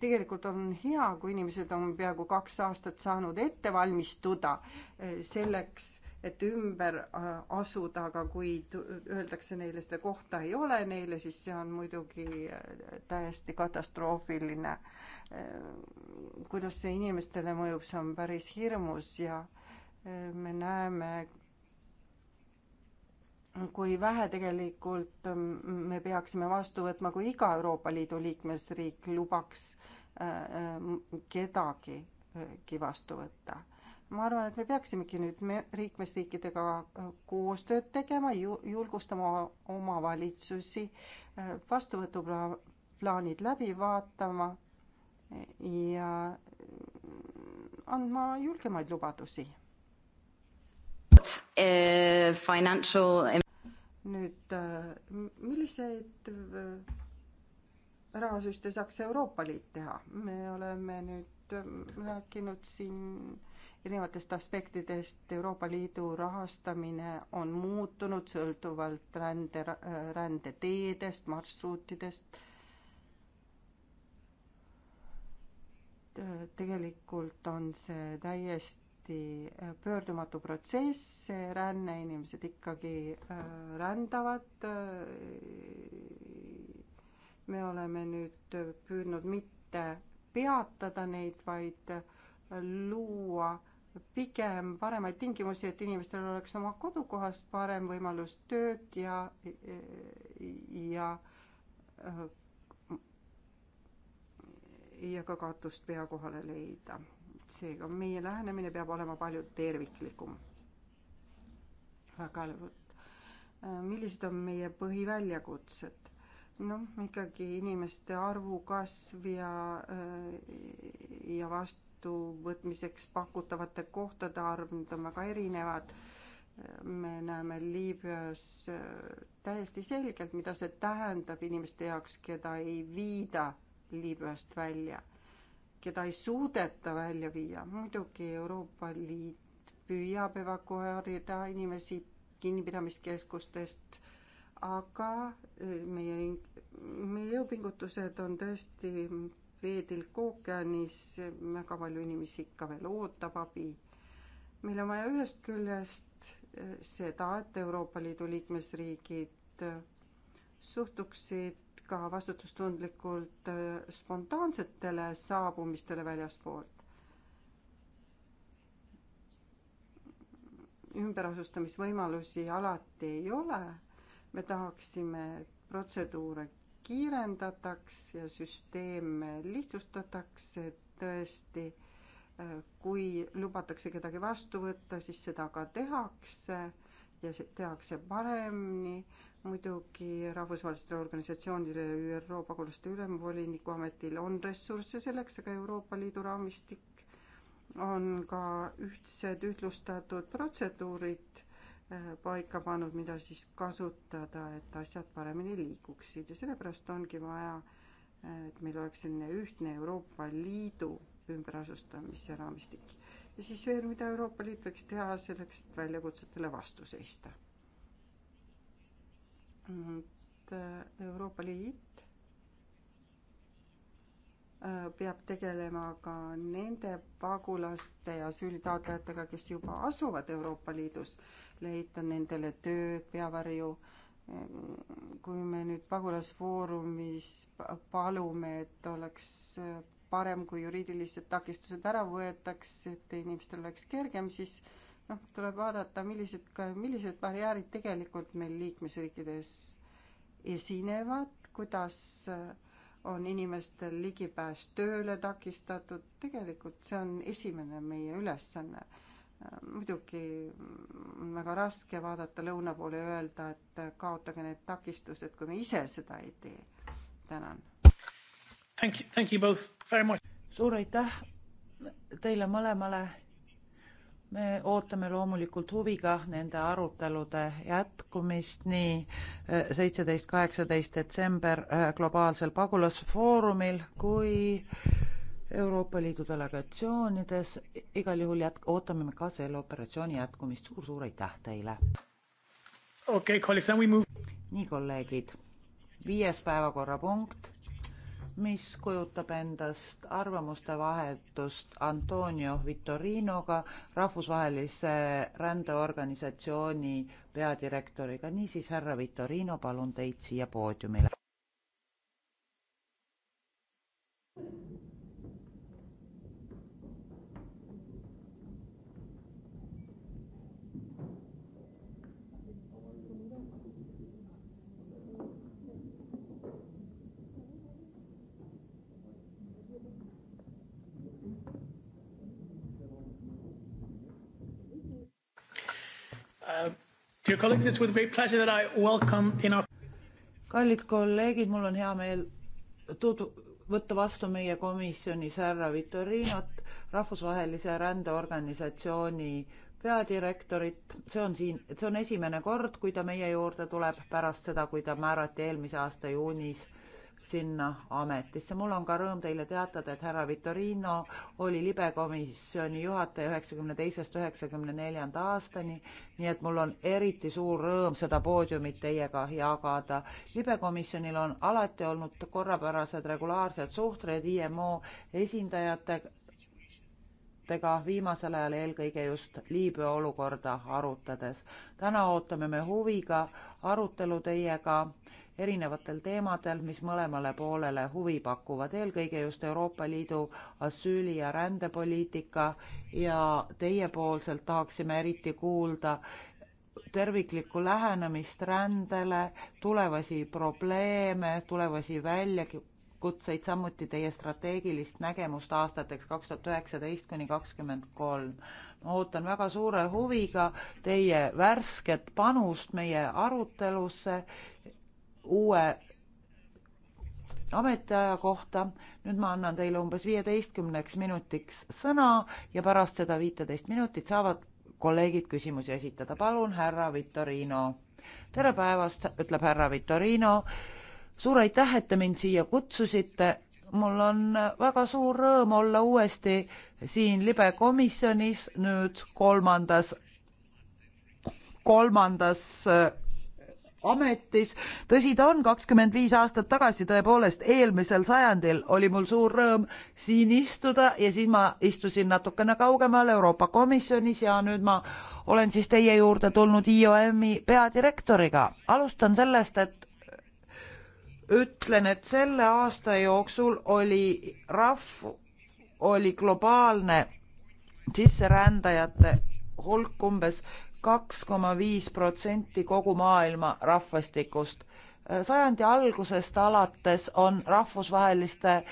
tegelikult on hea, kui inimesed on peaaegu kaks aastat saanud ette valmistuda eh, selleks, et ümber eh, asuda, aga kui öeldakse neile seda kohta ei ole neile, siis see on muidugi eh, täiesti katastroofiline. kuidas see inimestele mõjub, see on päris hirmus ja me näeme kui vähe tegelikult ähm, me peaksime vastu võtma, kui iga Euroopa Liidu liikmesriik lubaks äh, äh, kedagigi äh, vastu võtta. ma arvan, et me peaksimegi nüüd me liikmesriikidega koostööd tegema, ju-, julgustama omavalitsusi vastuvõtuplaanid läbi vaatama ja andma julgemaid lubadusi. Uh, financial nüüd äh, milliseid rahasüste saaks Euroopa Liit teha? me oleme nüüd äh, rääkinud siin erinevatest aspektidest, Euroopa Liidu rahastamine on muutunud sõltuvalt rände, äh, rändeteedest, marsruutidest. tegelikult on see täiesti täiesti äh, pöördumatu protsess, see ränne, inimesed ikkagi äh, rändavad. Äh, me oleme nüüd püüdnud mitte peatada neid, vaid luua pigem paremaid tingimusi, et inimestel oleks oma kodukohast parem võimalus tööd ja, ja ja ka katust pea kohale leida seega meie lähenemine peab olema palju terviklikum. väga lõbut. Äh, millised on meie põhiväljakutsed? noh, ikkagi inimeste arvu kasv ja, äh, ja vastuvõtmiseks pakutavate kohtade arv, need on väga erinevad. me näeme Liibüas äh, täiesti selgelt, mida see tähendab inimeste jaoks, keda ei viida Liibüast välja keda ei suudeta välja viia. muidugi Euroopa Liit püüab evakueerida inimesi kinnipidamiskeskustest, aga e, meie, meie jõupingutused on tõesti veetilk ookeanis, väga palju inimesi ikka veel ootab abi. meil on vaja ühest küljest e, seda, et Euroopa Liidu liikmesriigid e, suhtuksid ka vastutustundlikult äh, spontaansetele saabumistele väljaspoolt. ümberasustamisvõimalusi alati ei ole. me tahaksime, et protseduure kiirendataks ja süsteeme lihtsustataks, et tõesti äh, kui lubatakse kedagi vastu võtta, siis seda ka tehakse ja tehakse paremini, muidugi rahvusvahelistel organisatsioonidel ja ÜRO pagulaste ülemvoliniku ametil on ressursse selleks, aga Euroopa Liidu raamistik on ka ühtsed ühtlustatud protseduurid äh, paika pannud, mida siis kasutada, et asjad paremini liiguksid ja sellepärast ongi vaja, äh, et meil oleks selline ühtne Euroopa Liidu ümberasustamise raamistik. ja siis veel, mida Euroopa Liit võiks teha selleks, et väljakutsetele vastu seista et äh, Euroopa Liit äh, peab tegelema ka nende pagulaste ja asüülitaotlejatega, kes juba asuvad Euroopa Liidus, leida nendele tööd, peavarju. Äh, kui me nüüd pagulasfoorumis palume, et oleks parem, kui juriidilised takistused ära võetaks, et inimestel oleks kergem, siis noh, tuleb vaadata, millised, millised barjäärid tegelikult meil liikmesriikides esinevad, kuidas äh, on inimestel ligipääs tööle takistatud, tegelikult see on esimene meie ülesanne. Äh, muidugi mm, on väga raske vaadata lõuna poole ja öelda, et äh, kaotage need takistused, kui me ise seda ei tee. tänan. Thank you, thank you both very much. suur aitäh teile mõlemale me ootame loomulikult huviga nende arutelude jätkumist nii eh, seitseteist, kaheksateist detsember eh, globaalsel pagulasfoorumil kui Euroopa Liidu delegatsioonides. igal juhul jätk-, ootame me ka selle operatsiooni jätkumist suur,. suur-suur aitäh teile! okei okay,, kolleeg, then we move. nii, kolleegid, viies päevakorrapunkt mis kujutab endast arvamuste vahetust Antonio Vitorinoga, rahvusvahelise rändeorganisatsiooni peadirektoriga. niisiis, härra Vitorino, palun teid siia poodiumile. kallid kolleegid, mul on hea meel tutv-, võtta vastu meie komisjonis härra Vitorinot, rahvusvahelise rändeorganisatsiooni peadirektorit, see on siin, see on esimene kord, kui ta meie juurde tuleb pärast seda, kui ta määrati eelmise aasta juunis sinna ametisse. mul on ka rõõm teile teatada, et härra Vitorino oli libekomisjoni juhataja üheksakümne teisest üheksakümne neljanda aastani, nii et mul on eriti suur rõõm seda poodiumit teiega jagada. libekomisjonil on alati olnud korrapärased regulaarsed suhted IMO esindajatega viimasel ajal eelkõige just Liibüa olukorda arutades. täna ootame me huviga arutelu teiega erinevatel teemadel, mis mõlemale poolele huvi pakuvad, eelkõige just Euroopa Liidu asüüli- ja rändepoliitika ja teiepoolselt tahaksime eriti kuulda terviklikku lähenemist rändele, tulevasi probleeme, tulevasi väljakutseid, samuti teie strateegilist nägemust aastateks kaks tuhat üheksateist kuni kakskümmend kolm. ma ootan väga suure huviga teie värsket panust meie arutelusse uue ametiaja kohta. nüüd ma annan teile umbes viieteistkümneks minutiks sõna ja pärast seda viiteist minutit saavad kolleegid küsimusi esitada. palun, härra Vitorino. tere päevast, ütleb härra Vitorino. suur aitäh, et te mind siia kutsusite. mul on väga suur rõõm olla uuesti siin libe komisjonis nüüd kolmandas, kolmandas ametis. tõsi ta on, kakskümmend viis aastat tagasi tõepoolest, eelmisel sajandil oli mul suur rõõm siin istuda ja siis ma istusin natukene kaugemal Euroopa Komisjonis ja nüüd ma olen siis teie juurde tulnud IOM-i peadirektoriga. alustan sellest, et ütlen, et selle aasta jooksul oli rahv, oli globaalne sisserändajate hulk umbes kaks koma viis protsenti kogu maailma rahvastikust. sajandi algusest alates on rahvusvaheliste eh,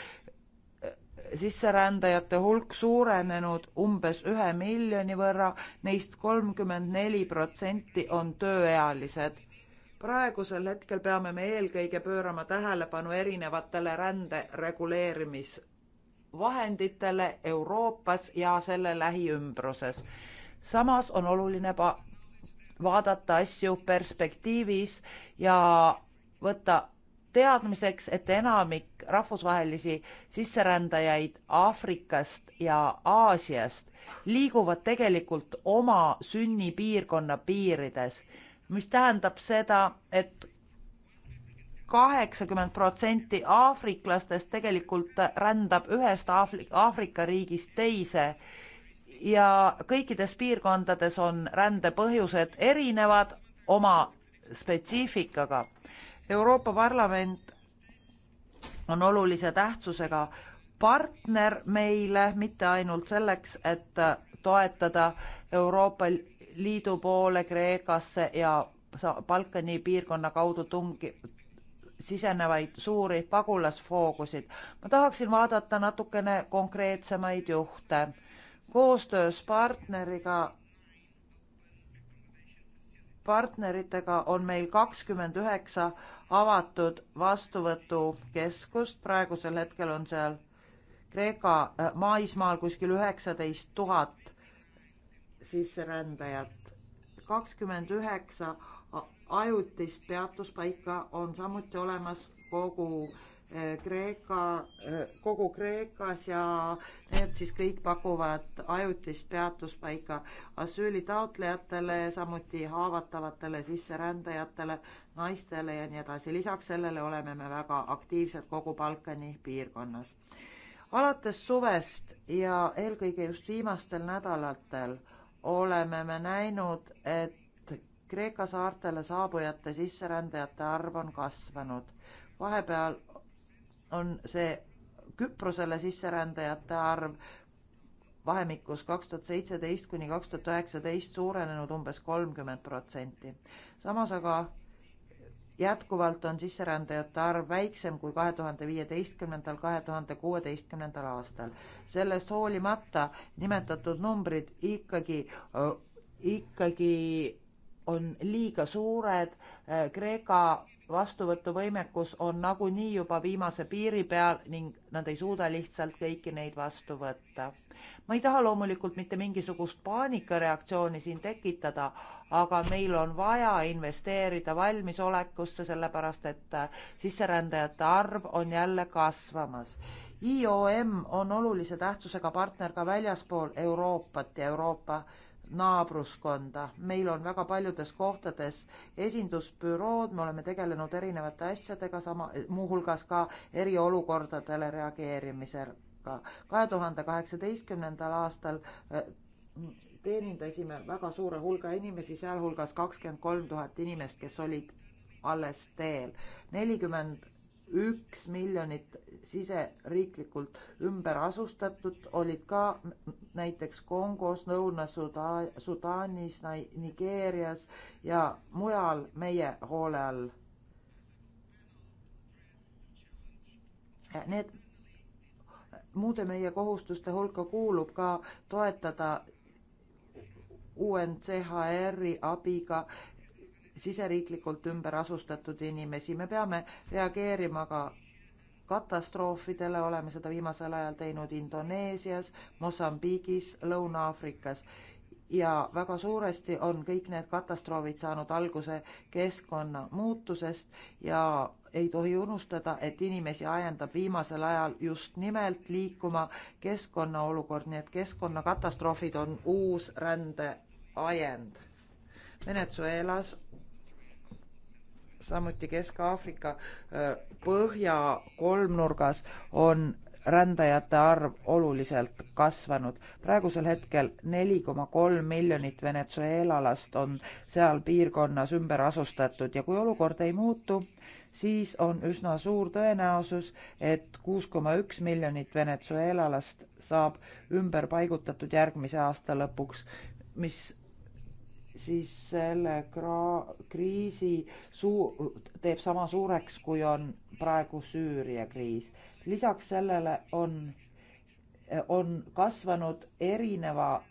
sisserändajate hulk suurenenud umbes ühe miljoni võrra neist, neist kolmkümmend neli protsenti on tööealised. praegusel hetkel peame me eelkõige pöörama tähelepanu erinevatele rände reguleerimisvahenditele Euroopas ja selle lähiümbruses. samas on oluline pa-, vaadata asju perspektiivis ja võtta teadmiseks, et enamik rahvusvahelisi sisserändajaid Aafrikast ja Aasiast liiguvad tegelikult oma sünnipiirkonna piirides, mis tähendab seda et, et kaheksakümmend protsenti aafriklastest tegelikult rändab ühest Aafrika riigist teise ja kõikides piirkondades on rände põhjused erinevad oma spetsiifikaga. Euroopa Parlament on olulise tähtsusega partner meile, mitte ainult selleks, et toetada Euroopa Liidu poole Kreekasse ja Balkani piirkonna kaudu tungi, sisenevaid suuri pagulasfoogusid. ma tahaksin vaadata natukene konkreetsemaid juhte koostöös partneriga partneritega on meil kakskümmend üheksa avatud vastuvõtukeskust, praegusel hetkel on seal Kreeka äh, maismaal kuskil üheksateist tuhat sisserändajat. kakskümmend üheksa ajutist peatuspaika on samuti olemas kogu Kreeka, kogu Kreekas ja need siis kõik pakuvad ajutist peatuspaika asüülitaotlejatele, samuti haavatavatele sisserändajatele, naistele ja nii edasi. lisaks sellele oleme me väga aktiivsed kogu Balkani piirkonnas. alates suvest ja eelkõige just viimastel nädalatel oleme me näinud, et Kreeka saartele saabujate sisserändajate arv on kasvanud. vahepeal on see Küprosele sisserändajate arv vahemikus kaks tuhat seitseteist kuni kaks tuhat üheksateist suurenenud umbes kolmkümmend protsenti. samas aga jätkuvalt on sisserändajate arv väiksem kui kahe tuhande viieteistkümnendal, kahe tuhande kuueteistkümnendal aastal. sellest hoolimata nimetatud numbrid ikkagi, ikkagi on liiga suured. Kreeka vastuvõtuvõimekus on nagunii juba viimase piiri peal ning nad ei suuda lihtsalt kõiki neid vastu võtta. ma ei taha loomulikult mitte mingisugust paanikareaktsiooni siin tekitada, aga meil on vaja investeerida valmisolekusse, sellepärast et äh, sisserändajate arv on jälle kasvamas. IOM on olulise tähtsusega partner ka väljaspool Euroopat ja Euroopa naabruskonda. meil on väga paljudes kohtades esindusbürood, me oleme tegelenud erinevate asjadega, sama, muuhulgas ka eriolukordadele reageerimisega. kahe tuhande kaheksateistkümnendal aastal äh, teenindasime väga suure hulga inimesi, sealhulgas kakskümmend kolm tuhat inimest, kes olid alles teel. nelikümmend üks miljonit siseriiklikult ümber asustatud olid ka näiteks Kongos, Lõuna-Sudaanis, Nigeerias ja mujal meie hoole all. Need muude meie kohustuste hulka kuulub ka toetada UNCHR-i abiga siseriiklikult ümber asustatud inimesi, me peame reageerima ka katastroofidele, oleme seda viimasel ajal teinud Indoneesias, Mosambiigis, Lõuna-Aafrikas ja väga suuresti on kõik need katastroofid saanud alguse keskkonnamuutusest ja ei tohi unustada, et inimesi ajendab viimasel ajal just nimelt liikuma keskkonnaolukord, nii et keskkonnakatastroofid on uus rändeajend. Venezuelas samuti Kesk-Aafrika põhja kolmnurgas on rändajate arv oluliselt kasvanud. praegusel hetkel neli koma kolm miljonit venezuelalast on seal piirkonnas ümber asustatud ja kui olukord ei muutu, siis on üsna suur tõenäosus, et kuus koma üks miljonit venezuelalast saab ümber paigutatud järgmise aasta lõpuks, mis siis selle kra-, kriisi suu-, teeb sama suureks, kui on praegu Süüria kriis. lisaks sellele on, on kasvanud erineva,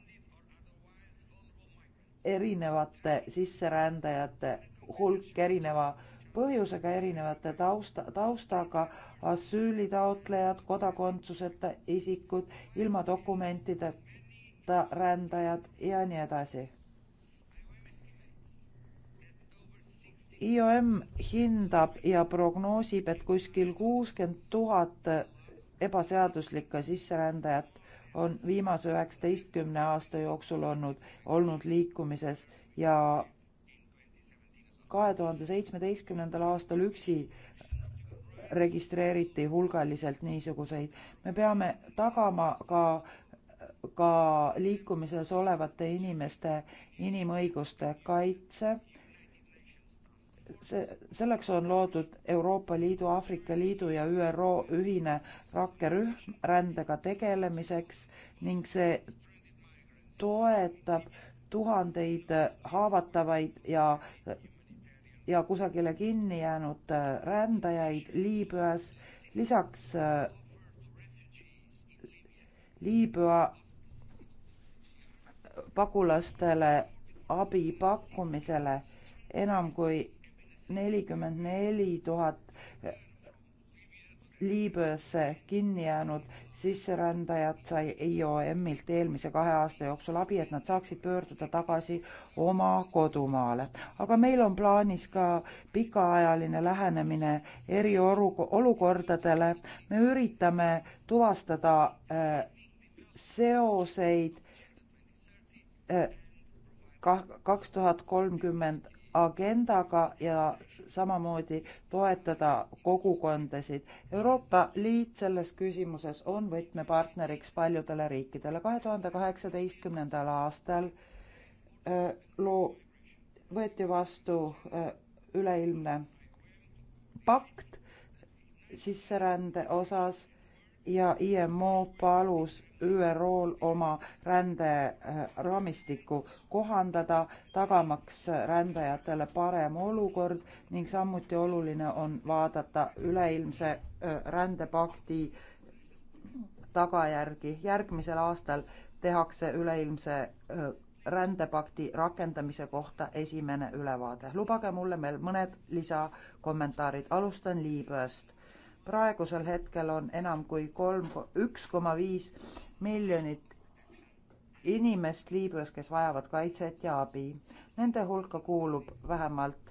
erinevate sisserändajate hulk erineva põhjusega, erinevate tausta, taustaga, asüülitaotlejad, kodakondsuseta isikud, ilma dokumentideta rändajad ja nii edasi IOM hindab ja prognoosib, et kuskil kuuskümmend tuhat ebaseaduslikku sisserändajat on viimase üheksateistkümne aasta jooksul olnud, olnud liikumises ja kahe tuhande seitsmeteistkümnendal aastal üksi registreeriti hulgaliselt niisuguseid. me peame tagama ka, ka liikumises olevate inimeste inimõiguste kaitse see, selleks on loodud Euroopa Liidu, Aafrika Liidu ja ÜRO ühine rakkerühm rändega tegelemiseks ning see toetab tuhandeid haavatavaid ja, ja kusagile kinni jäänud rändajaid Liibüas. lisaks Liibüa pagulastele abi pakkumisele enam kui nelikümmend neli tuhat Liibüasse kinni jäänud sisserändajat sai IOM-ilt e eelmise kahe aasta jooksul abi, et nad saaksid pöörduda tagasi oma kodumaale. aga meil on plaanis ka pikaajaline lähenemine eriolukordadele. me üritame tuvastada äh, seoseid äh, kaks tuhat kolmkümmend agendaga ja samamoodi toetada kogukondasid. Euroopa Liit selles küsimuses on võtmepartneriks paljudele riikidele. kahe tuhande kaheksateistkümnendal aastal loo-, võeti vastu üleilmne pakt sisserände osas ja IMO palus ÜRO-l oma ränderaamistikku kohandada, tagamaks rändajatele parem olukord ning samuti oluline on vaadata üleilmse rändepakti tagajärgi. järgmisel aastal tehakse üleilmse rändepakti rakendamise kohta esimene ülevaade. lubage mulle veel mõned lisakommentaarid. alustan Liibüast. praegusel hetkel on enam kui kolm, üks koma viis miljonit inimest Liibüas, kes vajavad kaitset ja abi. Nende hulka kuulub vähemalt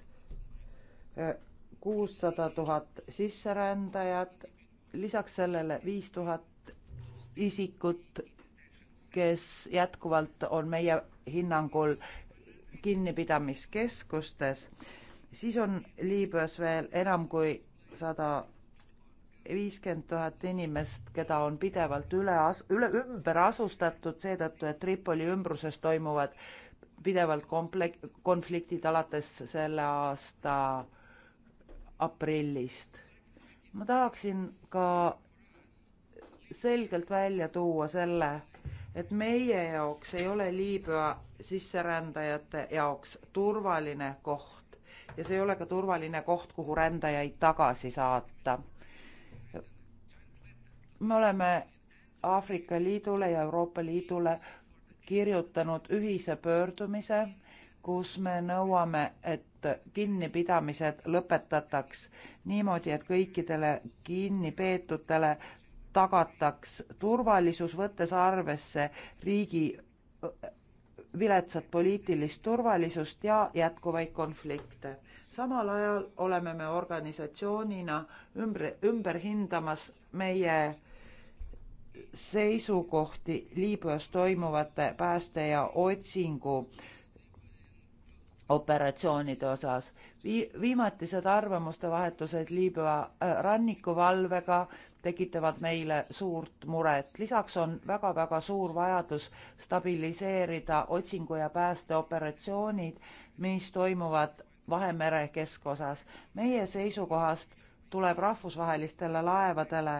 kuussada tuhat sisserändajat, lisaks sellele viis tuhat isikut, kes jätkuvalt on meie hinnangul kinnipidamiskeskustes, siis on Liibüas veel enam kui sada viiskümmend tuhat inimest, keda on pidevalt üle, üle, ümber asustatud seetõttu, et Tripoli ümbruses toimuvad pidevalt komplek-, konfliktid alates selle aasta aprillist. ma tahaksin ka selgelt välja tuua selle, et meie jaoks ei ole Liibüa sisserändajate jaoks turvaline koht ja see ei ole ka turvaline koht, kuhu rändajaid tagasi saata me oleme Aafrika Liidule ja Euroopa Liidule kirjutanud ühise pöördumise, kus me nõuame, et kinnipidamised lõpetataks niimoodi, et kõikidele kinnipeetutele tagataks turvalisus, võttes arvesse riigi viletsat poliitilist turvalisust ja jätkuvaid konflikte. samal ajal oleme me organisatsioonina ümber, ümber hindamas meie äh, seisukohti Liibüas toimuvate pääste ja otsingu operatsioonide osas. Vii-, viimatised arvamuste vahetused Liibüa äh, rannikuvalvega tekitavad meile suurt muret. lisaks on väga-väga suur vajadus stabiliseerida otsingu- ja päästeoperatsioonid, mis toimuvad Vahemere keskosas. meie seisukohast tuleb rahvusvahelistele laevadele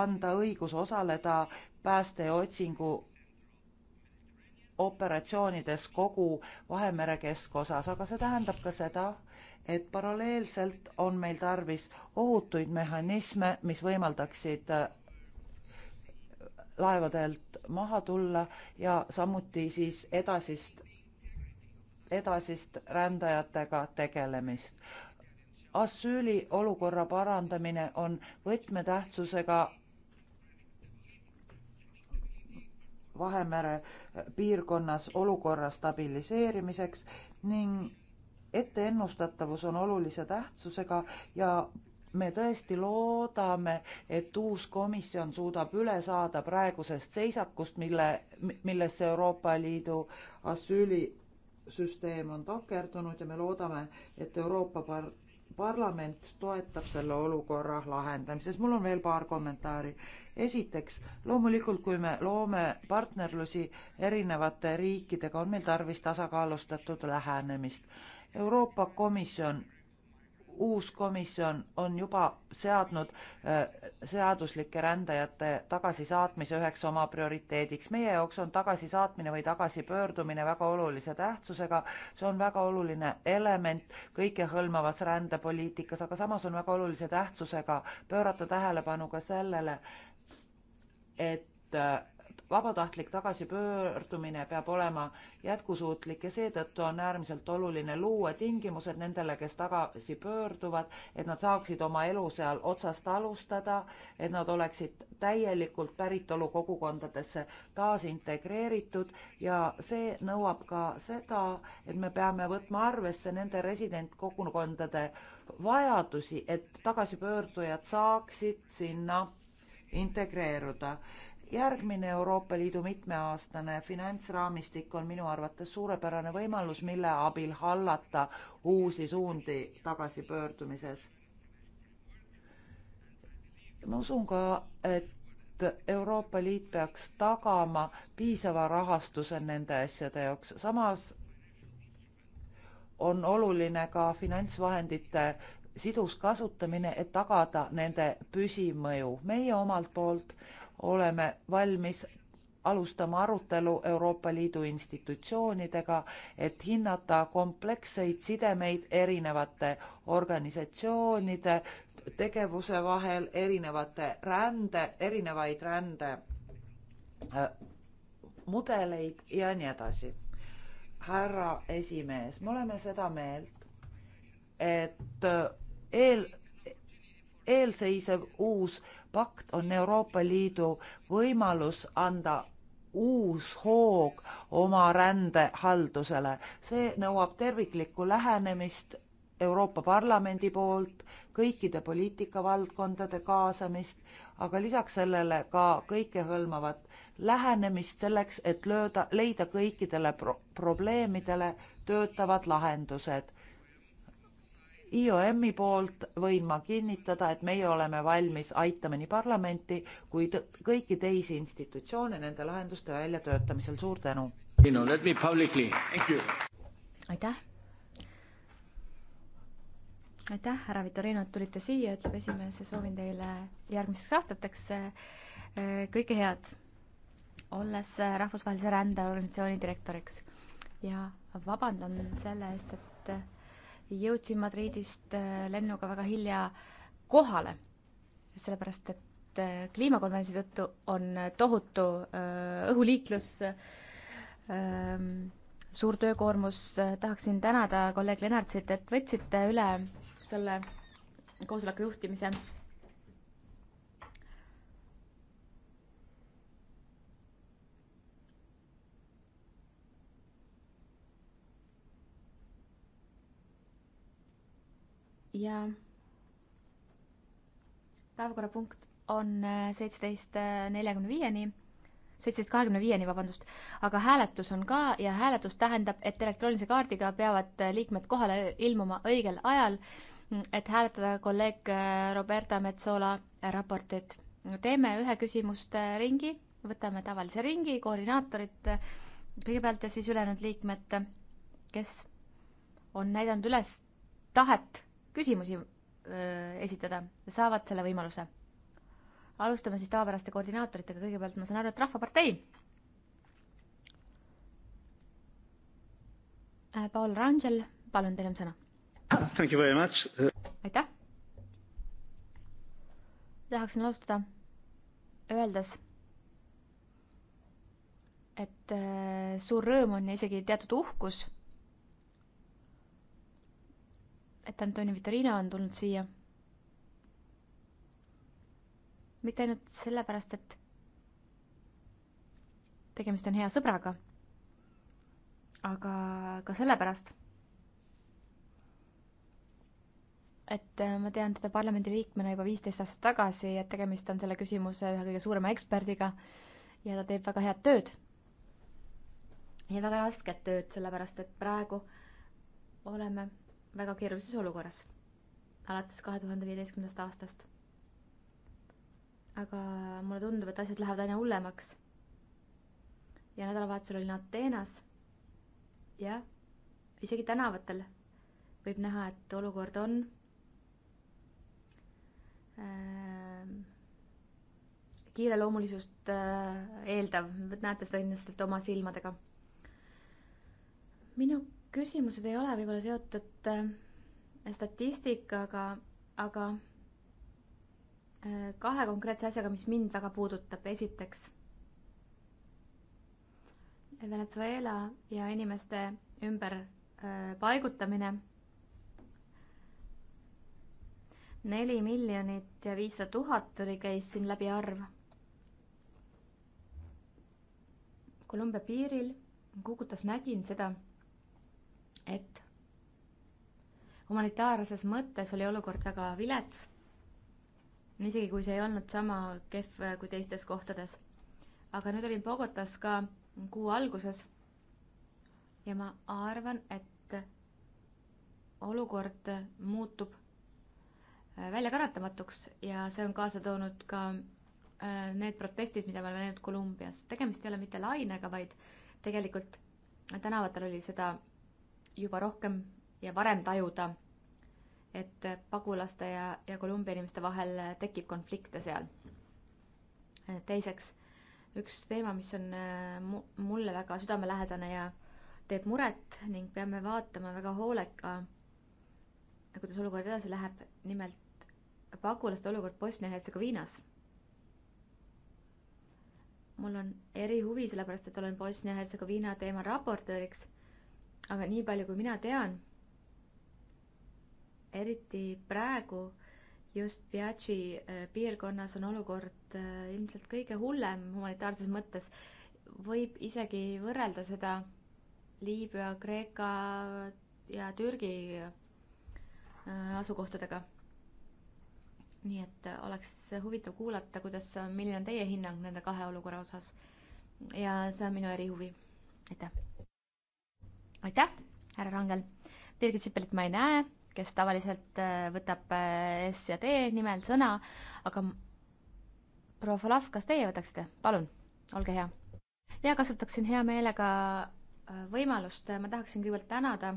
anda õigus osaleda pääste ja otsingu operatsioonides kogu Vahemere keskosas, aga see tähendab ka seda, et paralleelselt on meil tarvis ohutuid mehhanisme, mis võimaldaksid äh, laevadelt maha tulla ja samuti siis edasist edasist rändajatega tegelemist asüüli olukorra parandamine on võtmetähtsusega Vahemere piirkonnas olukorra stabiliseerimiseks ning etteennustatavus on olulise tähtsusega ja me tõesti loodame, et uus komisjon suudab üle saada praegusest seisakust, mille, millesse Euroopa Liidu asüülisüsteem on takerdunud ja me loodame, et Euroopa par-, parlament toetab selle olukorra lahendamises. mul on veel paar kommentaari. esiteks, loomulikult, kui me loome partnerlusi erinevate riikidega, on meil tarvis tasakaalustatud lähenemist. Euroopa Komisjon uus komisjon on juba seadnud äh, seaduslike rändajate tagasisaatmise üheks oma prioriteediks. meie jaoks on tagasisaatmine või tagasipöördumine väga olulise tähtsusega, see on väga oluline element kõikehõlmavas rändepoliitikas, aga samas on väga olulise tähtsusega pöörata tähelepanu ka sellele, et äh, vabatahtlik tagasipöördumine peab olema jätkusuutlik ja seetõttu on äärmiselt oluline luua tingimused nendele, kes tagasi pöörduvad, et nad saaksid oma elu seal otsast alustada, et nad oleksid täielikult päritolu kogukondadesse taasintegreeritud ja see nõuab ka seda, et me peame võtma arvesse nende residentkogukondade vajadusi, et tagasipöördujad saaksid sinna integreeruda järgmine Euroopa Liidu mitmeaastane finantsraamistik on minu arvates suurepärane võimalus, mille abil hallata uusi suundi tagasipöördumises. ma usun ka, et Euroopa Liit peaks tagama piisava rahastuse nende asjade jaoks, samas on oluline ka finantsvahendite sidus kasutamine, et tagada nende püsimõju. meie omalt poolt oleme valmis alustama arutelu Euroopa Liidu institutsioonidega, et hinnata kompleksseid sidemeid erinevate organisatsioonide tegevuse vahel, erinevate rände, erinevaid rände äh, mudeleid ja nii edasi. härra esimees, me oleme seda meelt, et äh, eel eelseisev uus pakt on Euroopa Liidu võimalus anda uus hoog oma rändehaldusele. see nõuab terviklikku lähenemist Euroopa Parlamendi poolt, kõikide poliitikavaldkondade kaasamist, aga lisaks sellele ka kõikehõlmavat lähenemist selleks, et lööda, leida kõikidele pro probleemidele töötavad lahendused. IOM-i poolt võin ma kinnitada, et meie oleme valmis aitama nii parlamenti kui kõiki teisi institutsioone nende lahenduste väljatöötamisel. suur tänu! aitäh! aitäh, härra Vitorino, et tulite siia, ütleb esimees ja soovin teile järgmiseks aastateks äh, kõike head, olles Rahvusvahelise Rändeorganisatsiooni direktoriks. ja vabandan selle eest, et jõudsin Madridist äh, lennuga väga hilja kohale, sellepärast et äh, kliimakonverentsi tõttu on tohutu äh, õhuliiklus, ähm, suur töökoormus, tahaksin tänada kolleeg Lennartsit, et võtsite üle selle koosoleku juhtimise ja päevakorrapunkt on äh, seitseteist äh, neljakümne viieni, seitseteist kahekümne viieni, vabandust, aga hääletus on ka ja hääletus tähendab, et elektroonilise kaardiga peavad äh, liikmed kohale ilmuma õigel ajal, mm, et hääletada kolleeg Roberta Metsola raportit. teeme ühe küsimuste ringi, võtame tavalise ringi, koordinaatorid kõigepealt ja siis ülejäänud liikmed, kes on näidanud üles tahet küsimusi esitada, saavad selle võimaluse. alustame siis tavapäraste koordinaatoritega, kõigepealt ma saan aru, et Rahvapartei. Äh, Paul Rangel, palun, teil on sõna. Thank you very much. aitäh. tahaksin alustada öeldes, et äh, suur rõõm on ja isegi teatud uhkus et Antonio Vitorina on tulnud siia. mitte ainult sellepärast, et tegemist on hea sõbraga, aga ka sellepärast, et äh, ma tean teda parlamendiliikmena juba viisteist aastat tagasi, et tegemist on selle küsimuse ühe kõige suurema eksperdiga ja ta teeb väga head tööd. ja väga rasket tööd, sellepärast et praegu oleme väga keerulises olukorras alates kahe tuhande viieteistkümnendast aastast. aga mulle tundub, et asjad lähevad aina hullemaks. ja nädalavahetusel olin Ateenas. jah, isegi tänavatel võib näha, et olukord on äh, kiireloomulisust äh, eeldav, näete seda kindlasti oma silmadega. minu küsimused ei ole võib-olla seotud äh, statistikaga, aga äh, kahe konkreetse asjaga, mis mind väga puudutab. esiteks Venezuela ja inimeste ümberpaigutamine. Äh, neli miljonit ja viissada tuhat oli, käis siin läbi arv. Kolumbia piiril Kukutas nägin seda et humanitaarses mõttes oli olukord väga vilets, isegi kui see ei olnud sama kehv kui teistes kohtades. aga nüüd olin Bogotas ka kuu alguses ja ma arvan, et olukord muutub äh, väljakannatamatuks ja see on kaasa toonud ka äh, need protestid, mida me oleme näinud Kolumbias. tegemist ei ole mitte lainega, vaid tegelikult tänavatel oli seda juba rohkem ja varem tajuda, et pagulaste ja, ja Kolumbia inimeste vahel tekib konflikte seal. teiseks, üks teema, mis on äh, mu-, mulle väga südamelähedane ja teeb muret ning peame vaatama väga hoolega, kuidas olukord edasi läheb, nimelt pagulaste olukord Bosnia-Hertsegoviinas. mul on erihuvi, sellepärast et olen Bosnia-Hertsegoviina teemal raportööriks aga nii palju, kui mina tean, eriti praegu just Piaggi äh, piirkonnas on olukord äh, ilmselt kõige hullem humanitaarses mõttes. võib isegi võrrelda seda Liibüa, Kreeka ja Türgi äh, asukohtadega. nii et oleks huvitav kuulata, kuidas, milline on teie hinnang nende kahe olukorra osas. ja see on minu erihuvi. aitäh aitäh, härra Rangel. Birgit Sipelit ma ei näe, kes tavaliselt äh, võtab äh, S ja D nimel sõna, aga proua Falav, kas teie võtaksite, palun, olge hea. ja kasutaksin hea meelega äh, võimalust, ma tahaksin kõigepealt tänada,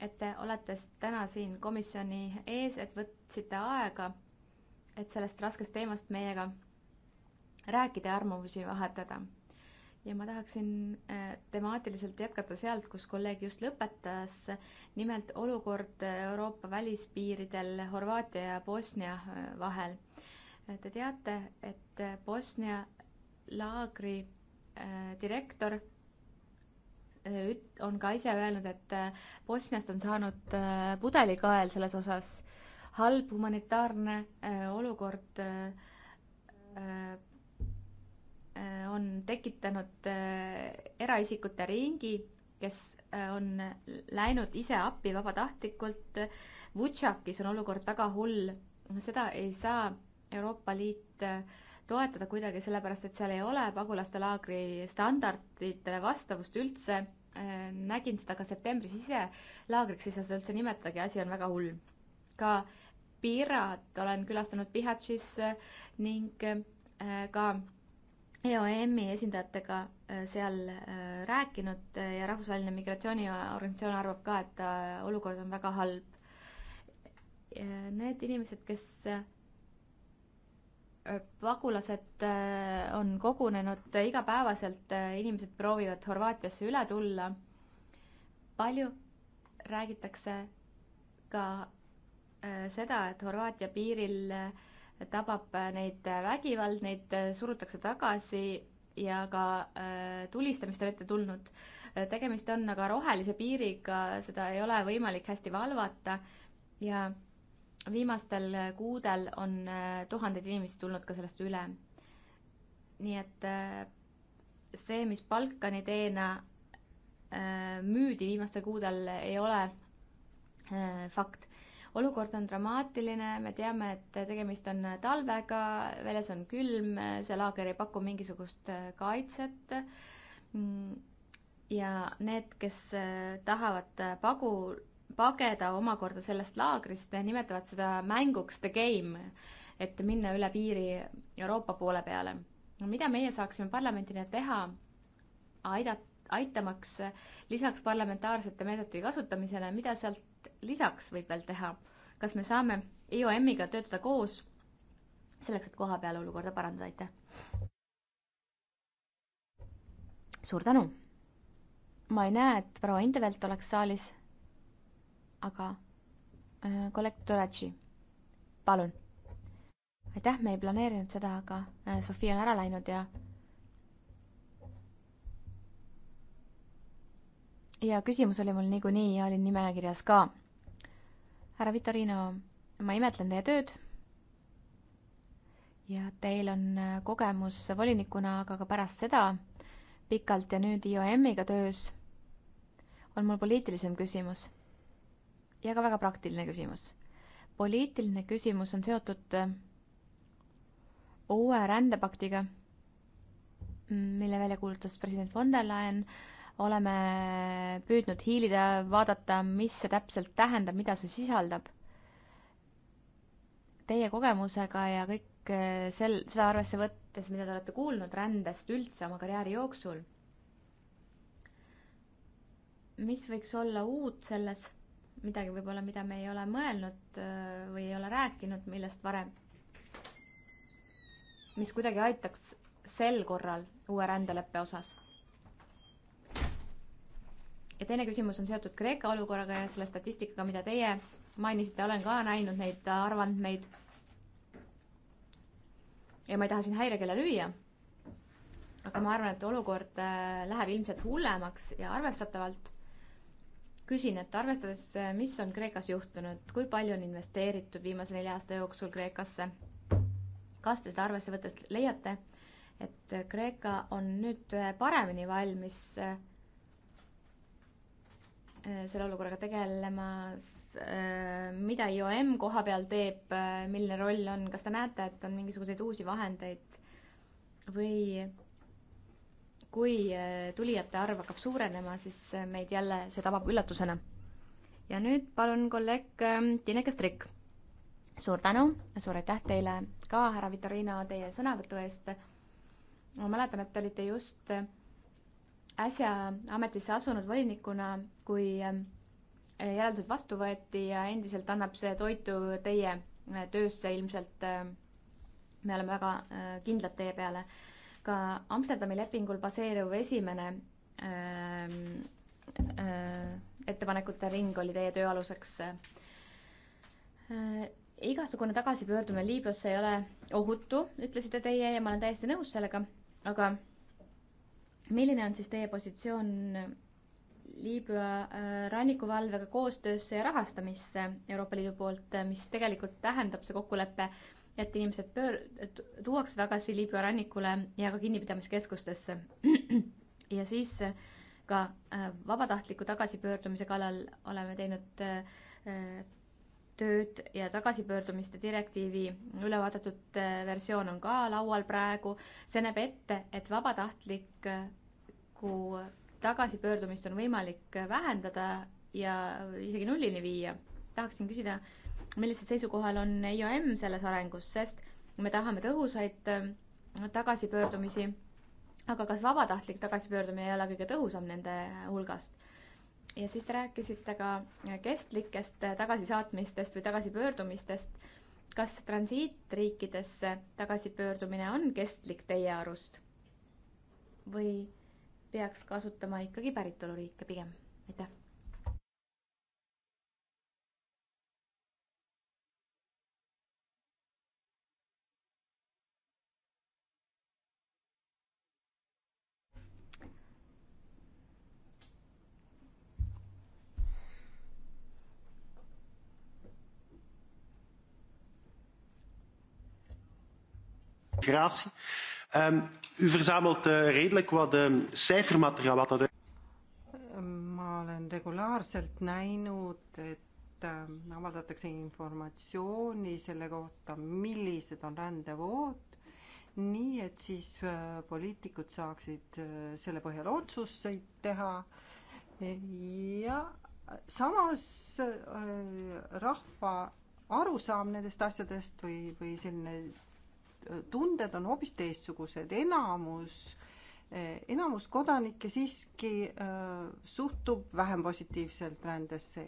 et te olete täna siin komisjoni ees, et võtsite aega, et sellest raskest teemast meiega rääkida ja arvamusi vahetada ja ma tahaksin äh, temaatiliselt jätkata sealt, kus kolleeg just lõpetas, nimelt olukord äh, Euroopa välispiiridel Horvaatia ja Bosnia äh, vahel. Te teate, et Bosnia laagri direktor on ka ise öelnud, et Bosniast on saanud pudelikael selles osas halb humanitaarne olukord Äh, on tekitanud äh, eraisikute ringi, kes äh, on läinud ise appi vabatahtlikult. Vutšakis on olukord väga hull, seda ei saa Euroopa Liit toetada kuidagi, sellepärast et seal ei ole pagulaste laagri standarditele vastavust üldse. nägin seda ka septembris ise, laagriks ei saa seda üldse nimetadagi, asi on väga hull. ka Pirat olen külastanud Pihatšis ning ka EOM-i esindajatega äh, seal äh, rääkinud äh, ja Rahvusvaheline Migratsiooniorganisatsioon arvab ka, et olukord on väga halb. Need inimesed, kes pagulased on kogunenud igapäevaselt, inimesed proovivad Horvaatiasse üle tulla. palju räägitakse ka seda, et Horvaatia piiril äh, tabab äh, neid äh, vägivald, neid äh, surutakse tagasi ja ka tulistamist on ette tulnud. tegemist on aga rohelise piiriga, seda ei ole võimalik hästi valvata ja viimastel kuudel on tuhandeid inimesi tulnud ka sellest üle. nii et see, mis Balkani teena müüdi viimastel kuudel, ei ole fakt olukord on dramaatiline, me teame, et tegemist on talvega, väljas on külm, see laager ei paku mingisugust äh, kaitset. ja need, kes äh, tahavad äh, pagu, pageda omakorda sellest laagrist, nimetavad seda mänguks the game, et minna üle piiri Euroopa poole peale. mida meie saaksime parlamendina teha, aidata aitamaks lisaks parlamentaarsete meetodite kasutamisele, mida sealt millist lisaks võib veel teha, kas me saame IOM-iga e töötada koos selleks, et kohapeal olukorda parandada, aitäh! suur tänu! ma ei näe, et proua Indevelt oleks saalis, aga äh, kolleeg Turatši, palun! aitäh, me ei planeerinud seda, aga äh, Sofia on ära läinud ja äh, ja küsimus oli mul niikuinii ja olin nimekirjas ka. härra Vitorino, ma imetlen teie tööd. ja teil on äh, kogemus volinikuna, aga ka pärast seda pikalt ja nüüd IOM-iga töös on mul poliitilisem küsimus ja ka väga praktiline küsimus. poliitiline küsimus on seotud äh, uue rändepaktiga, mille välja kuulutas president von der Leyen oleme püüdnud hiilida, vaadata, mis see täpselt tähendab, mida see sisaldab. Teie kogemusega ja kõik eh, sel, seda arvesse võttes, mida te olete kuulnud rändest üldse oma karjääri jooksul, mis võiks olla uut selles, midagi võib-olla, mida me ei ole mõelnud eh, või ei ole rääkinud millest varem, mis kuidagi aitaks sel korral uue rändeleppe osas ja teine küsimus on seotud Kreeka olukorraga ja selle statistikaga, mida teie mainisite, olen ka näinud neid arvandmeid. ja ma ei taha siin häirekella lüüa. aga ma arvan, et olukord äh, läheb ilmselt hullemaks ja arvestatavalt. küsin, et arvestades, äh, mis on Kreekas juhtunud, kui palju on investeeritud viimase nelja aasta jooksul Kreekasse? kas te seda arvesse võttes leiate, et Kreeka on nüüd äh, paremini valmis äh, Äh, selle olukorraga tegelemas, äh, mida IOM koha peal teeb, äh, milline roll on, kas te näete, et on mingisuguseid uusi vahendeid või kui tulijate arv hakkab suurenema, siis meid jälle see tabab üllatusena. ja nüüd palun kolleeg Tiineke Strik. suur tänu, suur aitäh teile ka, härra Vitorino, teie sõnavõtu eest. ma mäletan, et te olite just äsja ametisse asunud volinikuna, kui ähm, järeldused vastu võeti ja endiselt annab see toitu teie äh, töösse ilmselt. Ähm, me oleme väga äh, kindlad teie peale. ka Amsterdami lepingul baseeruv esimene äh, äh, ettepanekute ring oli teie töö aluseks äh, äh,. igasugune tagasipöördumine Liibüasse ei ole ohutu, ütlesite teie ja ma olen täiesti nõus sellega, aga milline on siis teie positsioon Liibüa äh, rannikuvalvega koostöösse ja rahastamisse Euroopa Liidu poolt, äh, mis tegelikult tähendab see kokkulepe, et inimesed pöör-, tuuakse tagasi Liibüa rannikule ja ka kinnipidamiskeskustesse. ja siis ka äh, vabatahtliku tagasipöördumise kallal oleme teinud tööd ja tagasipöördumiste direktiivi ülevaadatud äh, versioon on ka laual praegu. see näeb ette, et vabatahtlikku tagasipöördumist on võimalik äh, vähendada ja isegi nullini viia. tahaksin küsida, millisel seisukohal on IOM selles arengus, sest me tahame tõhusaid äh, tagasipöördumisi, aga kas vabatahtlik tagasipöördumine ei ole kõige tõhusam nende hulgast? ja siis te rääkisite ka äh, kestlikest äh, tagasisaatmistest või tagasipöördumistest. kas transiitriikidesse tagasipöördumine on kestlik teie arust? või peaks kasutama ikkagi päritoluriike pigem? aitäh. migratie. Um, ehm, u verzamelt uh, redelijk wat um, cijfermateriaal. Wat dat... ma olen regulaarselt näinud, et ehm, avaldatakse informatsiooni selle kohta, millised on rändevood, nii et siis äh, poliitikud saaksid äh, selle põhjal otsuseid teha ja samas äh, rahva arusaam nendest asjadest või, või selline tunded on hoopis teistsugused, enamus eh, enamus kodanikke siiski äh, suhtub vähem positiivselt rändesse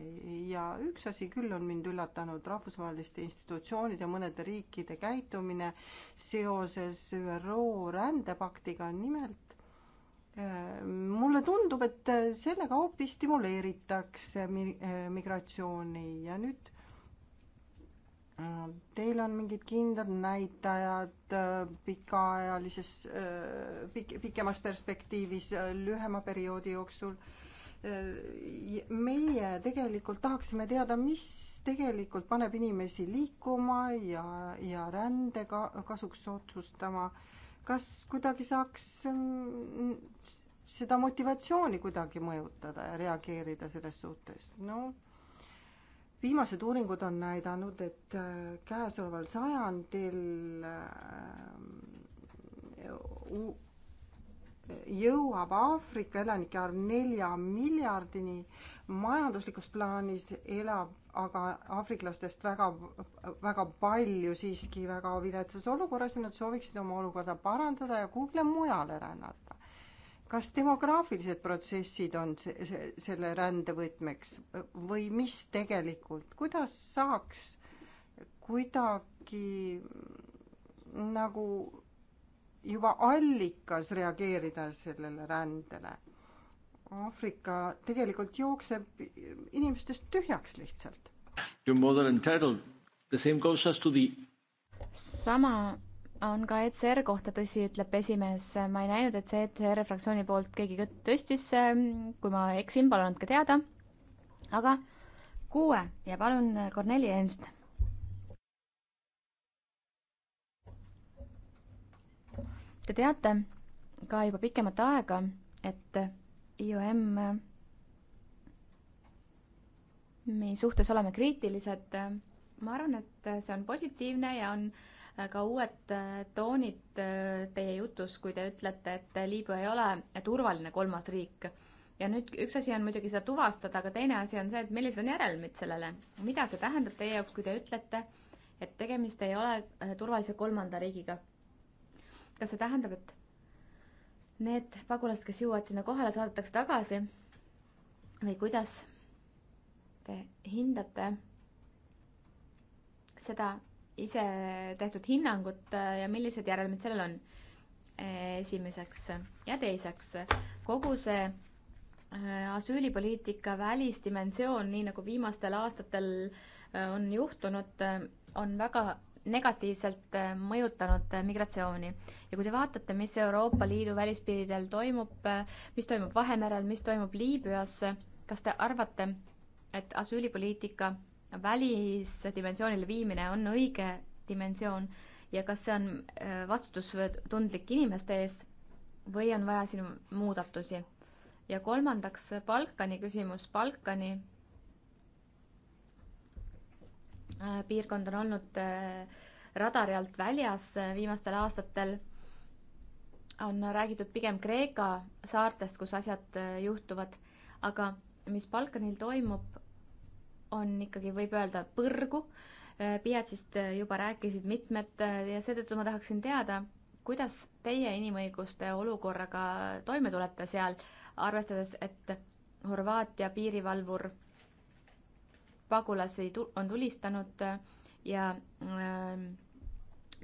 ja üks asi küll on mind üllatanud rahvusvaheliste institutsioonide, mõnede riikide käitumine seoses ÜRO rändepaktiga, nimelt äh, mulle tundub, et sellega hoopis stimuleeritakse mi-, äh, migratsiooni ja nüüd Äh, teil on mingid kindlad näitajad äh, pikaajalises, äh, pik-, pikemas perspektiivis, lühema perioodi jooksul. meie tegelikult tahaksime teada, mis tegelikult paneb inimesi liikuma ja, ja rände ka-, kasuks otsustama. kas kuidagi saaks ähm, seda motivatsiooni kuidagi mõjutada ja reageerida selles suhtes? noh viimased uuringud on näidanud, et äh, käesoleval sajandil äh, jõuab Aafrika elanike arv nelja miljardini. majanduslikus plaanis elab aga aafriklastest väga, väga palju siiski väga viletsas olukorras ja nad sooviksid oma olukorda parandada ja kuhugile mujale rännata kas demograafilised protsessid on see, see, selle rändevõtmeks või mis tegelikult, kuidas saaks kuidagi nagu juba allikas reageerida sellele rändele? Aafrika tegelikult jookseb inimestest tühjaks lihtsalt. sama on ka ECR kohta, tõsi, ütleb esimees, ma ei näinud, et see ECR fraktsiooni poolt keegi tõstis, ähm, kui ma eksin, palun andke teada. aga kuue ja palun äh, Korneli Ernst. Te teate ka juba pikemat aega, et IOM, äh, mi suhtes oleme kriitilised, äh, ma arvan, et see on positiivne ja on äh, ka uued äh, toonid äh, teie jutus, kui te ütlete, et äh, Liibüa ei ole turvaline kolmas riik. ja nüüd üks asi on muidugi seda tuvastada, aga teine asi on see, et millised on järelmid sellele. mida see tähendab teie jaoks, kui te ütlete, et tegemist ei ole turvalise kolmanda riigiga? kas see tähendab, et need pagulased, kes jõuavad sinna kohale, saadetakse tagasi või kuidas te hindate seda, ise tehtud hinnangut äh, ja millised järelmid sellel on? esimeseks ja teiseks, kogu see äh, asüülipoliitika välisdimensioon, nii nagu viimastel aastatel äh, on juhtunud, on väga negatiivselt mõjutanud migratsiooni. ja kui te vaatate, mis Euroopa Liidu välispiiridel toimub, mis toimub Vahemerel, mis toimub Liibüas, kas te arvate, et asüülipoliitika välisdimensioonile viimine on õige dimensioon ja kas see on äh, vastutustundlik inimeste ees või on vaja siin muudatusi. ja kolmandaks Balkani küsimus, Balkani äh, piirkond on olnud äh, radari alt väljas viimastel aastatel, on räägitud pigem Kreeka saartest, kus asjad juhtuvad, aga mis Balkanil toimub, on ikkagi, võib öelda, põrgu. Äh, Piatsist äh, juba rääkisid mitmed äh, ja seetõttu ma tahaksin teada, kuidas teie inimõiguste olukorraga toime tulete seal, arvestades, et Horvaatia piirivalvur pagulasi on tulistanud ja ähm,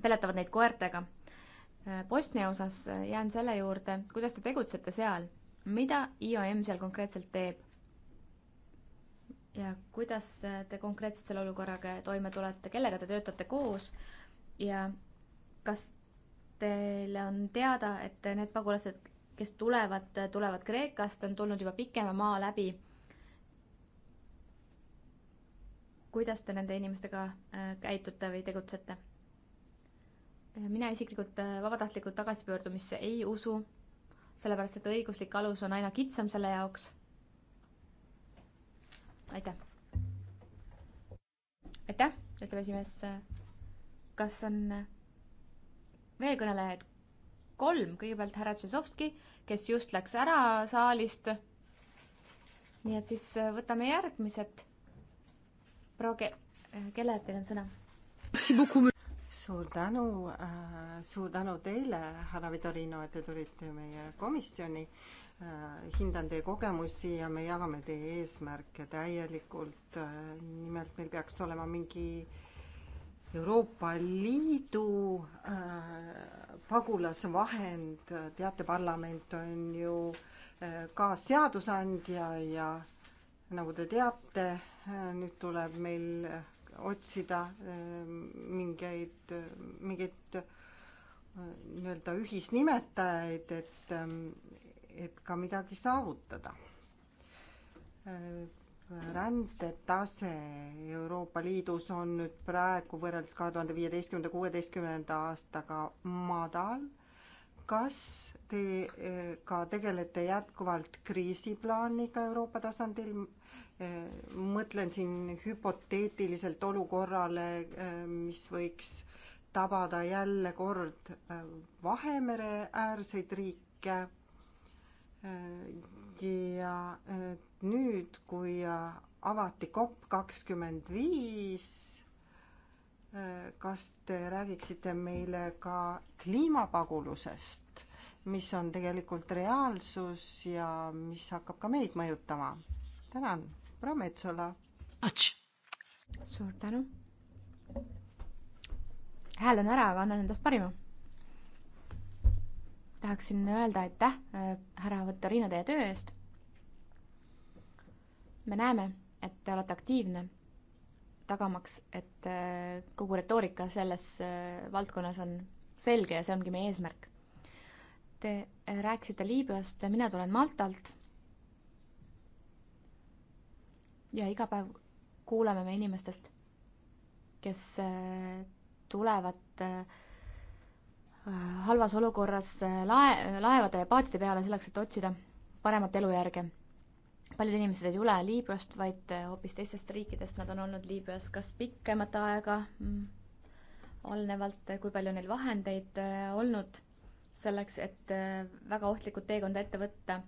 peletavad neid koertega. Bosnia osas jään selle juurde, kuidas te tegutsete seal, mida IOM seal konkreetselt teeb? ja kuidas te konkreetselt selle olukorraga toime tulete, kellega te töötate koos ja kas teile on teada, et need pagulased, kes tulevad, tulevad Kreekast, on tulnud juba pikema maa läbi? kuidas te nende inimestega äh, käitute või tegutsete? Äh, mina isiklikult äh, vabatahtlikult tagasipöördumisse ei usu, sellepärast et õiguslik alus on aina kitsam selle jaoks aitäh. aitäh, ütleb esimees. kas on veel kõnelejaid? kolm, kõigepealt härra Tšesovski, kes just läks ära saalist. nii et siis võtame järgmised. proua Ke-, kelle teil on sõna? suur tänu, äh, suur tänu teile, härra Vidorino, et te tulite meie komisjoni Äh, hindan teie kogemusi ja me jagame teie eesmärke täielikult. Äh, nimelt meil peaks olema mingi Euroopa Liidu äh, pagulasvahend, teate, parlament on ju ka seadusandja ja nagu te teate, nüüd tuleb meil otsida mingeid, mingeid nii-öelda ühisnimetajaid, et ähm, et ka midagi saavutada. rändetase Euroopa Liidus on nüüd praegu võrreldes kahe tuhande viieteistkümnenda, kuueteistkümnenda aastaga madal. kas te eh, ka tegelete jätkuvalt kriisiplaaniga Euroopa tasandil? Eh, mõtlen siin hüpoteetiliselt olukorrale, eh, mis võiks tabada jälle kord Vahemere äärseid riike Äh, ja äh, nüüd, kui äh, avati COP kakskümmend viis, kas te räägiksite meile ka kliimapagulusest, mis on tegelikult reaalsus ja mis hakkab ka meid mõjutama? tänan, proua Metsola. suur tänu. hääl on ära, aga annan endast parima tahaksin öelda aitäh, äh, härra Võtoriino, teie töö eest. me näeme, et te olete aktiivne, tagamaks, et äh, kogu retoorika selles äh, valdkonnas on selge ja see ongi meie eesmärk. Te rääkisite Liibüast, mina tulen Maltalt. ja iga päev kuuleme me inimestest, kes tulevad äh, Äh, halvas olukorras äh, lae, äh, laevade ja paatide peale selleks, et otsida paremat elujärge. paljud inimesed ei tule Liibüast, vaid hoopis teistest riikidest, nad on olnud Liibüas kas pikemat aega, olenevalt, mm, kui palju neil vahendeid olnud selleks, et väga ohtlikud teekonda ette võtta.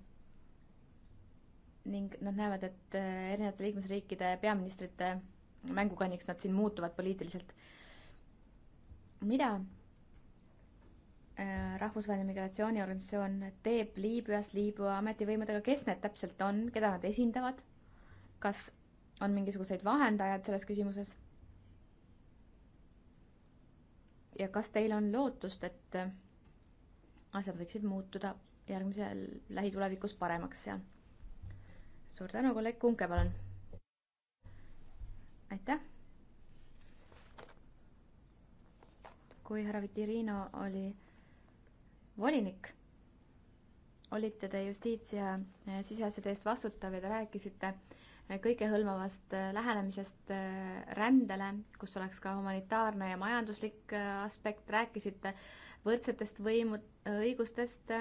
ning nad näevad, et erinevate liikmesriikide peaministrite mängukanniks nad siin muutuvad poliitiliselt. mida Äh, rahvusvaheline migratsiooniorganisatsioon teeb Liibüas Liibüa ametivõimudega, kes need täpselt on, keda nad esindavad, kas on mingisuguseid vahendajad selles küsimuses? ja kas teil on lootust, et asjad võiksid muutuda järgmisel lähitulevikus paremaks seal? suur tänu, kolleeg Kunke, palun. aitäh. kui härra Vitirino oli volinik, olite te justiits- ja äh, siseasjade eest vastutav ja te rääkisite äh, kõikehõlmavast äh, lähenemisest rändele, kus oleks ka humanitaarne ja majanduslik aspekt, rääkisite võrdsetest võimu, õigustest ja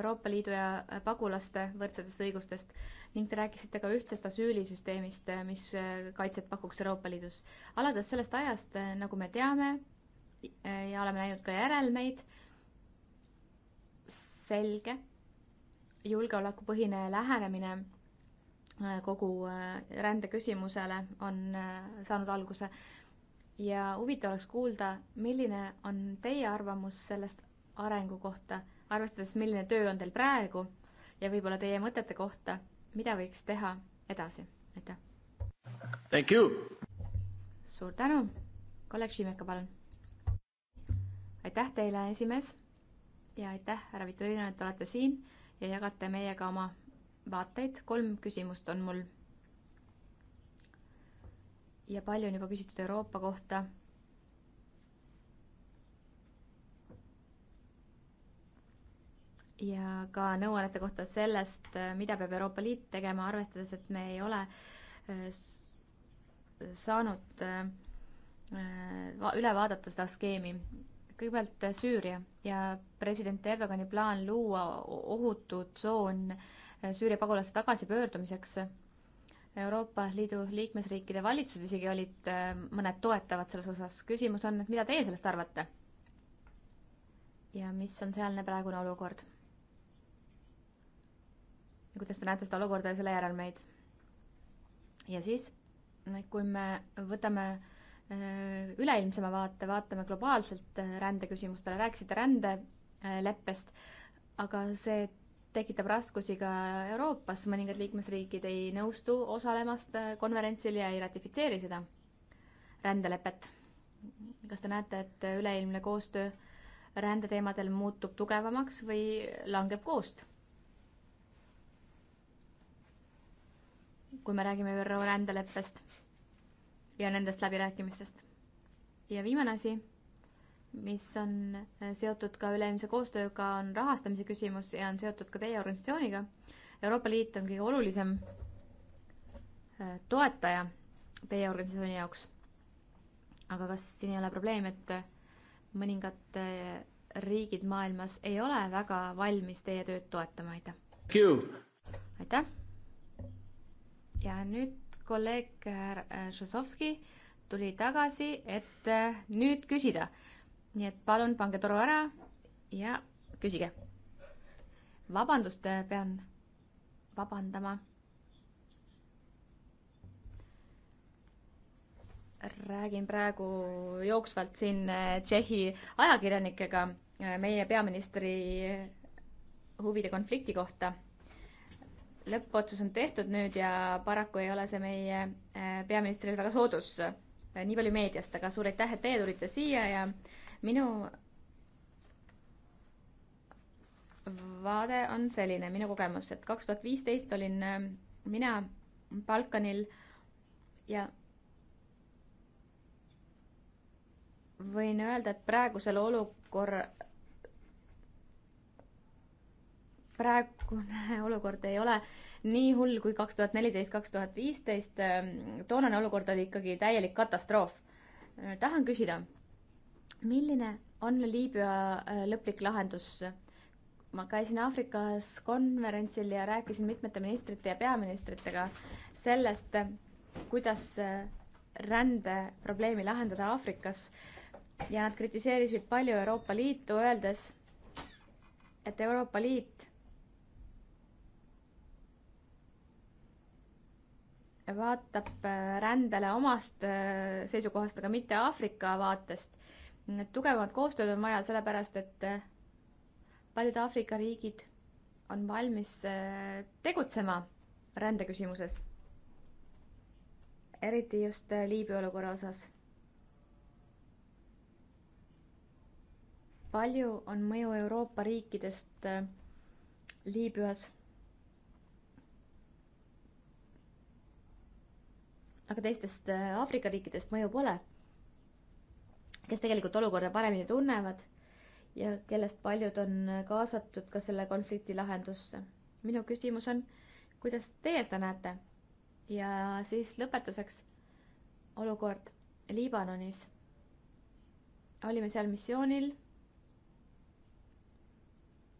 Euroopa Liidu ja pagulaste võrdsetest õigustest ning te rääkisite ka ühtsest asüülisüsteemist, mis kaitset pakuks Euroopa Liidus. alates sellest ajast, nagu me teame ja oleme näinud ka järelmeid, selge julgeolekupõhine lähenemine äh, kogu äh, rändeküsimusele on äh, saanud alguse. ja huvitav oleks kuulda, milline on teie arvamus sellest arengu kohta, arvestades, milline töö on teil praegu ja võib-olla teie mõtete kohta, mida võiks teha edasi, aitäh. Thank you. suur tänu, kolleeg Šimeka, palun. aitäh teile, esimees ja aitäh, härra Vitorino, et olete siin ja jagate meiega oma vaateid. kolm küsimust on mul. ja palju on juba küsitud Euroopa kohta. ja ka nõuannete kohta sellest, mida peab Euroopa Liit tegema, arvestades, et me ei ole äh, saanud äh, üle vaadata seda skeemi kõigepealt äh, Süüria ja president Erdogani plaan luua ohutu tsoon äh, Süüria pagulaste tagasipöördumiseks. Euroopa Liidu liikmesriikide valitsused isegi olid, äh, mõned toetavad selles osas. küsimus on, et mida teie sellest arvate? ja mis on sealne praegune olukord? ja kuidas te näete seda olukorda ja selle järelmeid? ja siis, kui me võtame Äh, üleilmsema vaate, vaatame globaalselt äh, rändeküsimustele, rääkisite rändeleppest, aga see tekitab raskusi ka Euroopas, mõningad liikmesriigid ei nõustu osalemast äh, konverentsil ja ei ratifitseeri seda rändelepet. kas te näete, et üleilmne koostöö rändeteemadel muutub tugevamaks või langeb koost? kui me räägime ÜRO rändeleppest ja nendest läbirääkimistest. ja viimane asi, mis on äh, seotud ka üleilmse koostööga, on rahastamise küsimus ja on seotud ka teie organisatsiooniga. Euroopa Liit on kõige olulisem äh, toetaja teie organisatsiooni jaoks. aga kas siin ei ole probleem, et äh, mõningad riigid maailmas ei ole väga valmis teie tööd toetama, aitäh! aitäh! ja nüüd kolleeg härra Šosovski äh, tuli tagasi, et äh, nüüd küsida. nii et palun pange toru ära ja küsige. vabandust, äh, pean vabandama. räägin praegu jooksvalt siin Tšehhi ajakirjanikega meie peaministri huvide konflikti kohta lõppotsus on tehtud nüüd ja paraku ei ole see meie äh, peaministril väga soodus. Äh, nii palju meediast, aga suur aitäh, et teie tulite siia ja minu vaade on selline, minu kogemus, et kaks tuhat viisteist olin äh, mina Balkanil ja võin öelda, et praegusel olukorra, praegune olukord ei ole nii hull kui kaks tuhat neliteist, kaks tuhat viisteist. Ähm, toonane olukord oli ikkagi täielik katastroof. Äh, tahan küsida, milline on Liibüa äh, lõplik lahendus? ma käisin Aafrikas konverentsil ja rääkisin mitmete ministrite ja peaministritega sellest, kuidas äh, rändeprobleemi lahendada Aafrikas ja nad kritiseerisid palju Euroopa Liitu, öeldes, et Euroopa Liit vaatab äh, rändele omast äh, seisukohast, aga mitte Aafrika vaatest. tugevamat koostööd on vaja, sellepärast et äh, paljud Aafrika riigid on valmis tegutsema rändeküsimuses. eriti just Liibüa olukorra osas. palju on mõju Euroopa riikidest Liibüas aga teistest äh, Aafrika riikidest mõju pole, kes tegelikult olukorda paremini tunnevad ja kellest paljud on kaasatud ka selle konflikti lahendusse. minu küsimus on, kuidas teie seda näete? ja siis lõpetuseks olukord Liibanonis. olime seal missioonil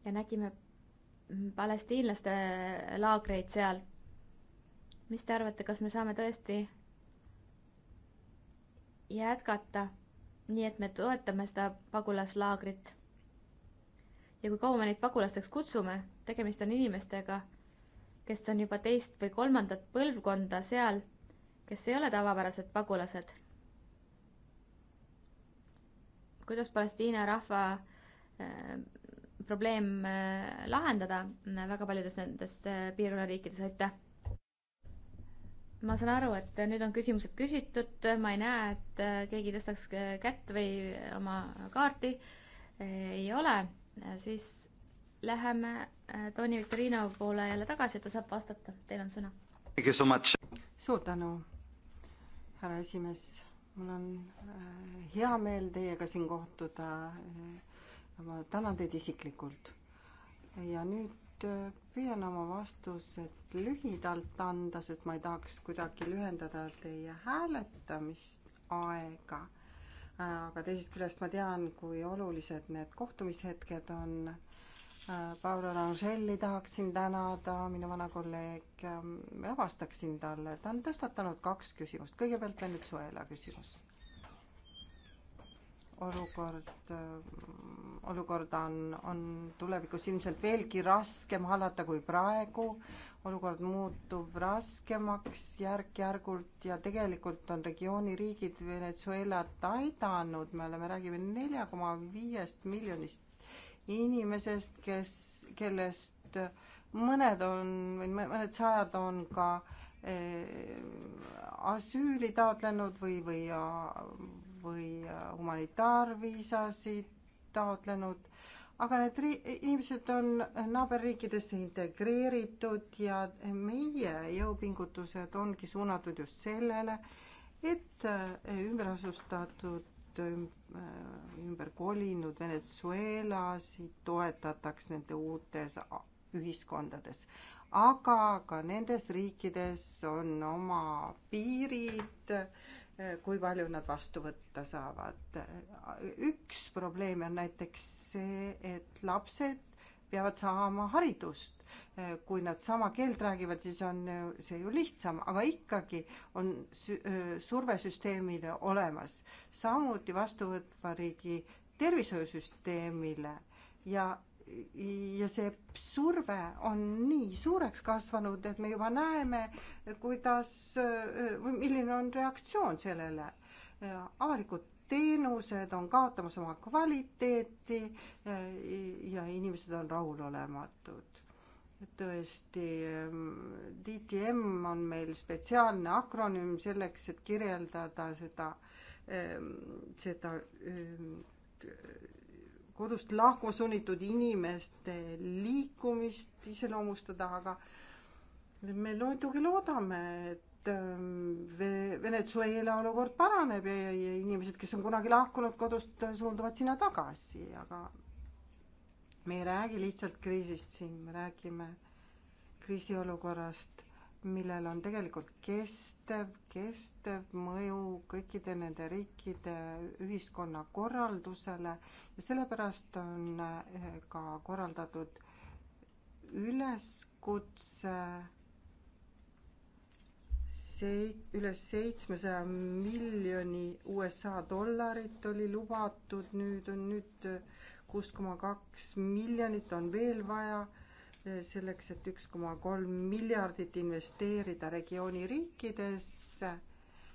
ja nägime palestiinlaste laagreid seal. mis te arvate, kas me saame tõesti jätkata, nii et me toetame seda pagulaslaagrit. ja kui kaua me neid pagulasteks kutsume, tegemist on inimestega, kes on juba teist või kolmandat põlvkonda seal, kes ei ole tavapärased pagulased. kuidas Palestiina rahva äh, probleem äh, lahendada väga paljudes nendes äh, piirkonna riikides, aitäh! ma saan aru, et nüüd on küsimused küsitud, ma ei näe, et äh, keegi tõstaks äh, kätt või äh, oma kaarti. ei ole, siis läheme Tony Viktorino poole jälle tagasi, et ta saab vastata, teil on sõna. suur tänu, härra esimees, mul on hea meel teiega siin kohtuda. ma tänan teid isiklikult ja nüüd Äh, püüan oma vastused lühidalt anda, sest ma ei tahaks kuidagi lühendada teie hääletamist aega. Äh, aga teisest küljest ma tean, kui olulised need kohtumishetked on. Äh, Paolo Rangelli tahaksin tänada, minu vana kolleeg, ähm, ja vastaksin talle, ta on tõstatanud kaks küsimust, kõigepealt Venezuela küsimus olukord, olukorda on, on tulevikus ilmselt veelgi raskem hallata kui praegu, olukord muutub raskemaks järk-järgult ja tegelikult on regiooni riigid Venezuelat aidanud, me oleme, räägime nelja koma viiest miljonist inimesest, kes, kellest mõned on, mõned sajad on ka eh, asüüli taotlenud või, või või äh, humanitaarviisasid taotlenud, aga need ri-, inimesed on naaberriikidesse integreeritud ja meie jõupingutused ongi suunatud just sellele, et äh, ümberasustatud, äh, ümber kolinud Venezuelasid toetataks nende uutes ühiskondades. aga ka nendes riikides on oma piirid äh, kui palju nad vastu võtta saavad. üks probleem on näiteks see, et lapsed peavad saama haridust. kui nad sama keelt räägivad, siis on see ju lihtsam, aga ikkagi on survesüsteemile olemas. samuti vastuvõtva riigi tervishoiusüsteemile ja ja see surve on nii suureks kasvanud, et me juba näeme, kuidas või milline on reaktsioon sellele. avalikud teenused on kaotamas oma kvaliteeti ja inimesed on rahulolematud. tõesti, DTM on meil spetsiaalne akronüüm selleks, et kirjeldada seda, seda kodust lahkuma sunnitud inimeste liikumist iseloomustada, aga me muidugi loodame, et ähm, Venezuela olukord paraneb ja, ja, ja inimesed, kes on kunagi lahkunud kodust, suunduvad sinna tagasi, aga me ei räägi lihtsalt kriisist siin, me räägime kriisiolukorrast millel on tegelikult kestev, kestev mõju kõikide nende riikide ühiskonnakorraldusele ja sellepärast on eh, ka korraldatud üleskutse sei-, üle seitsmesaja miljoni USA dollarit oli lubatud, nüüd on nüüd kuus koma kaks miljonit on veel vaja selleks, et üks koma kolm miljardit investeerida regiooni riikidesse,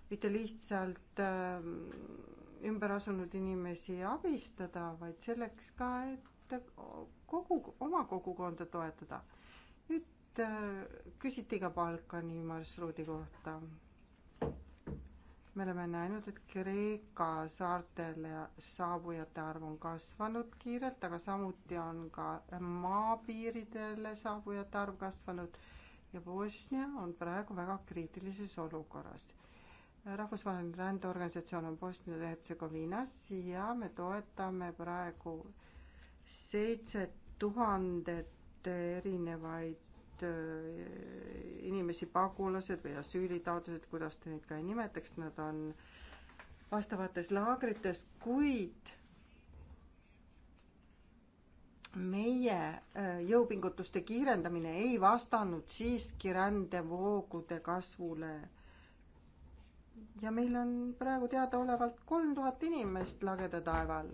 mitte lihtsalt ähm, ümber asunud inimesi abistada, vaid selleks ka, et kogu, oma kogukonda toetada. nüüd äh, küsiti ka Balkani marsruudi kohta me oleme näinud, et Kreeka saartele saabujate arv on kasvanud kiirelt, aga samuti on ka maapiiridele saabujate arv kasvanud ja Bosnia on praegu väga kriitilises olukorras. rahvusvaheline rändeorganisatsioon on Bosnia-Hertsegoviinas ja me toetame praegu seitse tuhandet erinevaid Äh, inimesi, pagulased või asüülitaotlused, kuidas te neid ka ei nimetaks, nad on vastavates laagrites, kuid meie äh, jõupingutuste kiirendamine ei vastanud siiski rändevoogude kasvule. ja meil on praegu teadaolevalt kolm tuhat inimest lageda taeval.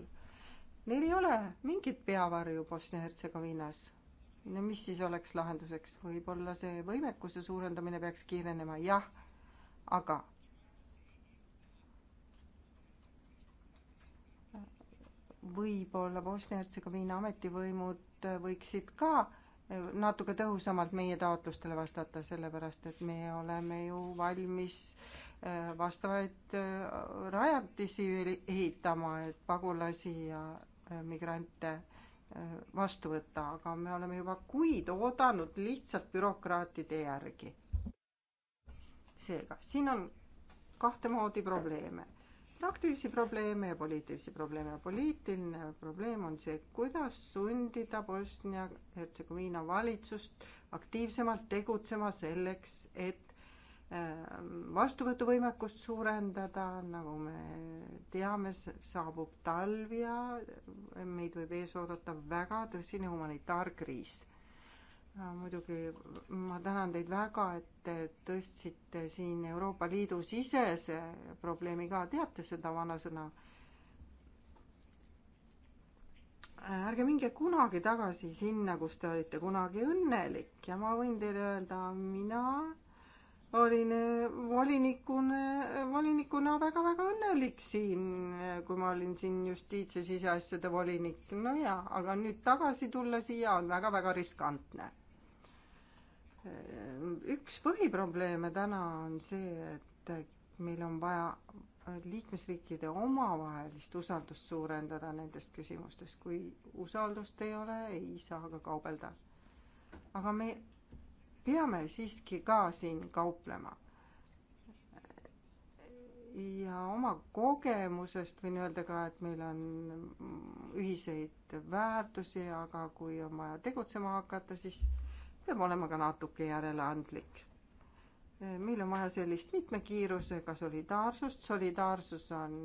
Neil ei ole mingit peavarju Bosnia-Hertsegoviinas no mis siis oleks lahenduseks, võib-olla see võimekuse suurendamine peaks kiirenema, jah, aga võib-olla Bosnia-Hertsegoviina ametivõimud võiksid ka natuke tõhusamalt meie taotlustele vastata, sellepärast et me oleme ju valmis äh, vastavaid äh, rajatisi ehitama, et pagulasi ja äh, migrante vastu võtta, aga me oleme juba kuid oodanud lihtsalt bürokraatide järgi. seega, siin on kahte moodi probleeme. praktilisi probleeme ja poliitilisi probleeme. poliitiline probleem on see, kuidas sundida Bosnia-Hertsegoviina valitsust aktiivsemalt tegutsema selleks, et Ehm, vastuvõtuvõimekust suurendada, nagu me teame, saabub talv ja meid võib ees oodata väga tõsine humanitaarkriis. Ehm, muidugi ma tänan teid väga, et te tõstsite siin Euroopa Liidu sisese probleemi ka, teate seda vanasõna? ärge minge kunagi tagasi sinna, kus te olite kunagi õnnelik ja ma võin teile öelda, mina olin eh, volinikuna, volinikuna väga-väga õnnelik siin, eh, kui ma olin siin justiits- ja siseasjade volinik. no jaa, aga nüüd tagasi tulla siia on väga-väga riskantne. Eh, üks põhiprobleeme täna on see, et meil on vaja liikmesriikide omavahelist usaldust suurendada nendes küsimustes. kui usaldust ei ole, ei saa ka kaubelda. aga me peame siiski ka siin kauplema. ja oma kogemusest võin öelda ka, et meil on ühiseid väärtusi, aga kui on vaja tegutsema hakata, siis peab olema ka natuke järeleandlik. meil on vaja sellist mitme kiirusega solidaarsust, solidaarsus on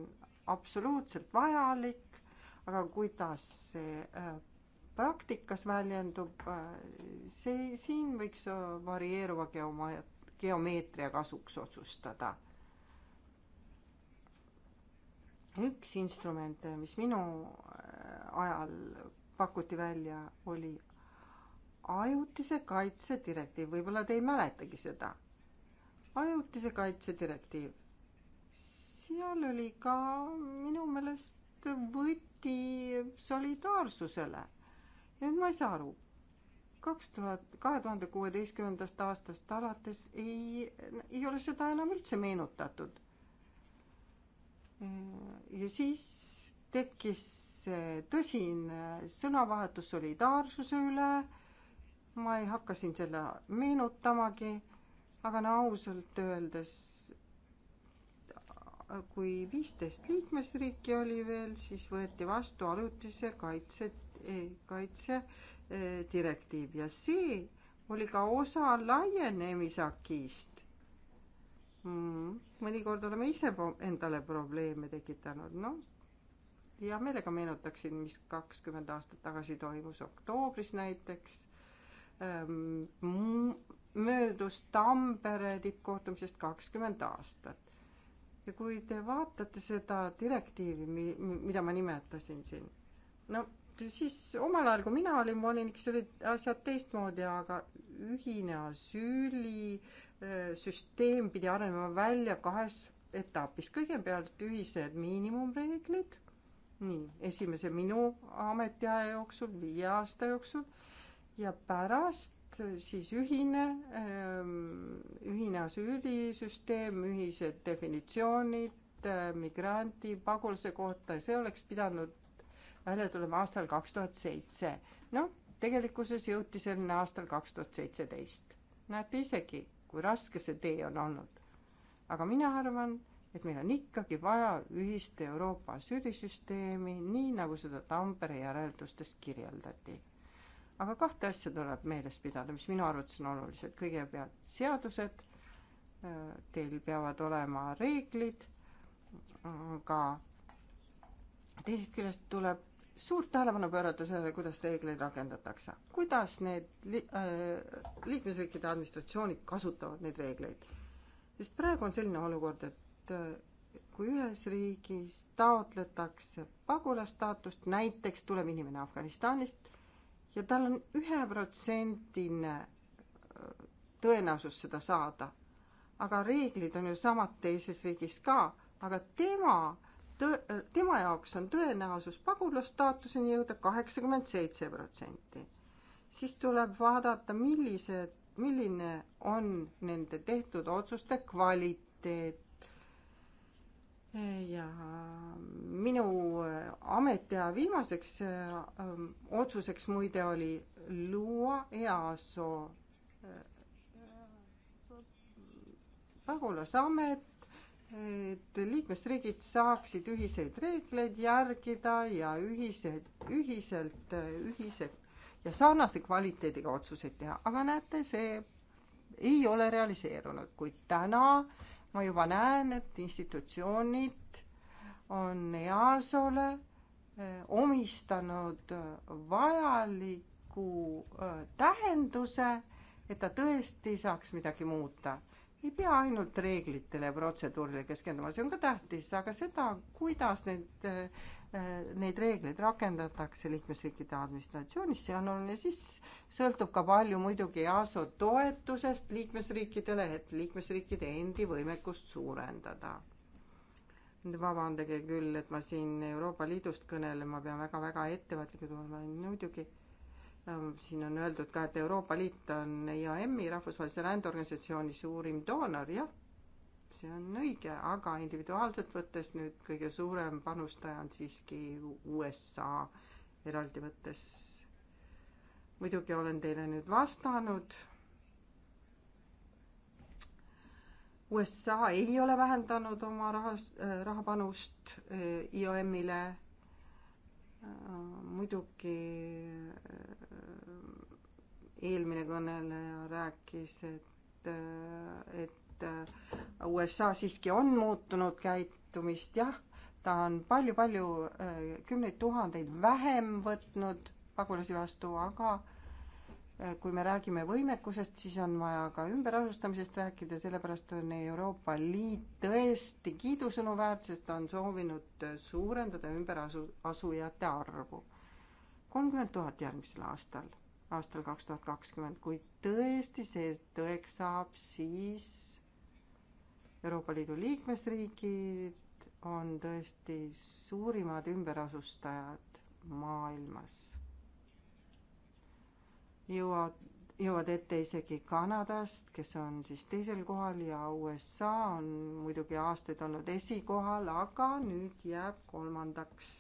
absoluutselt vajalik, aga kuidas see äh, praktikas väljendub, äh, see, siin võiks äh, varieeruva geoma-, geomeetria kasuks otsustada. üks instrumente, äh, mis minu ajal pakuti välja, oli ajutise kaitse direktiiv, võib-olla te ei mäletagi seda. ajutise kaitse direktiiv, seal oli ka minu meelest võti solidaarsusele nüüd ma ei saa aru. kaks tuhat, kahe tuhande kuueteistkümnendast aastast alates ei, ei ole seda enam üldse meenutatud. ja siis tekkis tõsine sõnavahetus solidaarsuse üle. ma ei hakka siin seda meenutamagi, aga no ausalt öeldes kui viisteist liikmesriiki oli veel, siis võeti vastu ajutise kaitse kaitse e, direktiiv ja see oli ka osa laienemisakist mm,. mõnikord oleme ise endale probleeme tekitanud, noh. hea meelega meenutaksin, mis kakskümmend aastat tagasi toimus oktoobris näiteks mm,. möödus Tampere tippkohtumisest kakskümmend aastat ja kui te vaatate seda direktiivi, mida ma nimetasin siin, no siis omal ajal, kui mina olin volinik, siis olid asjad teistmoodi, aga ühine asüülisüsteem äh, pidi arenema välja kahes etapis. kõigepealt ühised miinimumreeglid, nii, esimese minu ametiaja jooksul, viie aasta jooksul, ja pärast siis ühine, ähm, ühine asüülisüsteem, ühised definitsioonid, äh, migrandi, pagulase kohta ja see oleks pidanud välja tulema aastal kaks tuhat seitse. noh, tegelikkuses jõuti selleni aastal kaks tuhat seitseteist. näete isegi, kui raske see tee on olnud. aga mina arvan, et meil on ikkagi vaja ühist Euroopa asüülisüsteemi, nii nagu seda Tampere järeldustes kirjeldati. aga kahte asja tuleb meeles pidada, mis minu arvates on olulised. kõigepealt seadused, teil peavad olema reeglid, aga teisest küljest tuleb suurt tähelepanu pöörata sellele, kuidas reegleid rakendatakse, kuidas need li-, äh, liikmesriikide administratsioonid kasutavad neid reegleid. sest praegu on selline olukord, et äh, kui ühes riigis taotletakse pagulasstaatust, näiteks tuleb inimene Afganistanist ja tal on üheprotsendine äh, tõenäosus seda saada, aga reeglid on ju samad teises riigis ka, aga tema äh, tõ-, tema jaoks on tõenäosus pagulasstaatuseni jõuda kaheksakümmend seitse protsenti. siis tuleb vaadata, millised, milline on nende tehtud otsuste kvaliteet. ja minu ametiaja viimaseks ähm, otsuseks muide oli luua EASO äh, pagulasamet, et liikmesriigid saaksid ühiseid reegleid järgida ja ühised, ühiselt, ühised ja sarnase kvaliteediga otsuseid teha, aga näete, see ei ole realiseerunud, kuid täna ma juba näen, et institutsioonid on EASO-le eh, omistanud vajaliku eh, tähenduse, et ta tõesti saaks midagi muuta ei pea ainult reeglitele ja protseduurile keskenduma, see on ka tähtis, aga seda, kuidas need, äh, neid reegleid rakendatakse liikmesriikide administratsioonis, see on oluline, siis sõltub ka palju muidugi EASO toetusest liikmesriikidele, et liikmesriikide endi võimekust suurendada. vabandage küll, et ma siin Euroopa Liidust kõnelen, ma pean väga-väga ettevaatlikud olema, muidugi Äh, siin on öeldud ka, et Euroopa Liit on IOM-i e rahvusvahelise rändeorganisatsiooni suurim doonor, jah, see on õige, aga individuaalselt võttes nüüd kõige suurem panustaja on siiski USA eraldi võttes. muidugi olen teile nüüd vastanud. USA ei ole vähendanud oma rahas, äh, rahapanust äh, IOM-ile muidugi äh, eelmine kõneleja rääkis, et, äh, et äh, USA siiski on muutunud käitumist, jah, ta on palju-palju kümneid tuhandeid vähem võtnud pagulasi vastu, aga äh, Äh, kui me räägime võimekusest, siis on vaja ka ümberasustamisest rääkida, sellepärast on Euroopa Liit tõesti kiidusõnu väärt, sest ta on soovinud äh, suurendada ümberasu, asujate arvu. kolmkümmend tuhat järgmisel aastal, aastal kaks tuhat kakskümmend, kui tõesti see tõeks saab, siis Euroopa Liidu liikmesriigid on tõesti suurimad ümberasustajad maailmas jõuavad, jõuavad ette isegi Kanadast, kes on siis teisel kohal ja USA on muidugi aastaid olnud esikohal, aga nüüd jääb kolmandaks.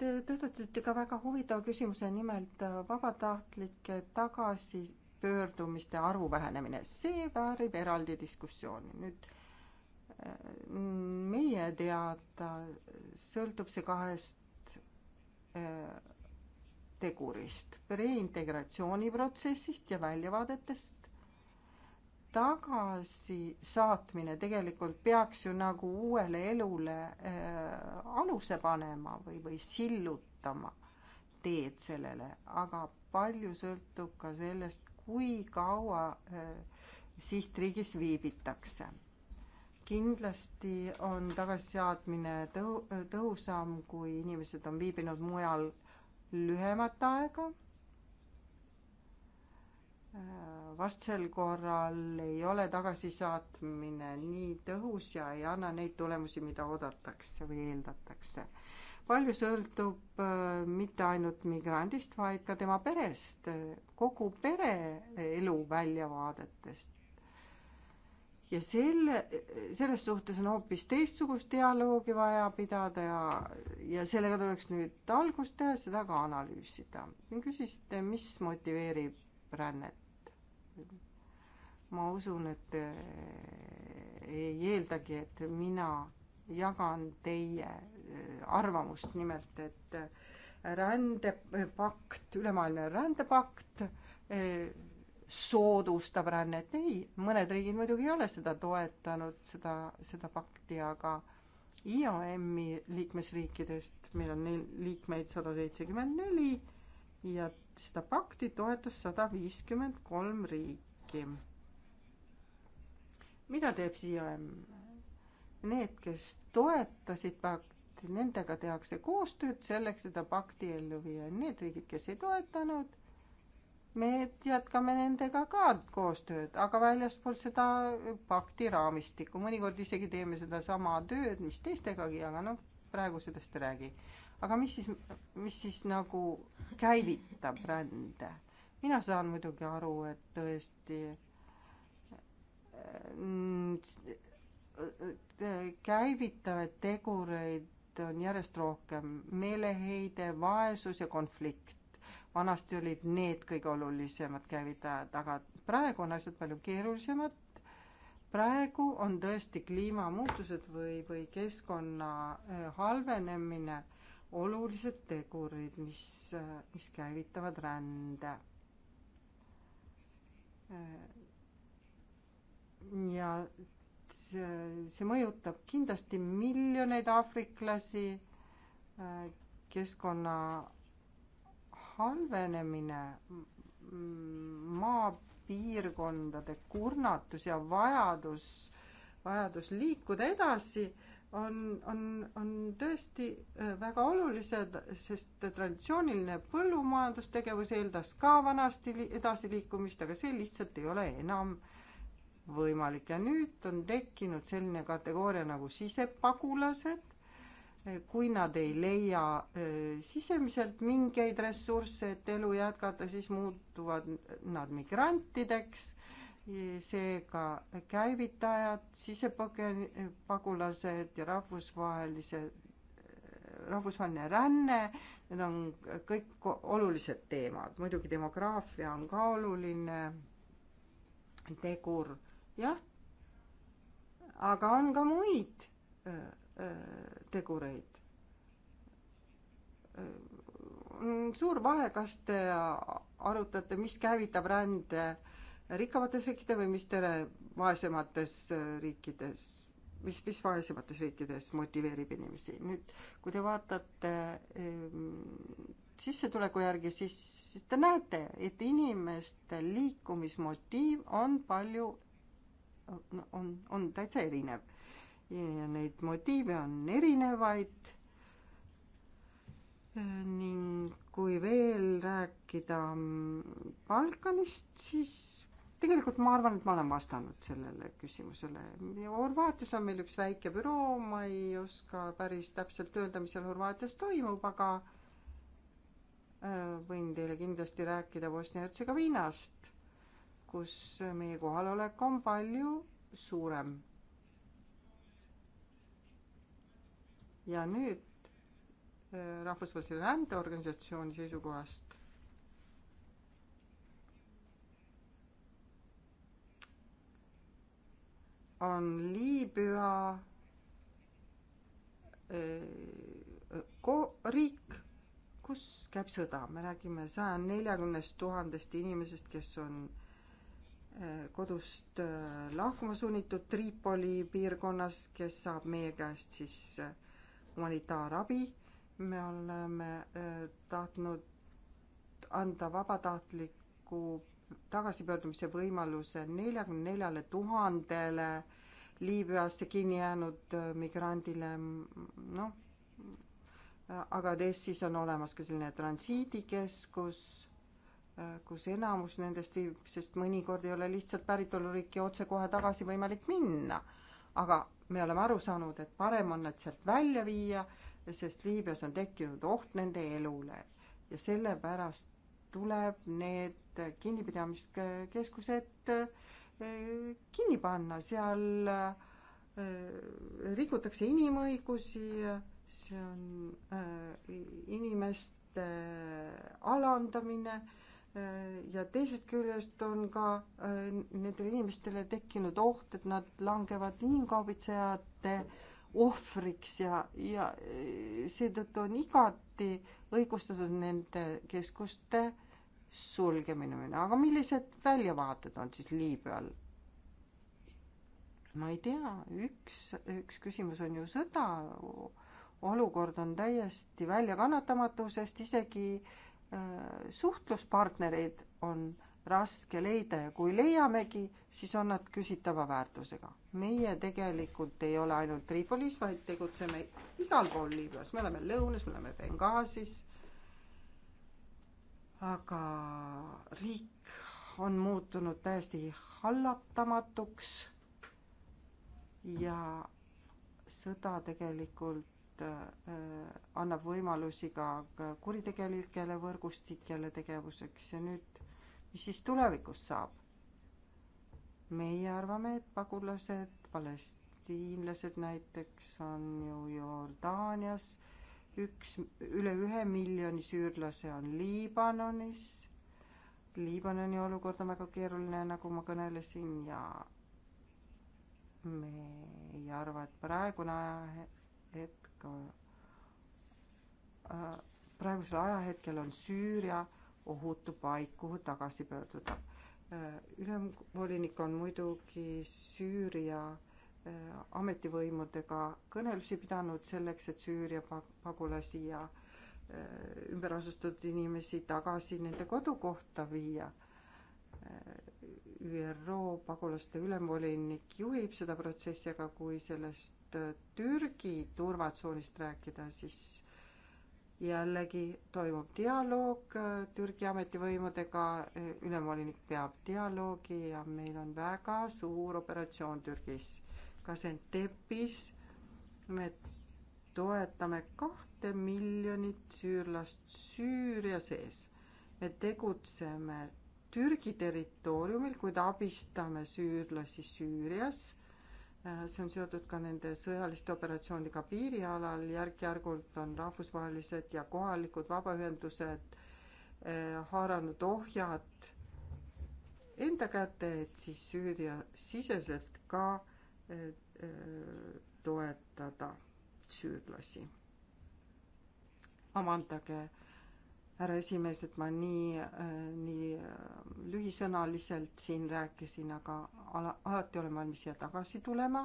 Te tõstatasite ka väga huvitava küsimuse, nimelt äh, vabatahtlike tagasipöördumiste arvu vähenemine. see väärib eraldi diskussiooni. nüüd äh, meie teada sõltub see kahest tegurist, reintegratsiooniprotsessist ja väljavaadetest. tagasisaatmine tegelikult peaks ju nagu uuele elule äh, aluse panema või, või sillutama teed sellele, aga palju sõltub ka sellest, kui kaua äh, sihtriigis viibitakse kindlasti on tagasiseadmine tõhu-, tõhusam, kui inimesed on viibinud mujal lühemat aega. vastsel korral ei ole tagasisaatmine nii tõhus ja ei anna neid tulemusi, mida oodatakse või eeldatakse. palju sõltub äh, mitte ainult migrandist, vaid ka tema perest, kogu pere elu väljavaadetest ja selle, selles suhtes on hoopis teistsugust dialoogi vaja pidada ja, ja sellega tuleks nüüd algust teha, seda ka analüüsida. küsisite, mis motiveerib rännet? ma usun, et eh, ei eeldagi, et mina jagan teie eh, arvamust, nimelt et rändepakt, ülemaailmne rändepakt eh, soodustab rännet, ei, mõned riigid muidugi ei ole seda toetanud, seda, seda fakti, aga IOM-i liikmesriikidest, meil on neil liikmeid sada seitsekümmend neli ja seda pakti toetas sada viiskümmend kolm riiki. mida teeb siis IOM? Need, kes toetasid pakti, nendega tehakse koostööd selleks, seda pakti ellu viia. Need riigid, kes ei toetanud me jätkame nendega ka koostööd, aga väljaspool seda pakti raamistikku, mõnikord isegi teeme sedasama tööd, mis teistegagi, aga noh, praegu sellest ei räägi. aga mis siis, mis siis nagu käivitab rände? mina saan muidugi aru, et tõesti käivitavaid tegureid on järjest rohkem, meeleheide, vaesus ja konflikt vanasti olid need kõige olulisemad käivitajad, aga praegu on asjad palju keerulisemad. praegu on tõesti kliimamuutused või, või keskkonna eh, halvenemine olulised tegurid, mis, eh, mis käivitavad rände. Eh, ja see, see mõjutab kindlasti miljoneid aafriklasi, keskkonna halvenemine, maapiirkondade kurnatus ja vajadus, vajadus liikuda edasi on, on, on tõesti äh, väga olulised, sest traditsiooniline põllumajandustegevus eeldas ka vanasti edasiliikumist, aga see lihtsalt ei ole enam võimalik ja nüüd on tekkinud selline kategooria nagu sisepagulased, kui nad ei leia sisemiselt mingeid ressursse, et elu jätkata, siis muutuvad nad migrantideks, seega käivitajad, sisepõgen-, pagulased ja rahvusvahelised, rahvusvaheline ränne, need on kõik olulised teemad, muidugi demograafia on ka oluline tegur, jah, aga on ka muid tegureid. on suur vahe, kas te arutate, mis käivitab rände rikkamates riikides või mis teile vaesemates riikides, mis, mis vaesemates riikides motiveerib inimesi. nüüd, kui te vaatate ehm, sissetuleku järgi, siis, siis te näete, et inimeste liikumismotiiv on palju, on, on täitsa erinev ja neid motiive on erinevaid. Äh, ning kui veel rääkida Balkanist, siis tegelikult ma arvan, et ma olen vastanud sellele küsimusele. Horvaatias on meil üks väike büroo, ma ei oska päris täpselt öelda, mis seal Horvaatias toimub, aga äh, võin teile kindlasti rääkida Bosnia-Hertsegoviinast, kus meie kohalolek on palju suurem ja nüüd äh, rahvusvahelise rändeorganisatsiooni seisukohast on Liibüa äh, ko-, riik, kus käib sõda, me räägime saja neljakümnest tuhandest inimesest, kes on äh, kodust lahkuma sunnitud Tripoli piirkonnas, kes saab meie käest siis humanitaarabi, me oleme äh, tahtnud anda vabatahtliku tagasipöördumise võimaluse neljakümne neljale tuhandele Liibüasse kinni jäänud äh, migrandile, noh, äh, aga Odessis on olemas ka selline transiidikeskus, kus enamus nendest viibib, sest mõnikord ei ole lihtsalt päritoluriiki otsekohe tagasi võimalik minna. aga me oleme aru saanud, et parem on nad sealt välja viia, sest Liibüas on tekkinud oht nende elule ja sellepärast tuleb need kinnipidamiskeskused eh, kinni panna, seal eh, rikutakse inimõigusi, see on eh, inimeste alandamine ja teisest küljest on ka äh, nendele inimestele tekkinud oht, et nad langevad inimkaubitsejate ohvriks ja, ja äh, seetõttu on igati õigustatud nende keskuste sulgemine. aga millised väljavaated on siis Liibüal? ma ei tea, üks, üks küsimus on ju sõda, olukord on täiesti väljakannatamatu, sest isegi äh, suhtluspartnereid on raske leida ja kui leiamegi, siis on nad küsitava väärtusega. meie tegelikult ei ole ainult Tripolis, vaid tegutseme igal pool Liibüas, me oleme lõunas, me oleme Benghazis. aga riik on muutunud täiesti hallatamatuks. ja sõda tegelikult äh, annab võimalusi ka kuritegelikele võrgustikele tegevuseks ja nüüd, mis siis tulevikus saab? meie arvame, et pagulased, palestiinlased näiteks on ju Jordaanias, üks, üle ühe miljoni süürlase on Liibanonis, Liibanoni olukord on väga keeruline, nagu ma kõnelesin ja me ei arva, et praegune ajahetk on Äh, praegusel ajahetkel on Süüria ohutu paik, kuhu tagasi pöörduda. Äh, ülemvolinik on muidugi Süüria äh, ametivõimudega kõnelusi pidanud selleks, et Süüria pagulasi ja ümber asustatud inimesi tagasi nende kodukohta viia. ÜRO pagulaste ülemvolinik juhib seda protsessi, aga kui sellest Türgi turvatsoonist rääkida, siis jällegi toimub dialoog äh, Türgi ametivõimudega, äh, ülemvolinik peab dialoogi ja meil on väga suur operatsioon Türgis. Gaziantepis me toetame kahte miljonit süürlast Süüria sees. me tegutseme Türgi territooriumil, kuid abistame süürlasi Süürias Äh, see on seotud ka nende sõjaliste operatsioonidega piirialal, järk-järgult on rahvusvahelised ja kohalikud vabaühendused äh, haaranud ohjad enda kätte, et siis Süüria siseselt ka äh, toetada süürlasi. vabandage härra esimees, et ma nii, äh, nii äh, lühisõnaliselt siin rääkisin, aga ala, alati olen valmis siia tagasi tulema.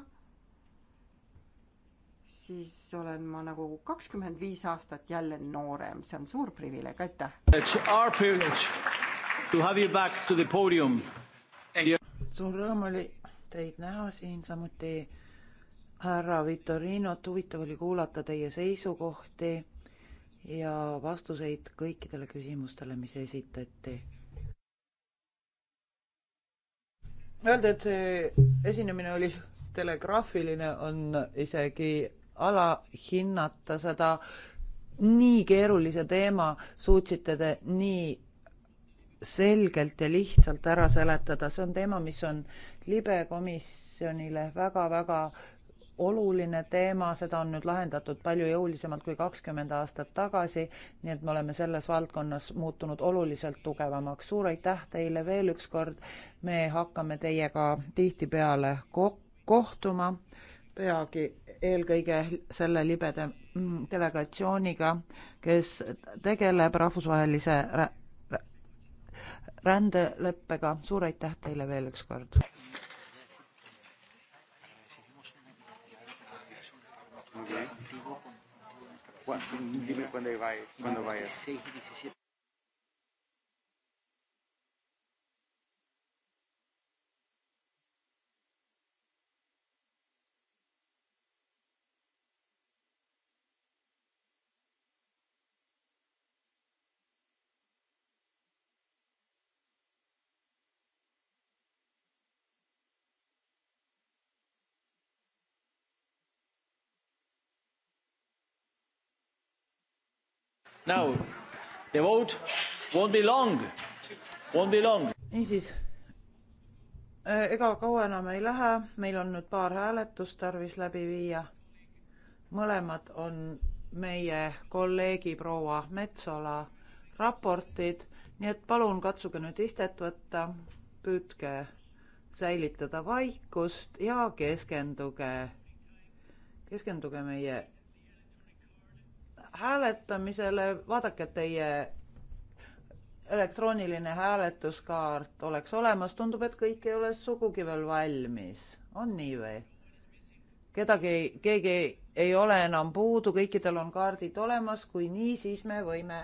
siis olen ma nagu kakskümmend viis aastat jälle noorem, see on suur privileeg, aitäh. suur rõõm oli teid näha siin, samuti härra Vitorinot, huvitav oli kuulata teie seisukohti ja vastuseid kõikidele küsimustele, mis esitati. Öelda, et see esinemine oli telegraafiline, on isegi alahinnata seda nii keerulise teema suutsite te nii selgelt ja lihtsalt ära seletada, see on teema, mis on libekomisjonile väga-väga oluline teema, seda on nüüd lahendatud palju jõulisemalt kui kakskümmend aastat tagasi, nii et me oleme selles valdkonnas muutunud oluliselt tugevamaks. suur aitäh teile veel üks kord, me hakkame teiega tihtipeale ko-, kohtuma peagi eelkõige selle libede mm, delegatsiooniga, kes tegeleb rahvusvahelise rä rä rändeleppega. suur aitäh teile veel üks kord! sí, sí, dime cuándo, va, cuándo vayas. 16 y 17. Now, the vote won't be long, won't be long. niisiis, äh, ega kaua enam ei lähe, meil on nüüd paar hääletust tarvis läbi viia. mõlemad on meie kolleegi proua Metsola raportid, nii et palun katsuge nüüd istet võtta, püüdke säilitada vaikust ja keskenduge, keskenduge meie hääletamisele, vaadake, et teie elektrooniline hääletuskaart oleks olemas, tundub, et kõik ei ole sugugi veel valmis. on nii või? kedagi, keegi ei, ei ole enam puudu, kõikidel on kaardid olemas, kui nii, siis me võime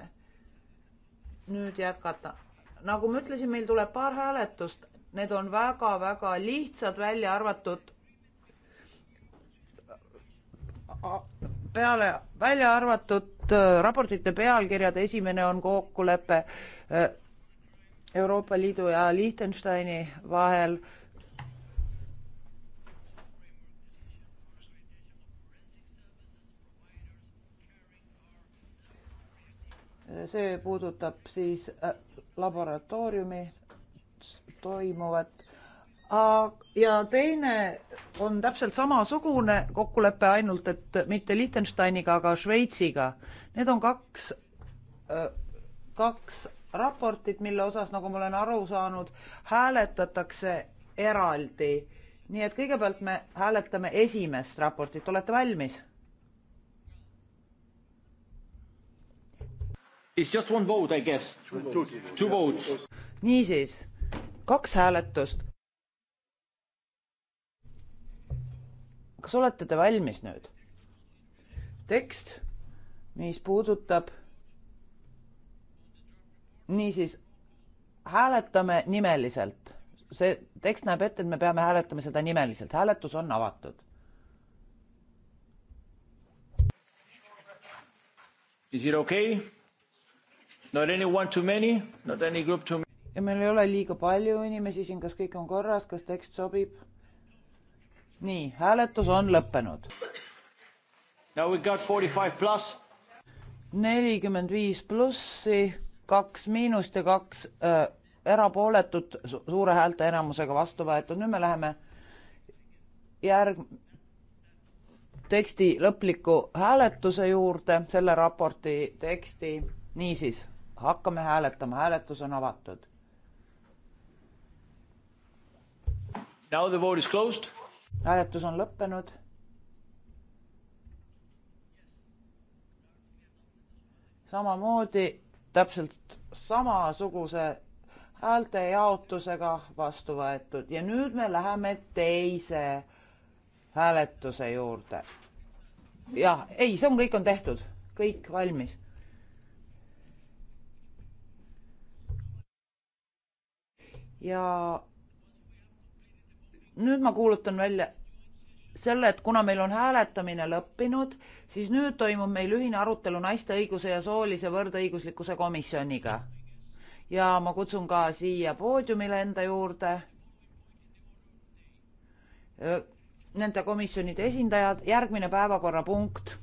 nüüd jätkata. nagu ma ütlesin, meil tuleb paar hääletust, need on väga-väga lihtsad, välja arvatud peale, välja arvatud äh, raportite pealkirjad, esimene on kokkulepe äh, Euroopa Liidu ja Liechtensteini vahel see puudutab siis äh, laboratooriumi toimuvat ja teine on täpselt samasugune kokkulepe, ainult et mitte Liechtensteiniga, aga Šveitsiga. Need on kaks, kaks raportit, mille osas, nagu ma olen aru saanud, hääletatakse eraldi. nii et kõigepealt me hääletame esimest raportit, olete valmis? It's just one vote, I guess. Two votes. niisiis, kaks hääletust kas olete te valmis nüüd? tekst, mis puudutab. niisiis hääletame nimeliselt, see tekst näeb ette, et me peame hääletama seda nimeliselt, hääletus on avatud. Is it okay? Not anyone too many, not any group too many. ja meil ei ole liiga palju inimesi siin, kas kõik on korras, kas tekst sobib? nii, hääletus on lõppenud. nelikümmend viis plussi, kaks miinust ja kaks äh, erapooletut su suure häälteenamusega vastu võetud. nüüd me läheme järg-, teksti lõpliku hääletuse juurde, selle raporti teksti. niisiis, hakkame hääletama, hääletus on avatud. Now the vote is closed hääletus on lõppenud. samamoodi täpselt samasuguse häälte jaotusega vastu võetud ja nüüd me läheme teise hääletuse juurde. jah, ei, see on, kõik on tehtud, kõik valmis. ja nüüd ma kuulutan välja selle, et kuna meil on hääletamine lõppenud, siis nüüd toimub meil ühine arutelu naiste õiguse ja soolise võrdõiguslikkuse komisjoniga. ja ma kutsun ka siia poodiumile enda juurde nende komisjonide esindajad, järgmine päevakorrapunkt.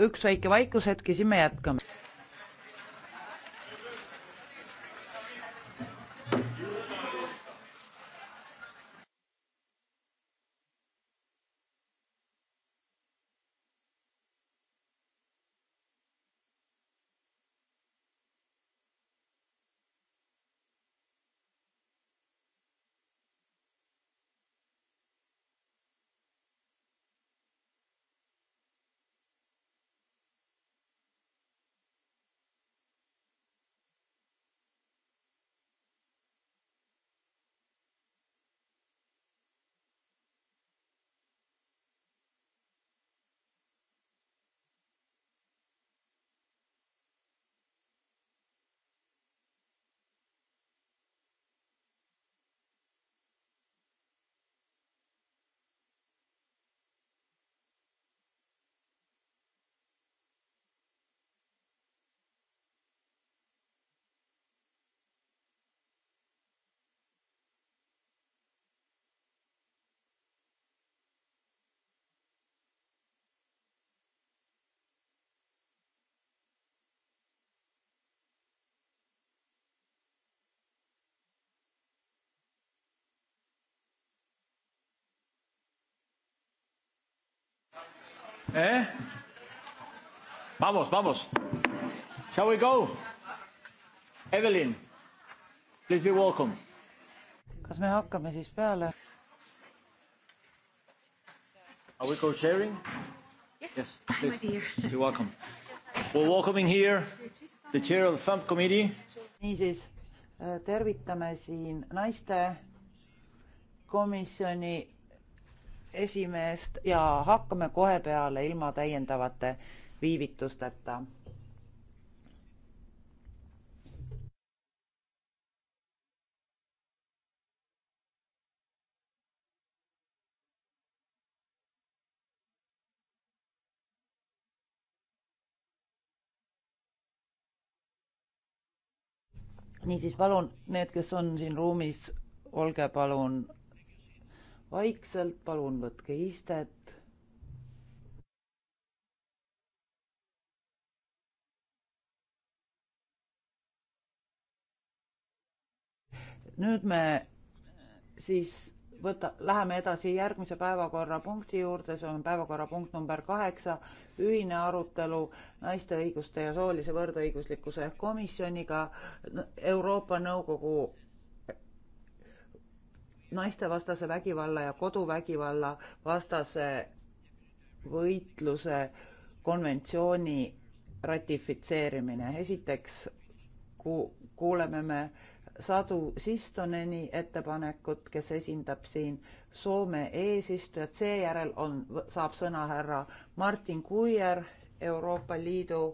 üks väike vaikushetk ja siis me jätkame. ¿Eh? Vamos, vamos. Shall we go? Evelyn, please be welcome. kas me hakkame siis peale? Are we co-chairing? Yes, yes please. my dear. You're welcome. We're welcoming here the chair of the FAMP committee. niisiis, äh, tervitame siin naiste komisjoni esimeest ja hakkame kohe peale ilma täiendavate viivitusteta. niisiis, palun, need, kes on siin ruumis, olge palun vaikselt, palun võtke istet. nüüd me siis võta, läheme edasi järgmise päevakorrapunkti juurde, see on päevakorrapunkt number kaheksa, ühine arutelu naiste õiguste ja soolise võrdõiguslikkuse komisjoniga Euroopa Nõukogu naistevastase vägivalla ja koduvägivalla vastase võitluse konventsiooni ratifitseerimine. esiteks ku-, kuuleme me Sadu Sistoneni ettepanekut, kes esindab siin Soome eesistujat, seejärel on, saab sõna härra Martin Kuier, Euroopa Liidu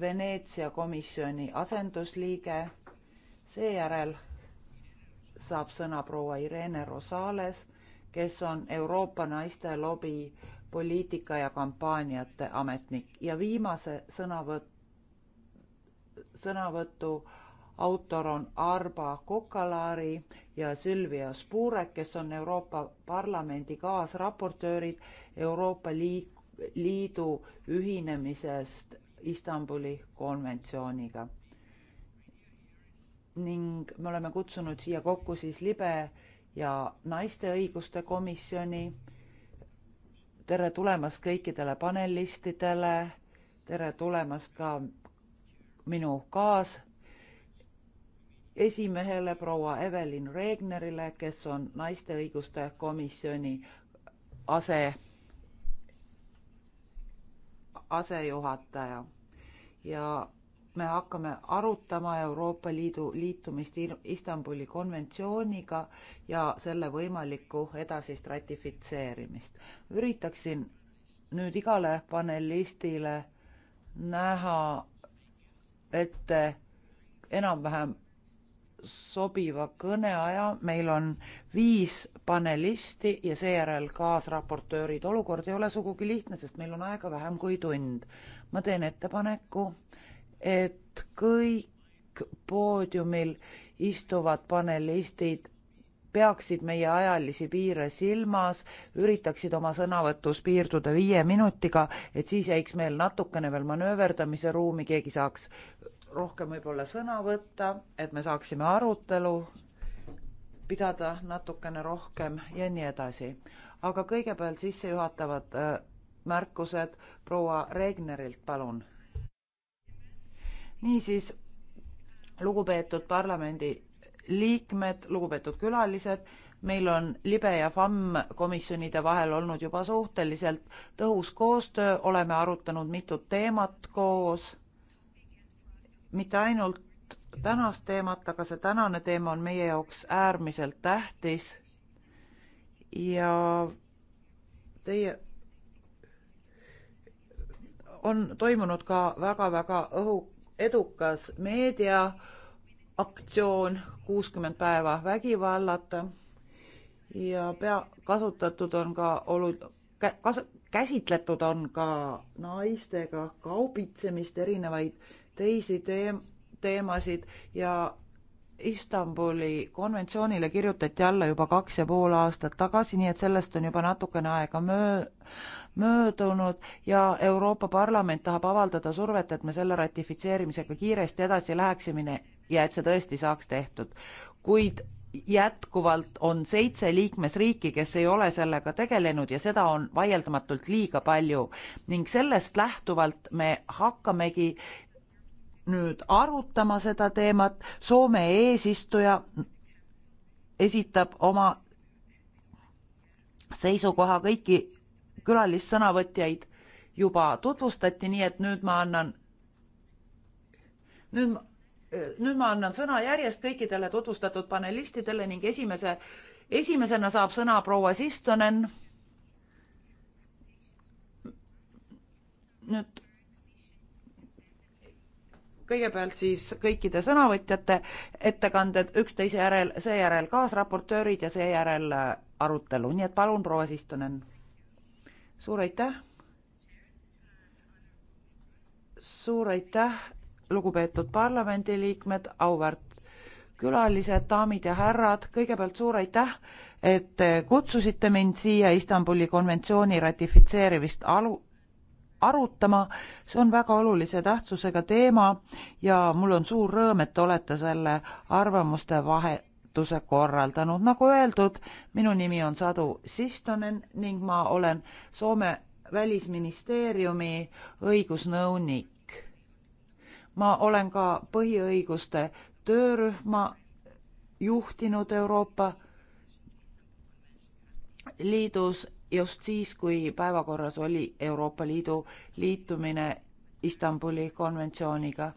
Veneetsia komisjoni asendusliige, seejärel saab sõna proua Irene Rosales, kes on Euroopa naiste lobi poliitika ja kampaaniate ametnik ja viimase sõnavõtt, sõnavõtu autor on Arba Kokalaari ja Silvia Spurek, kes on Euroopa Parlamendi kaasraportöörid Euroopa Liidu ühinemisest Istanbuli konventsiooniga ning me oleme kutsunud siia kokku siis libe ja naiste õiguste komisjoni. tere tulemast kõikidele panelistidele, tere tulemast ka minu kaas esimehele proua Evelin Regnerile, kes on naiste õiguste komisjoni ase, asejuhataja ja me hakkame arutama Euroopa Liidu liitumist Istanbuli konventsiooniga ja selle võimalikku edasist ratifitseerimist. üritaksin nüüd igale panelistile näha ette enam-vähem sobiva kõneaja, meil on viis panelisti ja seejärel kaasraportöörid. olukord ei ole sugugi lihtne, sest meil on aega vähem kui tund. ma teen ettepaneku, et kõik poodiumil istuvad panelistid peaksid meie ajalisi piire silmas, üritaksid oma sõnavõtus piirduda viie minutiga, et siis jäiks meil natukene veel manööverdamise ruumi, keegi saaks rohkem võib-olla sõna võtta, et me saaksime arutelu pidada natukene rohkem ja nii edasi. aga kõigepealt sissejuhatavad äh, märkused proua Regnerilt, palun niisiis, lugupeetud parlamendi liikmed, lugupeetud külalised, meil on libe ja FAM komisjonide vahel olnud juba suhteliselt tõhus koostöö, oleme arutanud mitut teemat koos, mitte ainult tänast teemat, aga see tänane teema on meie jaoks äärmiselt tähtis ja teie on toimunud ka väga-väga õhu, edukas meediaaktsioon kuuskümmend päeva vägivallata ja pea, kasutatud on ka olu-, kas-, käsitletud on ka naistega kaubitsemist, erinevaid teisi teem-, teemasid ja Istanbuli konventsioonile kirjutati alla juba kaks ja pool aastat tagasi, nii et sellest on juba natukene aega möö-, möödunud ja Euroopa Parlament tahab avaldada survet, et me selle ratifitseerimisega kiiresti edasi läheksime ja et see tõesti saaks tehtud. kuid jätkuvalt on seitse liikmesriiki, kes ei ole sellega tegelenud ja seda on vaieldamatult liiga palju ning sellest lähtuvalt me hakkamegi nüüd arutama seda teemat, Soome eesistuja esitab oma seisukoha kõiki külalissõnavõtjaid juba tutvustati, nii et nüüd ma annan, nüüd ma, nüüd ma annan sõna järjest kõikidele tutvustatud panelistidele ning esimese, esimesena saab sõna proua Sistonen. nüüd kõigepealt siis kõikide sõnavõtjate ettekanded üksteise järel, seejärel kaasraportöörid ja seejärel arutelu, nii et palun, proua Sistonen suur aitäh. suur aitäh, lugupeetud parlamendiliikmed, auväärt külalised, daamid ja härrad, kõigepealt suur aitäh, et kutsusite mind siia Istanbuli konventsiooni ratifitseerimist alu, arutama, see on väga olulise tähtsusega teema ja mul on suur rõõm, et te olete selle arvamuste vahe, ürituse korraldanud. nagu öeldud, minu nimi on Sadu Sistonen ning ma olen Soome välisministeeriumi õigusnõunik. ma olen ka põhiõiguste töörühma juhtinud Euroopa Liidus just siis, kui päevakorras oli Euroopa Liidu liitumine Istanbuli konventsiooniga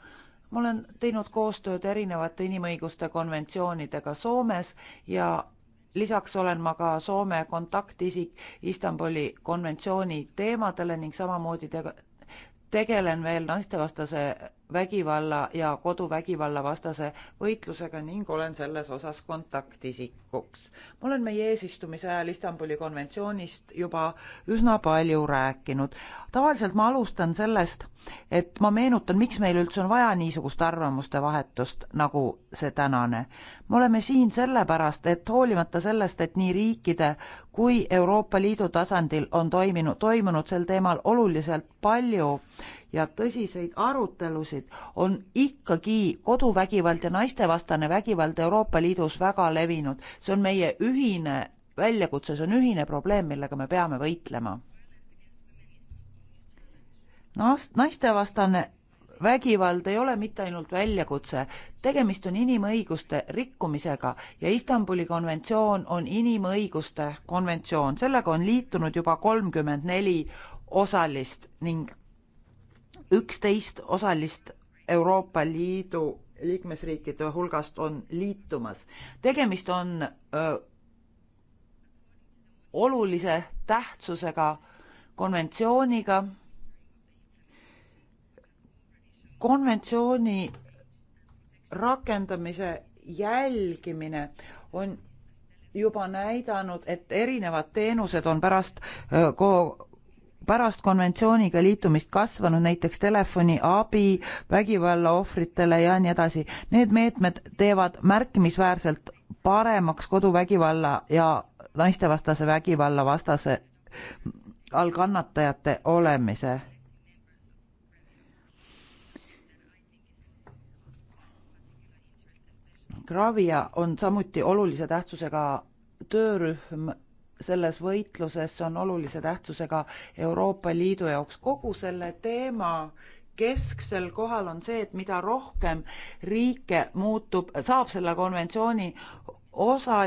ma olen teinud koostööd erinevate inimõiguste konventsioonidega Soomes ja lisaks olen ma ka Soome kontaktisik Istanbuli konventsiooni teemadele ning samamoodi tegelen veel naistevastase vägivalla ja koduvägivalla vastase võitlusega ning olen selles osas kontaktisikuks. ma olen meie eesistumise ajal Istanbuli konventsioonist juba üsna palju rääkinud. tavaliselt ma alustan sellest, et ma meenutan, miks meil üldse on vaja niisugust arvamuste vahetust, nagu see tänane. me oleme siin sellepärast, et hoolimata sellest, et nii riikide kui Euroopa Liidu tasandil on toiminud, toimunud sel teemal oluliselt palju ja tõsiseid arutelusid, on ikkagi koduvägivald ja naistevastane vägivald Euroopa Liidus väga levinud. see on meie ühine väljakutse, see on ühine probleem, millega me peame võitlema. Naast-, naistevastane vägivald ei ole mitte ainult väljakutse, tegemist on inimõiguste rikkumisega ja Istanbuli konventsioon on inimõiguste konventsioon, sellega on liitunud juba kolmkümmend neli osalist ning üksteist osalist Euroopa Liidu liikmesriikide hulgast on liitumas. tegemist on öö, olulise tähtsusega konventsiooniga. konventsiooni rakendamise jälgimine on juba näidanud, et erinevad teenused on pärast öö, pärast konventsiooniga liitumist kasvanud, näiteks telefoniabi vägivalla ohvritele ja nii edasi. Need meetmed teevad märkimisväärselt paremaks koduvägivalla ja naistevastase vägivalla vastase all kannatajate olemise. Gravia on samuti olulise tähtsusega töörühm selles võitluses on olulise tähtsusega Euroopa Liidu jaoks. kogu selle teema kesksel kohal on see, et mida rohkem riike muutub, saab selle konventsiooni osa,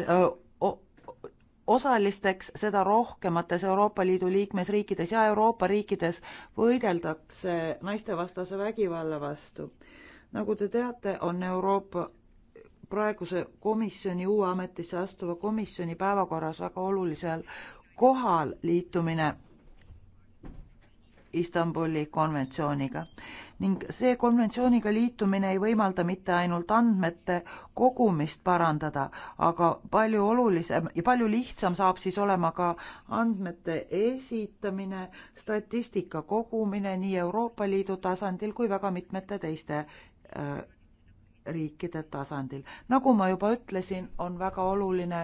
osalisteks, seda rohkemates Euroopa Liidu liikmesriikides ja Euroopa riikides võideldakse naistevastase vägivalla vastu. nagu te teate, on Euroopa praeguse komisjoni, uue ametisse astuva komisjoni päevakorras väga olulisel kohal liitumine Istanbuli konventsiooniga ning see konventsiooniga liitumine ei võimalda mitte ainult andmete kogumist parandada, aga palju olulisem ja palju lihtsam saab siis olema ka andmete esitamine, statistika kogumine nii Euroopa Liidu tasandil kui väga mitmete teiste äh, riikide tasandil. nagu ma juba ütlesin, on väga oluline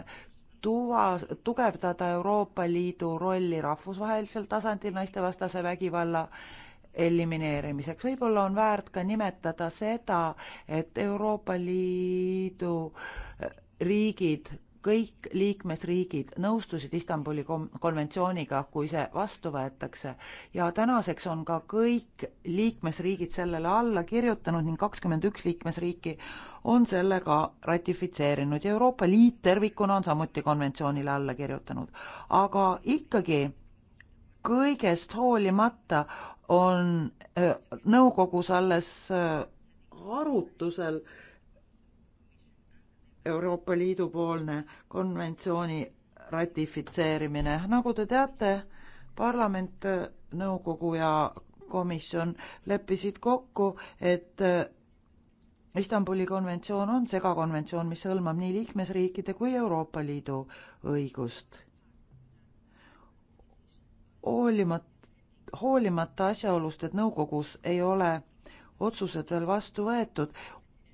tuva, tugevdada Euroopa Liidu rolli rahvusvahelisel tasandil naistevastase vägivalla elimineerimiseks. võib-olla on väärt ka nimetada seda, et Euroopa Liidu riigid kõik liikmesriigid nõustusid Istanbuli konventsiooniga, kui see vastu võetakse ja tänaseks on ka kõik liikmesriigid sellele alla kirjutanud ning kakskümmend üks liikmesriiki on selle ka ratifitseerinud ja Euroopa Liit tervikuna on samuti konventsioonile alla kirjutanud. aga ikkagi kõigest hoolimata on öö, äh, nõukogus alles öö, äh, arutusel äh, Euroopa Liidu poolne konventsiooni ratifitseerimine. nagu te teate, parlament, nõukogu ja komisjon leppisid kokku, et Istanbuli konventsioon on segakonventsioon, mis hõlmab nii liikmesriikide kui Euroopa Liidu õigust. hoolimata, hoolimata asjaolust, et nõukogus ei ole otsused veel vastu võetud,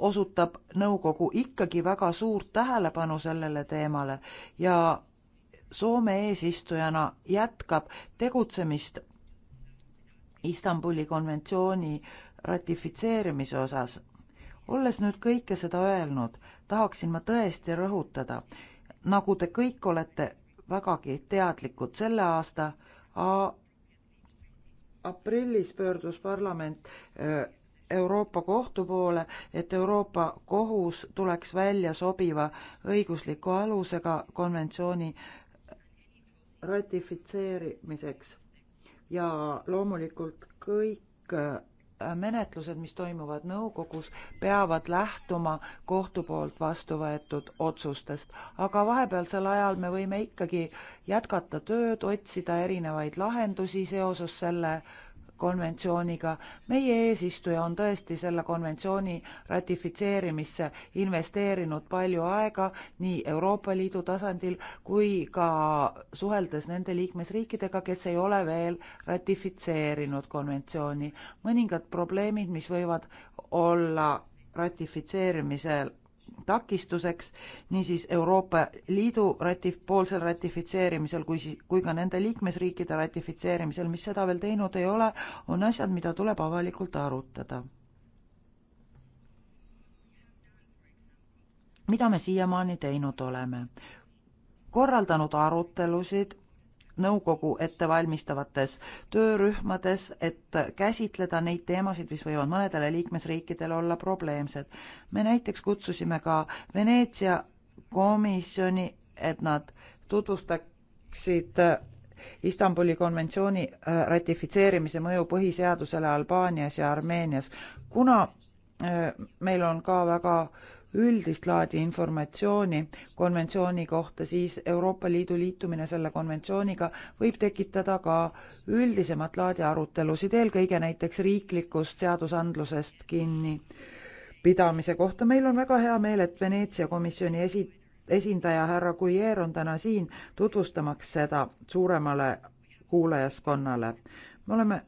osutab nõukogu ikkagi väga suurt tähelepanu sellele teemale ja Soome eesistujana jätkab tegutsemist Istanbuli konventsiooni ratifitseerimise osas. olles nüüd kõike seda öelnud, tahaksin ma tõesti rõhutada, nagu te kõik olete vägagi teadlikud, selle aasta aprillis pöördus parlament öö, äh, Euroopa Kohtu poole, et Euroopa Kohus tuleks välja sobiva õigusliku alusega konventsiooni ratifitseerimiseks. ja loomulikult kõik äh, menetlused, mis toimuvad nõukogus, peavad lähtuma kohtu poolt vastu võetud otsustest, aga vahepealsel ajal me võime ikkagi jätkata tööd, otsida erinevaid lahendusi seoses selle konventsiooniga. meie eesistuja on tõesti selle konventsiooni ratifitseerimisse investeerinud palju aega nii Euroopa Liidu tasandil kui ka suheldes nende liikmesriikidega, kes ei ole veel ratifitseerinud konventsiooni. mõningad probleemid, mis võivad olla ratifitseerimisel takistuseks niisiis Euroopa Liidu ratif-, poolsel ratifitseerimisel kui siis, kui ka nende liikmesriikide ratifitseerimisel, mis seda veel teinud ei ole, on asjad, mida tuleb avalikult arutada. mida me siiamaani teinud oleme? korraldanud arutelusid nõukogu ettevalmistavates töörühmades, et käsitleda neid teemasid, mis võivad mõnedele liikmesriikidele olla probleemsed. me näiteks kutsusime ka Veneetsia komisjoni, et nad tutvustaksid Istanbuli konventsiooni äh, ratifitseerimise mõju põhiseadusele Albaanias ja Armeenias. kuna äh, meil on ka väga üldist laadi informatsiooni konventsiooni kohta, siis Euroopa Liidu liitumine selle konventsiooniga võib tekitada ka üldisemat laadi arutelusid, eelkõige näiteks riiklikust seadusandlusest kinnipidamise kohta. meil on väga hea meel, et Veneetsia komisjoni esi, esindaja härra Guier on täna siin tutvustamaks seda suuremale kuulajaskonnale. me oleme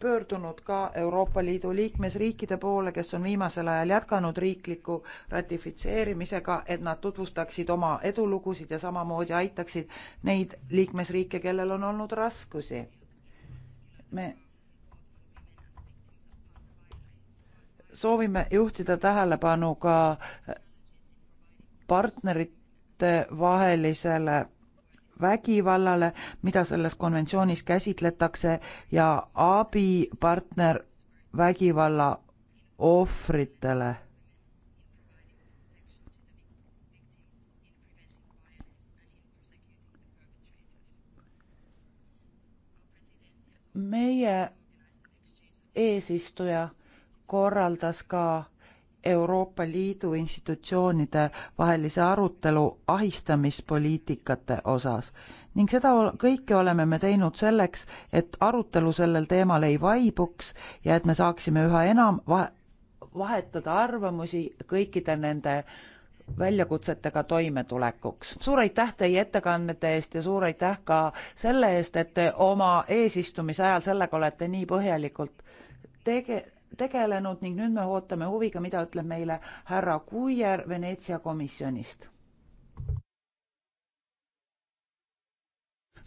pöördunud ka Euroopa Liidu liikmesriikide poole, kes on viimasel ajal jätkanud riikliku ratifitseerimisega, et nad tutvustaksid oma edulugusid ja samamoodi aitaksid neid liikmesriike, kellel on olnud raskusi. me soovime juhtida tähelepanu ka partnerite vahelisele vägivallale, mida selles konventsioonis käsitletakse ja abipartner vägivalla ohvritele. meie eesistuja korraldas ka Euroopa Liidu institutsioonide vahelise arutelu ahistamispoliitikate osas ning seda kõike oleme me teinud selleks, et arutelu sellel teemal ei vaibuks ja et me saaksime üha enam vahetada arvamusi kõikide nende väljakutsetega toimetulekuks. suur aitäh teie ettekannete eest ja suur aitäh ka selle eest, et te oma eesistumise ajal sellega olete nii põhjalikult tege-, tegelenud ning nüüd me ootame huviga, mida ütleb meile härra Kuier Veneetsia komisjonist.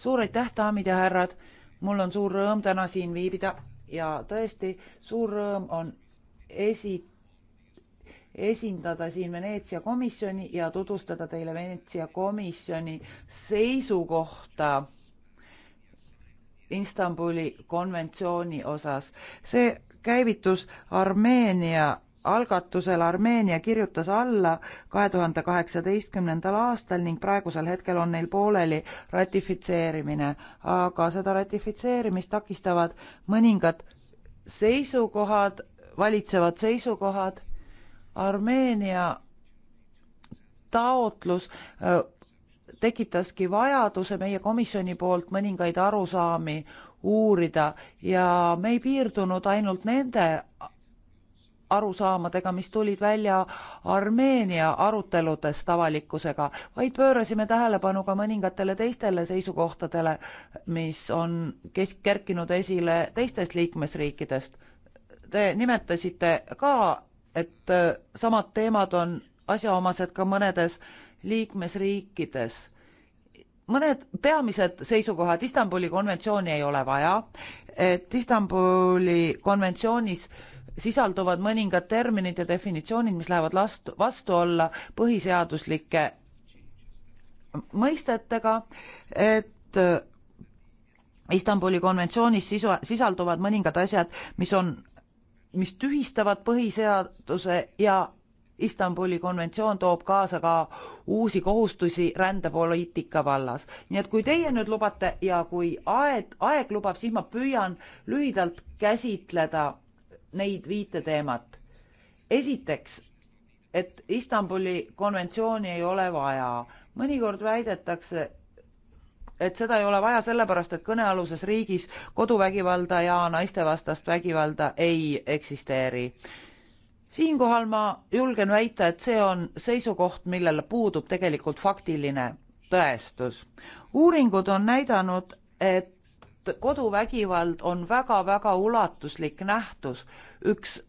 suur aitäh, daamid ja härrad, mul on suur rõõm täna siin viibida ja tõesti, suur rõõm on esi-, esindada siin Veneetsia komisjoni ja tutvustada teile Veneetsia komisjoni seisukohta Istanbuli konventsiooni osas. see käivitus Armeenia algatusel Armeenia kirjutas alla kahe tuhande kaheksateistkümnendal aastal ning praegusel hetkel on neil pooleli ratifitseerimine, aga seda ratifitseerimist takistavad mõningad seisukohad, valitsevad seisukohad. Armeenia taotlus äh, tekitaski vajaduse meie komisjoni poolt mõningaid arusaami uurida ja me ei piirdunud ainult nende arusaamadega, mis tulid välja Armeenia aruteludest avalikkusega, vaid pöörasime tähelepanu ka mõningatele teistele seisukohtadele, mis on kes-, kerkinud esile teistest liikmesriikidest. Te nimetasite ka, et samad teemad on asjaomased ka mõnedes liikmesriikides mõned peamised seisukohad. Istanbuli konventsiooni ei ole vaja, et Istanbuli konventsioonis sisalduvad mõningad terminid ja definitsioonid, mis lähevad last, vastu olla põhiseaduslike mõistetega, et Istanbuli konventsioonis sisu, sisalduvad mõningad asjad, mis on, mis tühistavad põhiseaduse ja Istanbuli konventsioon toob kaasa ka uusi kohustusi rändepoliitika vallas. nii et kui teie nüüd lubate ja kui aeg, aeg lubab, siis ma püüan lühidalt käsitleda neid viite teemat. esiteks, et Istanbuli konventsiooni ei ole vaja. mõnikord väidetakse, et seda ei ole vaja sellepärast, et kõnealuses riigis koduvägivalda ja naistevastast vägivalda ei eksisteeri siinkohal ma julgen väita, et see on seisukoht, millel puudub tegelikult faktiline tõestus. uuringud on näidanud, et koduvägivald on väga-väga ulatuslik nähtus. üks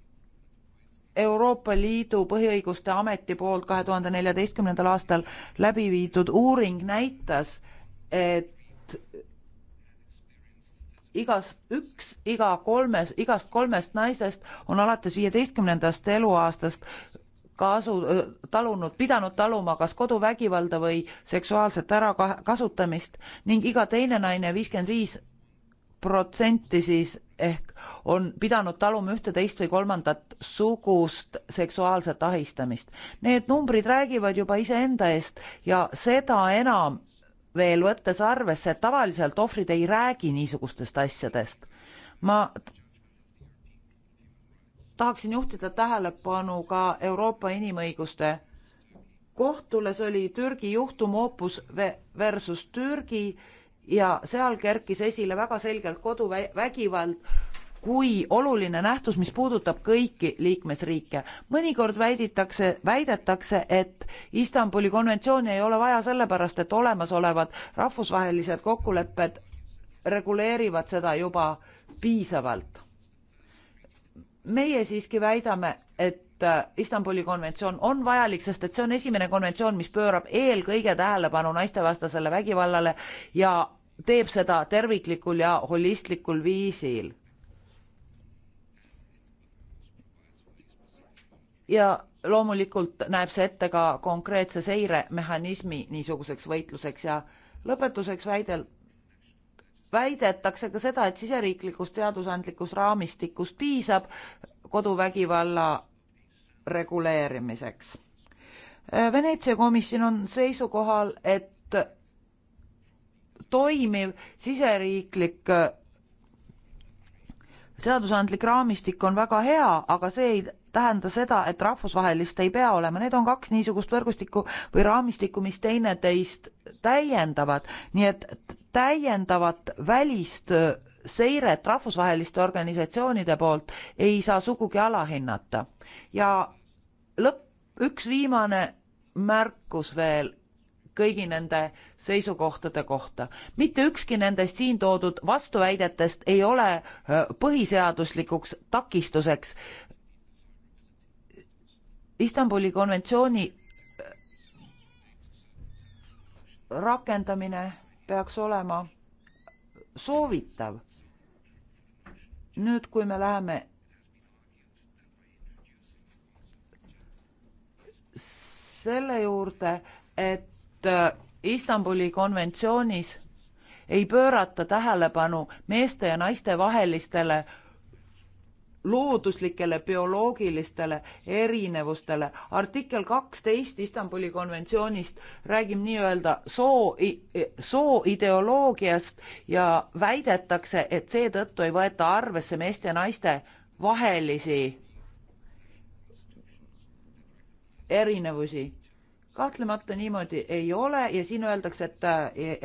Euroopa Liidu Põhiõiguste Ameti poolt kahe tuhande neljateistkümnendal aastal läbi viidud uuring näitas, et igas, üks iga kolmes, igast kolmest naisest on alates viieteistkümnendast eluaastast kasu, talunud, pidanud taluma kas koduvägivalda või seksuaalset ärakasutamist ning iga teine naine, viiskümmend viis protsenti siis ehk on pidanud taluma ühte, teist või kolmandat sugust seksuaalset ahistamist. Need numbrid räägivad juba iseenda eest ja seda enam veel võttes arvesse, et tavaliselt ohvrid ei räägi niisugustest asjadest. ma tahaksin juhtida tähelepanu ka Euroopa Inimõiguste kohtule, see oli Türgi juhtum Opus versus Türgi ja seal kerkis esile väga selgelt koduvägivald kui oluline nähtus, mis puudutab kõiki liikmesriike. mõnikord väiditakse, väidetakse, et Istanbuli konventsiooni ei ole vaja sellepärast, et olemasolevad rahvusvahelised kokkulepped reguleerivad seda juba piisavalt. meie siiski väidame, et äh, Istanbuli konventsioon on vajalik, sest et see on esimene konventsioon, mis pöörab eelkõige tähelepanu naistevastasele vägivallale ja teeb seda terviklikul ja holistlikul viisil ja loomulikult näeb see ette ka konkreetse seiremehhanismi niisuguseks võitluseks ja lõpetuseks väidel, väidetakse ka seda, et siseriiklikus teadusandlikus raamistikus piisab koduvägivalla reguleerimiseks. Veneetsia komisjon on seisukohal, et toimiv siseriiklik seadusandlik raamistik on väga hea, aga see ei tähenda seda, et rahvusvahelist ei pea olema, need on kaks niisugust võrgustikku või raamistikku, mis teineteist täiendavad, nii et täiendavat välist äh, seiret rahvusvaheliste organisatsioonide poolt ei saa sugugi alahinnata. ja lõpp, üks viimane märkus veel kõigi nende seisukohtade kohta. mitte ükski nendest siin toodud vastuväidetest ei ole põhiseaduslikuks takistuseks Istanbuli konventsiooni rakendamine peaks olema soovitav. nüüd, kui me läheme selle juurde, et Äh, Istanbuli konventsioonis ei pöörata tähelepanu meeste ja naiste vahelistele looduslikele bioloogilistele erinevustele. artikkel kaksteist Istanbuli konventsioonist räägib nii-öelda soo, sooideoloogiast ja väidetakse, et seetõttu ei võeta arvesse meeste ja naiste vahelisi erinevusi kahtlemata niimoodi ei ole ja siin öeldakse, et,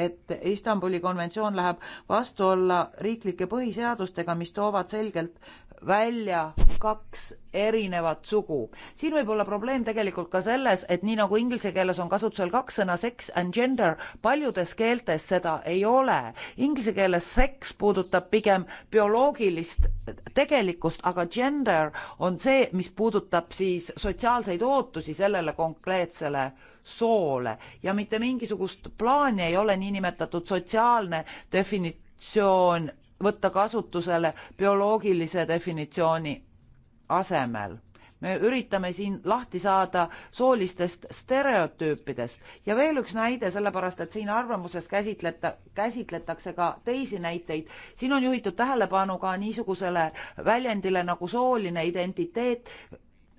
et Istanbuli konventsioon läheb vastuolla riiklike põhiseadustega, mis toovad selgelt välja kaks erinevat sugu. siin võib olla probleem tegelikult ka selles, et nii nagu inglise keeles on kasutusel kaks sõna sex and gender, paljudes keeltes seda ei ole. Inglise keeles seks puudutab pigem bioloogilist tegelikkust, aga gender on see, mis puudutab siis sotsiaalseid ootusi sellele konkreetsele soole ja mitte mingisugust plaani ei ole niinimetatud sotsiaalne definitsioon võtta kasutusele bioloogilise definitsiooni asemel. me üritame siin lahti saada soolistest stereotüüpidest ja veel üks näide, sellepärast et siin arvamuses käsitleta, käsitletakse ka teisi näiteid. siin on juhitud tähelepanu ka niisugusele väljendile nagu sooline identiteet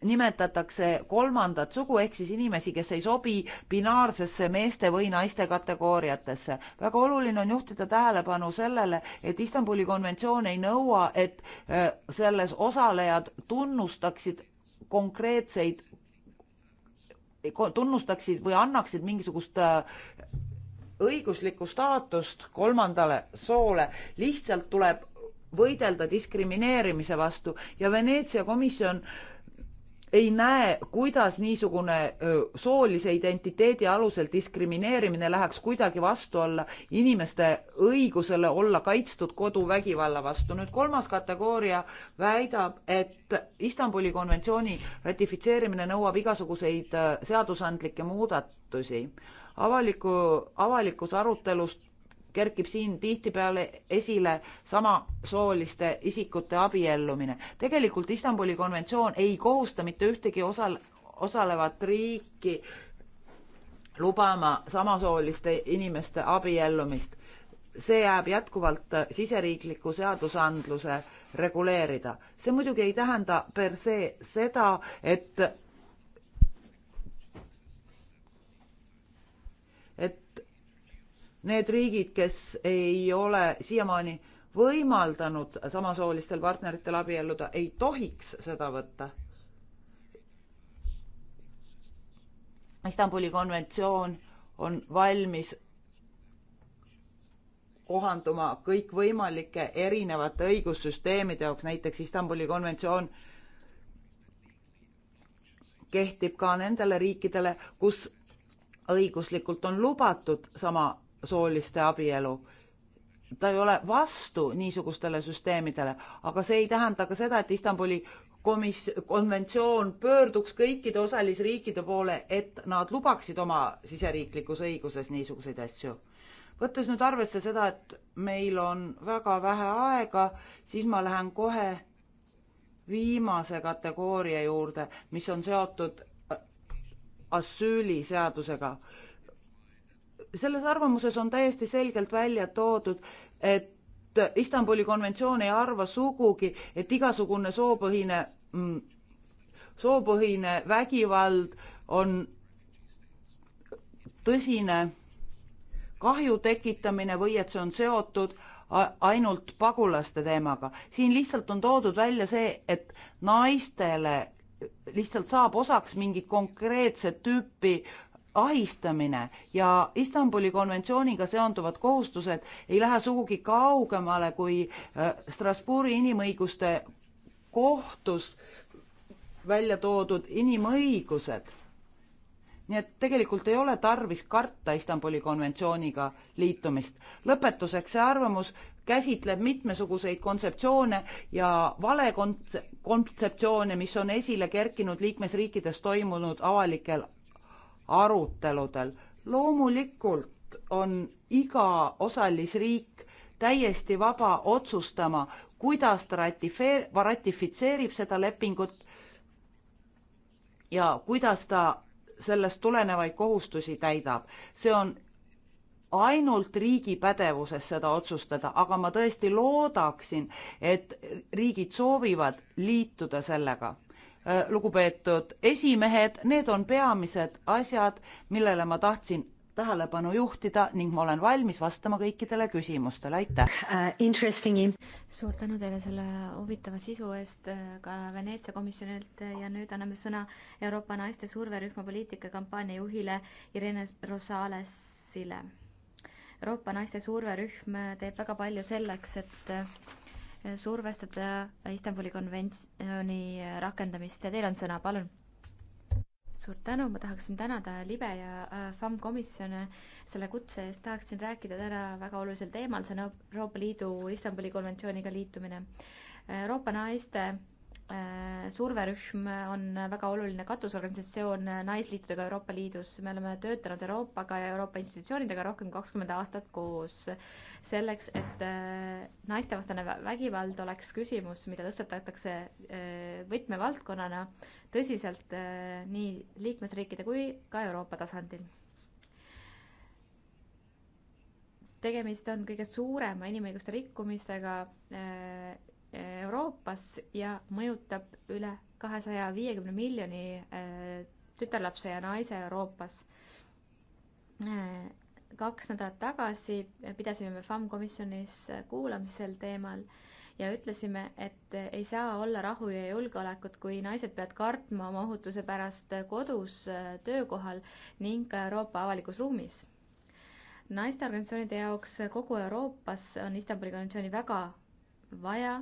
nimetatakse kolmandat sugu ehk siis inimesi, kes ei sobi binaarsesse meeste või naiste kategooriatesse. väga oluline on juhtida tähelepanu sellele, et Istanbuli konventsioon ei nõua, et äh, selles osalejad tunnustaksid konkreetseid, tunnustaksid või annaksid mingisugust äh, õiguslikku staatust kolmandale soole, lihtsalt tuleb võidelda diskrimineerimise vastu ja Veneetsia komisjon äh, ei näe, kuidas niisugune soolise identiteedi alusel diskrimineerimine läheks kuidagi vastu olla inimeste õigusele olla kaitstud koduvägivalla vastu. nüüd kolmas kategooria väidab, et Istanbuli konventsiooni ratifitseerimine nõuab igasuguseid seadusandlikke muudatusi avaliku, avalikus arutelus kerkib siin tihtipeale esile samasooliste isikute abiellumine. tegelikult Istanbuli konventsioon ei kohusta mitte ühtegi osal-, osalevat riiki lubama samasooliste inimeste abiellumist. see jääb jätkuvalt siseriikliku seadusandluse reguleerida. see muidugi ei tähenda per se seda, et need riigid, kes ei ole siiamaani võimaldanud samasoolistel partneritel abielluda, ei tohiks seda võtta. Istanbuli konventsioon on valmis kohanduma kõikvõimalike erinevate õigussüsteemide jaoks, näiteks Istanbuli konventsioon kehtib ka nendele riikidele, kus õiguslikult on lubatud sama sooliste abielu. ta ei ole vastu niisugustele süsteemidele, aga see ei tähenda ka seda, et Istanbuli komis-, konventsioon pöörduks kõikide osalisriikide poole, et nad lubaksid oma siseriiklikus õiguses niisuguseid asju. võttes nüüd arvesse seda, et meil on väga vähe aega, siis ma lähen kohe viimase kategooria juurde, mis on seotud äh, asüüliseadusega selles arvamuses on täiesti selgelt välja toodud, et Istanbuli konventsioon ei arva sugugi, et igasugune soopõhine, mm, soopõhine vägivald on tõsine kahju tekitamine või et see on seotud ainult pagulaste teemaga. siin lihtsalt on toodud välja see, et naistele lihtsalt saab osaks mingit konkreetset tüüpi ahistamine ja Istanbuli konventsiooniga seonduvad kohustused ei lähe sugugi kaugemale kui äh, Strasbourgi inimõiguste kohtus välja toodud inimõigused. nii et tegelikult ei ole tarvis karta Istanbuli konventsiooniga liitumist. lõpetuseks see arvamus käsitleb mitmesuguseid kontseptsioone ja vale kontseptsioone, mis on esile kerkinud liikmesriikides toimunud avalikel aruteludel. loomulikult on iga osalisriik täiesti vaba otsustama, kuidas ta ratifeer-, ratifitseerib seda lepingut ja kuidas ta sellest tulenevaid kohustusi täidab. see on ainult riigi pädevuses seda otsustada, aga ma tõesti loodaksin, et riigid soovivad liituda sellega lugupeetud esimehed, need on peamised asjad, millele ma tahtsin tähelepanu juhtida ning ma olen valmis vastama kõikidele küsimustele, aitäh uh,! suur tänu teile selle huvitava sisu eest äh, ka Veneetsia komisjonilt äh, ja nüüd anname sõna Euroopa Naiste Surverühma poliitikakampaania juhile Irene Rosalesile. Euroopa Naiste Surverühm teeb väga palju selleks, et survestada Istanbuli konventsiooni rakendamist ja teil on sõna, palun. suur tänu, ma tahaksin tänada libe ja äh, FAM komisjone selle kutse eest, tahaksin rääkida täna väga olulisel teemal, see on Euroopa Liidu Istanbuli konventsiooniga liitumine. Euroopa naiste Äh, surverühm on väga oluline katusorganisatsioon naisliitudega Euroopa Liidus. me oleme töötanud Euroopaga ja Euroopa institutsioonidega rohkem kui kakskümmend aastat koos. selleks, et äh, naistevastane vägivald oleks küsimus, mida tõstatatakse äh, võtmevaldkonnana tõsiselt nii liikmesriikide kui ka Euroopa tasandil tegemist on kõige suurema inimõiguste rikkumisega Euroopas ja mõjutab üle kahesaja viiekümne miljoni äh, tütarlapse ja naise Euroopas. Äh, kaks nädalat tagasi pidasime me FAM komisjonis kuulamise sel teemal ja ütlesime, et ei saa olla rahu ja julgeolekut, kui naised peavad kartma oma ohutuse pärast kodus, äh, töökohal ning ka Euroopa avalikus ruumis. naisteorganisatsioonide jaoks kogu Euroopas on Istanbuli konventsiooni väga vaja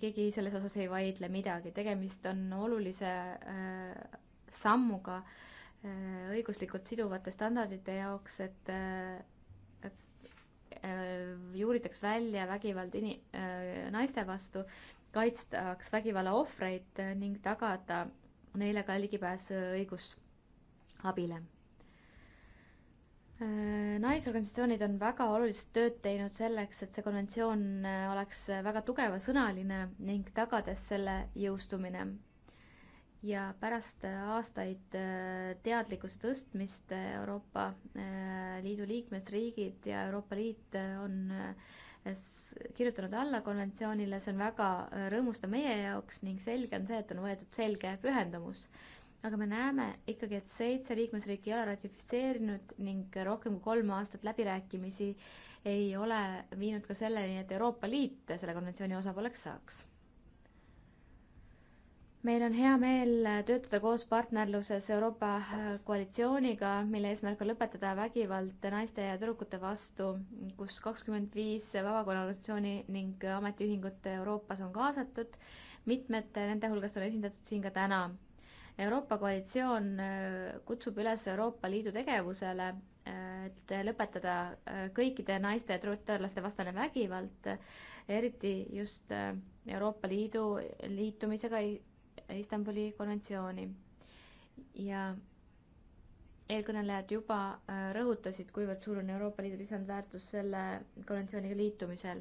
keegi selles osas ei vaidle midagi, tegemist on olulise äh, sammuga äh, õiguslikult siduvate standardite jaoks, et äh, juuritaks välja vägivald ini-, naiste vastu, kaitstaks vägivalla ohvreid ning tagada neile ka ligipääs õigusabile Äh, naisorganisatsioonid on väga olulist tööd teinud selleks, et see konventsioon äh, oleks äh, väga tugevasõnaline ning tagades selle jõustumine. ja pärast aastaid teadlikkuse tõstmist Euroopa Liidu liikmesriigid ja Euroopa Liit on kirjutanud alla konventsioonile, see on väga rõõmustav meie jaoks ning selge on see, et on võetud selge pühendumus aga me näeme ikkagi, et seitse liikmesriiki ei ole ratifitseerinud ning rohkem kui kolm aastat läbirääkimisi ei ole viinud ka selleni, et Euroopa Liit selle konventsiooni osapooleks saaks meil on hea meel töötada koos partnerluses Euroopa äh, koalitsiooniga, mille eesmärk on lõpetada vägivald naiste ja tüdrukute vastu, kus kakskümmend viis vabakonna organisatsiooni ning ametiühingut Euroopas on kaasatud. mitmed nende hulgast on esindatud siin ka täna. Euroopa koalitsioon äh, kutsub üles Euroopa Liidu tegevusele, et lõpetada äh, kõikide naiste ja tütarlaste vastane vägivald, eriti just äh, Euroopa Liidu liitumisega Istanbuli konventsiooni. ja eelkõnelejad juba rõhutasid, kuivõrd suur on Euroopa Liidu lisandväärtus selle konventsiooniga liitumisel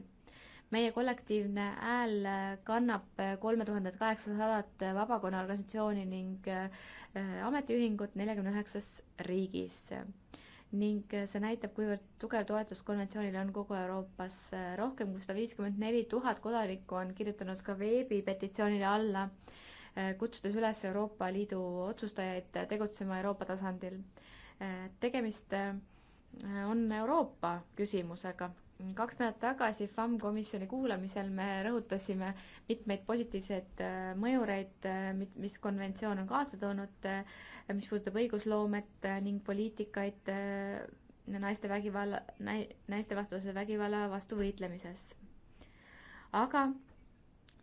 meie kollektiivne hääl äh, kannab äh, kolme tuhandet kaheksasadat vabakonnaorganisatsiooni ning äh, ametiühingut neljakümne üheksas riigis ning see näitab, kuivõrd tugev toetus konventsioonile on kogu Euroopas. rohkem kui sada viiskümmend neli tuhat kodanikku on kirjutanud ka veebipetitsioonile alla, kutsudes üles Euroopa Liidu otsustajaid tegutsema Euroopa tasandil. tegemist on Euroopa küsimusega kaks nädalat tagasi FAM komisjoni kuulamisel me rõhutasime mitmeid positiivseid äh, mõjureid, äh, mis konventsioon on kaasa toonud, äh, mis puudutab õigusloomet ning poliitikaid naiste vägivalla, naistevastase vägivalla vastu võitlemises. aga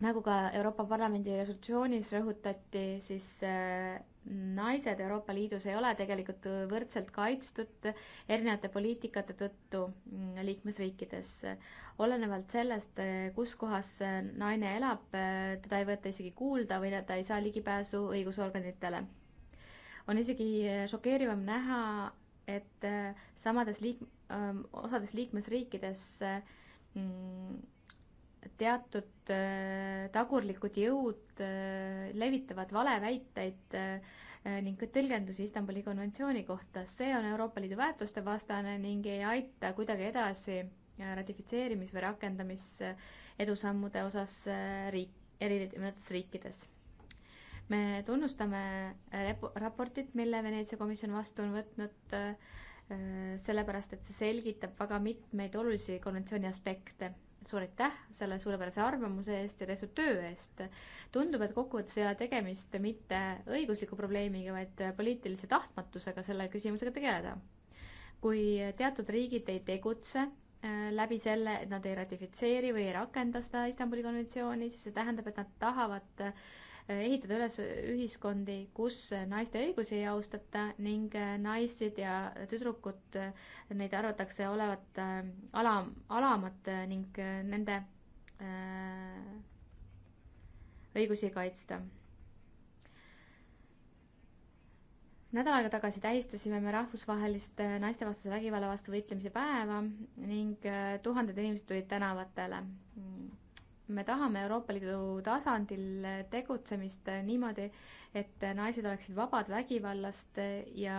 nagu ka Euroopa Parlamendi resolutsioonis rõhutati, siis äh, naised Euroopa Liidus ei ole tegelikult võrdselt kaitstud erinevate poliitikate tõttu mm, liikmesriikides. olenevalt sellest, äh, kus kohas naine elab, äh, teda ei võeta isegi kuulda või ta ei saa ligipääsu õigusorganitele. on isegi šokeerivam näha, et samades liik-, ähm, osades liikmesriikides mm, teatud äh, tagurlikud jõud äh, levitavad valeväiteid äh, ning tõlgendusi Istanbuli konventsiooni kohta. see on Euroopa Liidu väärtuste vastane ning ei aita kuidagi edasi ratifitseerimis- või rakendamisedusammude osas riik, erinevates riikides. me tunnustame rep-, raportit, mille Veneetsia komisjon vastu on võtnud sellepärast, et see selgitab väga mitmeid olulisi konventsiooni aspekte suur aitäh selle suurepärase arvamuse eest ja tehtud töö eest. tundub, et kokkuvõttes ei ole tegemist mitte õigusliku probleemiga, vaid poliitilise tahtmatusega selle küsimusega tegeleda. kui teatud riigid ei tegutse äh, läbi selle, et nad ei ratifitseeri või ei rakenda seda Istanbuli konventsiooni, siis see tähendab, et nad tahavad äh, Äh, ehitada üles ühiskondi, kus äh, naiste õigusi ei austata ning äh, naised ja tüdrukud, neid arvatakse olevat ala, alamad ning nende õigusi ei kaitsta. nädal aega tagasi tähistasime me rahvusvahelist naistevastase vägivalla vastu võitlemise päeva ning tuhanded inimesed tulid tänavatele me tahame Euroopa Liidu tasandil tegutsemist niimoodi, et naised oleksid vabad vägivallast ja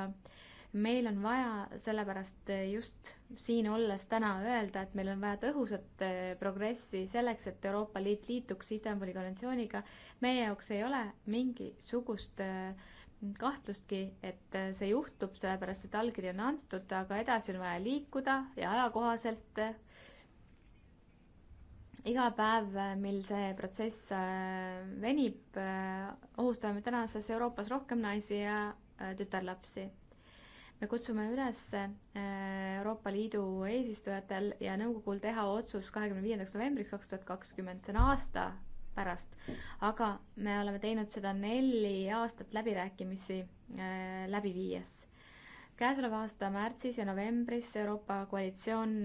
meil on vaja sellepärast just siin olles täna öelda, et meil on vaja tõhusat progressi selleks, et Euroopa Liit liituks Istanbuli konventsiooniga. meie jaoks ei ole mingisugust mm, kahtlustki, et see juhtub, sellepärast et allkiri on antud, aga edasi on vaja liikuda ja ajakohaselt iga päev, äh, mil see protsess äh, venib, äh, ohustame tänases Euroopas rohkem naisi ja tütarlapsi. me kutsume üles Euroopa Liidu eesistujatel ja nõukogul teha otsus kahekümne viiendaks novembriks kaks tuhat kakskümmend, see on aasta pärast, aga me oleme teinud seda neli aastat läbirääkimisi läbi viies. käesoleva aasta märtsis ja novembris Euroopa koalitsioon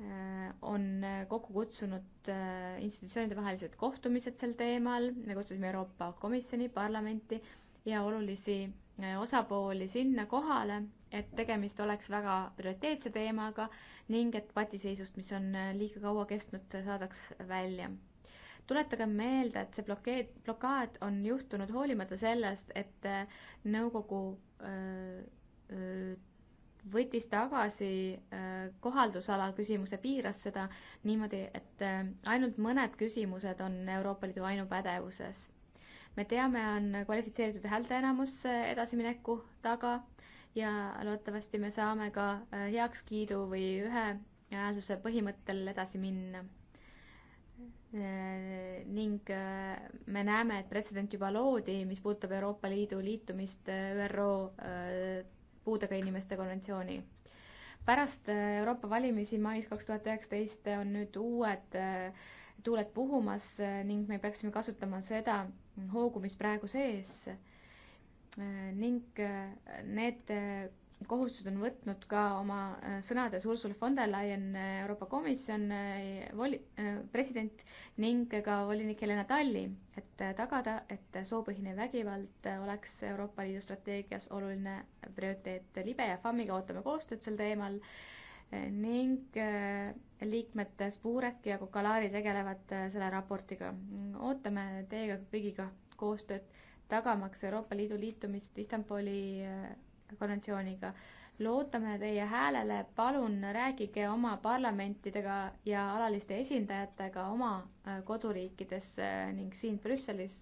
Äh, on äh, kokku kutsunud äh, institutsioonide vahelised kohtumised sel teemal, me kutsusime Euroopa Komisjoni, parlamenti ja olulisi osapooli sinna kohale, et tegemist oleks väga prioriteetse teemaga ning et patiseisust, mis on liiga kaua kestnud, saadaks välja. tuletagem meelde, et see blokeed, blokaad on juhtunud hoolimata sellest, et nõukogu öö, öö, võttis tagasi äh, kohaldusala küsimuse, piiras seda niimoodi, et äh, ainult mõned küsimused on Euroopa Liidu ainupädevuses. me teame, on kvalifitseeritud häälteenamus äh, edasimineku taga ja loodetavasti me saame ka heakskiidu või ühehäälsuse põhimõttel edasi minna. ning me näeme, et pretsedent juba loodi, mis puudutab Euroopa Liidu liitumist ÜRO puudega inimeste konventsiooni. pärast äh, Euroopa valimisi mais kaks tuhat üheksateist on nüüd uued äh, tuuled puhumas äh, ning me peaksime kasutama seda hoogu, mis praegu sees ning need kohustused on võtnud ka oma äh, sõnades Ursula von der Leyen, äh, Euroopa Komisjon, äh, voli-, president ning ka volinik Helena Talli, et tagada, et soopõhine vägivald oleks Euroopa Liidu strateegias oluline prioriteet. libe ja FAM-iga ootame koostööd sel teemal ning liikmed Spurek ja Kokalaari tegelevad selle raportiga. ootame teiega kõigiga koostööd, tagamaks Euroopa Liidu liitumist Istanbuli konventsiooniga. loodame teie häälele, palun rääkige oma parlamentidega ja alaliste esindajatega oma äh, koduriikides ning siin Brüsselis.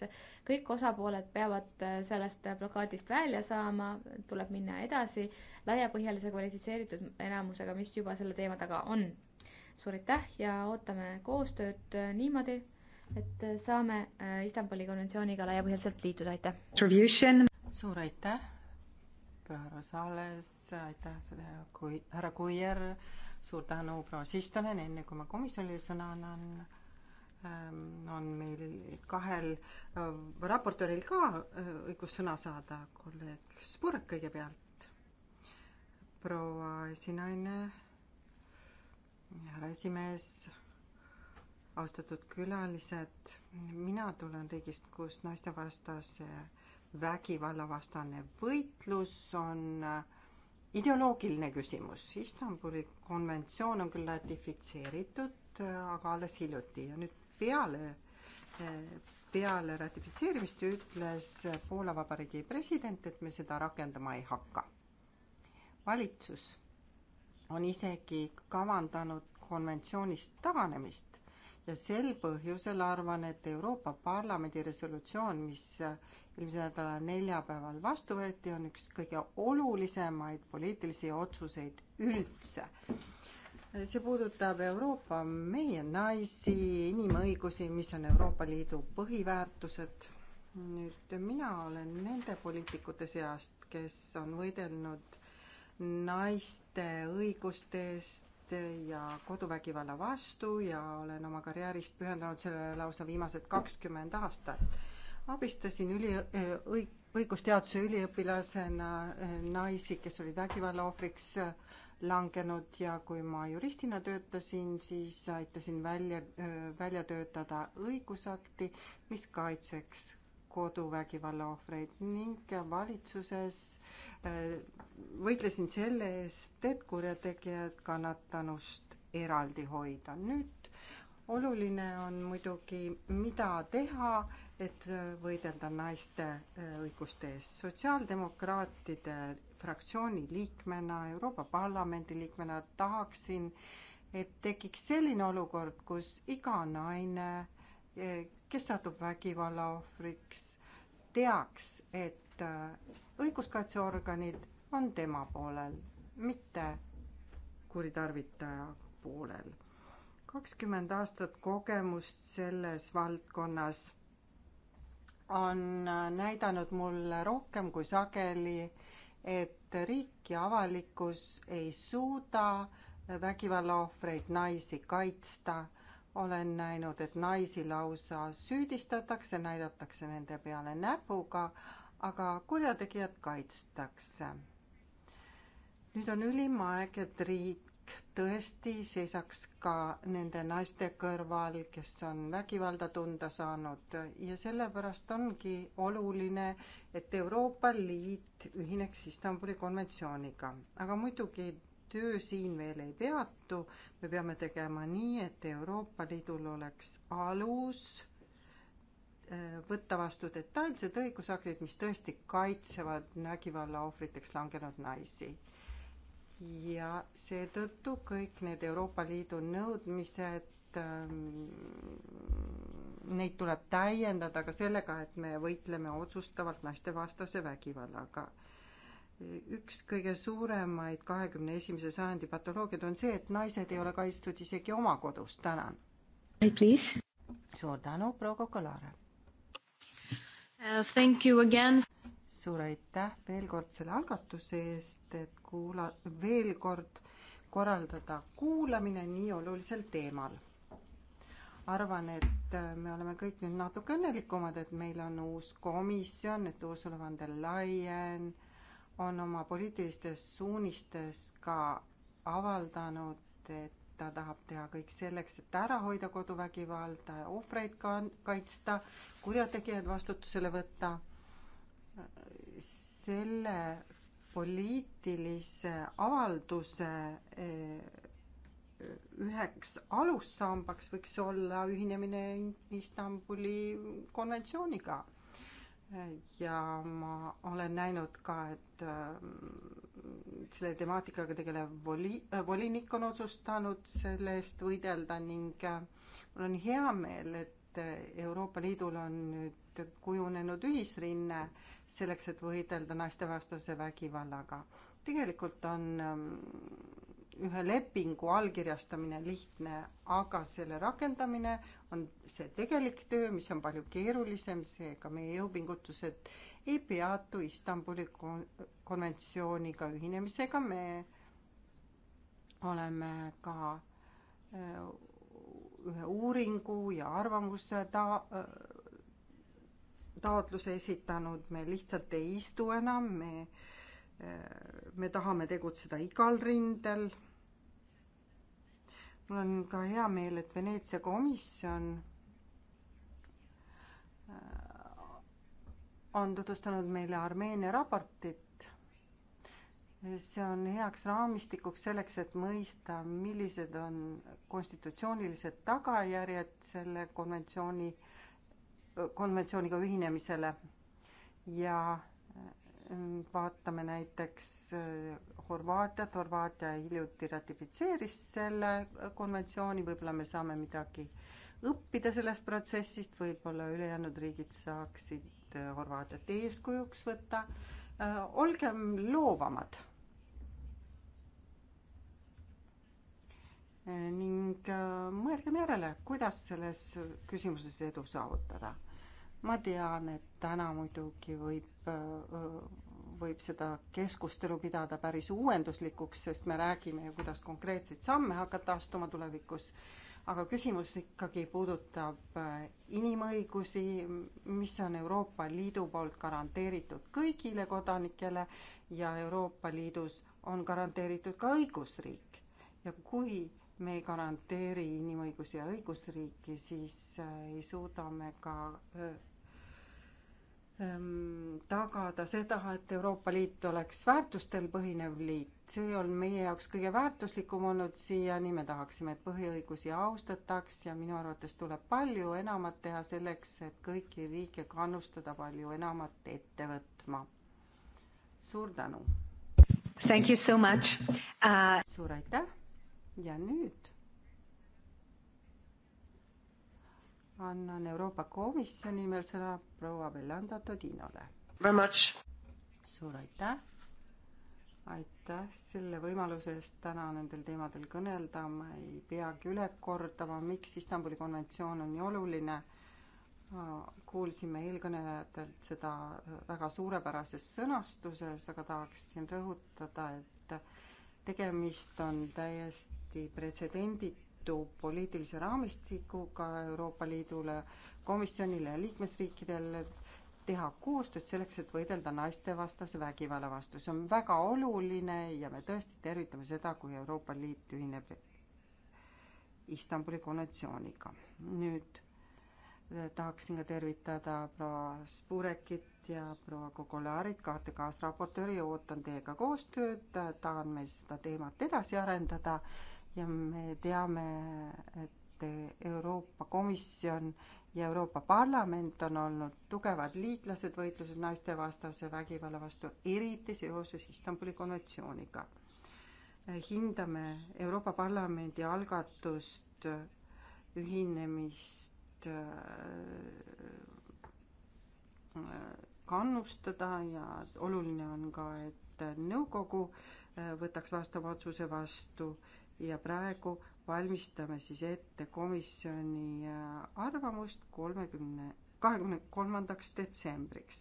kõik osapooled peavad äh, sellest blokaadist välja saama, tuleb minna edasi laiapõhjalise kvalifitseeritud enamusega, mis juba selle teema taga on. suur aitäh ja ootame koostööd äh, niimoodi et saame Istanbuli konventsiooniga laiapõhjaliselt liituda, aitäh! suur aitäh! ka härra Sales, aitäh, kui härra Kuier, suur tänu proua Sistonen, enne kui ma komisjonile sõna annan, ähm, on meil kahel äh, raportööril ka äh, õigus sõna saada, kolleeg Spurek kõigepealt, proua esinaine, härra esimees austatud külalised, mina tulen riigist, kus naistevastase vägivallavastane võitlus on äh, ideoloogiline küsimus. Istanbuli konventsioon on küll ratifitseeritud, äh, aga alles hiljuti ja nüüd peale, äh, peale ratifitseerimist ütles Poola Vabariigi president, et me seda rakendama ei hakka. valitsus on isegi kavandanud konventsioonist taganemist ja sel põhjusel arvan, et Euroopa Parlamendi resolutsioon, mis eelmise nädala neljapäeval vastu võeti, on üks kõige olulisemaid poliitilisi otsuseid üldse. see puudutab Euroopa meie naisi, inimõigusi, mis on Euroopa Liidu põhiväärtused. nüüd mina olen nende poliitikute seast, kes on võidelnud naiste õiguste eest ja koduvägivalla vastu ja olen oma karjäärist pühendanud sellele lausa viimased kakskümmend aastat abistasin üli, õig-, õigusteaduse üliõpilasena naisi, kes olid vägivalla ohvriks langenud ja kui ma juristina töötasin, siis aitasin välja, välja töötada õigusakti, mis kaitseks koduvägivalla ohvreid ning valitsuses võitlesin selle eest, et kurjategijad kannatanust eraldi hoida. nüüd oluline on muidugi, mida teha, et võidelda naiste äh, õiguste eest. sotsiaaldemokraatide fraktsiooni liikmena, Euroopa Parlamendi liikmena tahaksin, et tekiks selline olukord, kus iga naine, äh, kes satub vägivalla ohvriks, teaks, et äh, õiguskaitseorganid on tema poolel, mitte kuritarvitaja poolel kakskümmend aastat kogemust selles valdkonnas on näidanud mulle rohkem kui sageli, et riik ja avalikkus ei suuda vägivallaohvreid, naisi kaitsta. olen näinud, et naisi lausa süüdistatakse, näidatakse nende peale näpuga, aga kurjategijad kaitstakse nüüd on ülim aeg, et riik tõesti seisaks ka nende naiste kõrval, kes on vägivalda tunda saanud ja sellepärast ongi oluline, et Euroopa Liit ühineks Istanbuli konventsiooniga. aga muidugi töö siin veel ei peatu, me peame tegema nii, et Euroopa Liidul oleks alus äh, võtta vastu detailsed õigusaktid, mis tõesti kaitsevad vägivalla ohvriteks langenud naisi ja seetõttu kõik need Euroopa Liidu nõudmised, ähm, neid tuleb täiendada ka sellega, et me võitleme otsustavalt naistevastase vägivallaga üks kõige suuremaid kahekümne esimese sajandi patoloogiaid on see, et naised ei ole kaitstud isegi oma kodus. tänan. suur tänu, proua Kokolare uh,. Thank you again suur aitäh veel kord selle algatuse eest, et kuula, veel kord korraldada kuulamine nii olulisel teemal. arvan, et äh, me oleme kõik nüüd natuke õnnelikumad, et meil on uus komisjon, et Ursula von der Leyen on oma poliitilistes suunistes ka avaldanud, et ta tahab teha kõik selleks, et ära hoida koduvägivalda ja ohvreid ka kaitsta, kurjategijad vastutusele võtta selle poliitilise avalduse eh, üheks alussambaks võiks olla ühinemine Istanbuli konventsiooniga. ja ma olen näinud ka, et mm, selle temaatikaga tegelev voli-, volinik on otsustanud selle eest võidelda ning eh, mul on hea meel, et Euroopa Liidul on nüüd kujunenud ühisrinne selleks, et võidelda naistevastase vägivallaga. tegelikult on ähm, ühe lepingu allkirjastamine lihtne, aga selle rakendamine on see tegelik töö, mis on palju keerulisem, seega meie jõupingutused ei peatu Istanbuli konventsiooniga ühinemisega, me oleme ka äh, ühe uuringu ja arvamuse ta-, taotluse esitanud, me lihtsalt ei istu enam, me, me tahame tegutseda igal rindel. mul on ka hea meel, et Veneetsia komisjon äh, on tutvustanud meile Armeenia raportit. see on heaks raamistikuks selleks, et mõista, millised on konstitutsioonilised tagajärjed selle konventsiooni äh, konventsiooniga ühinemisele ja äh, vaatame näiteks äh, Horvaatiat, Horvaatia hiljuti ratifitseeris selle äh, konventsiooni, võib-olla me saame midagi õppida sellest protsessist, võib-olla ülejäänud riigid saaksid Horvaatiat eeskujuks võtta. olgem loovamad ning äh, mõelgem järele, kuidas selles küsimuses edu saavutada. ma tean, et täna muidugi võib, äh, äh, võib seda keskustelu pidada päris uuenduslikuks, sest me räägime ju, kuidas konkreetseid samme hakata astuma tulevikus, aga küsimus ikkagi puudutab inimõigusi, mis on Euroopa Liidu poolt garanteeritud kõigile kodanikele ja Euroopa Liidus on garanteeritud ka õigusriik. ja kui me ei garanteeri inimõigusi ja õigusriiki, siis äh, ei suuda me ka äh, ähm, tagada seda, et Euroopa Liit oleks väärtustel põhinev liit, see on meie jaoks kõige väärtuslikum olnud siiani, me tahaksime, et põhiõigusi austataks ja minu arvates tuleb palju enamat teha selleks, et kõiki riike kannustada palju enamat ette võtma. suur tänu! Thank you so much uh...! suur aitäh! ja nüüd annan Euroopa Komisjoni nimel sõna proua Belanda Todinole. suur aitäh. aitäh selle võimaluse eest täna nendel teemadel kõnelda, ma ei peagi üle kordama, miks Istanbuli konventsioon on nii oluline. kuulsime eelkõnelejatelt seda väga suurepärases sõnastuses, aga tahaksin rõhutada, et tegemist on täiesti täiesti pretsedenditu poliitilise raamistikuga Euroopa Liidule, komisjonile ja liikmesriikidele teha koostööd selleks, et võidelda naistevastase vägivalla vastu. see on väga oluline ja me tõesti tervitame seda, kui Euroopa Liit ühineb Istanbuli konventsiooniga. nüüd eh, tahaksin ka tervitada proua Spurekit ja proua Kogolarit, kahte kaasraportööri, ootan teiega koostööd, tahan meil seda teemat edasi arendada ja me teame, et Euroopa Komisjon ja Euroopa Parlament on olnud tugevad liitlased võitluses naistevastase vägivalla vastu, eriti seoses Istanbuli konventsiooniga. hindame Euroopa Parlamendi algatust ühinemist äh, kannustada ja oluline on ka, et nõukogu äh, võtaks vastava otsuse vastu ja praegu valmistame siis ette komisjoni äh, arvamust kolmekümne, kahekümne kolmandaks detsembriks.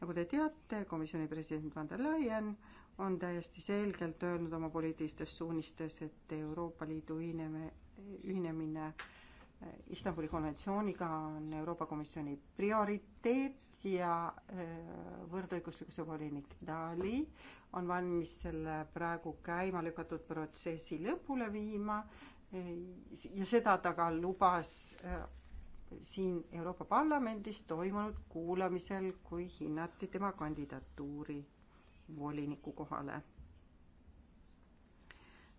nagu te teate, komisjoni president van der Leyen on täiesti selgelt öelnud oma poliitilistes suunistes, et Euroopa Liidu ühineme, ühinemine äh, Istanbuli konventsiooniga on Euroopa Komisjoni prioriteet ja võrdõiguslikkuse volinik Dali on valmis selle praegu käima lükatud protsessi lõpule viima ja seda ta ka lubas siin Euroopa Parlamendis toimunud kuulamisel, kui hinnati tema kandidatuuri voliniku kohale.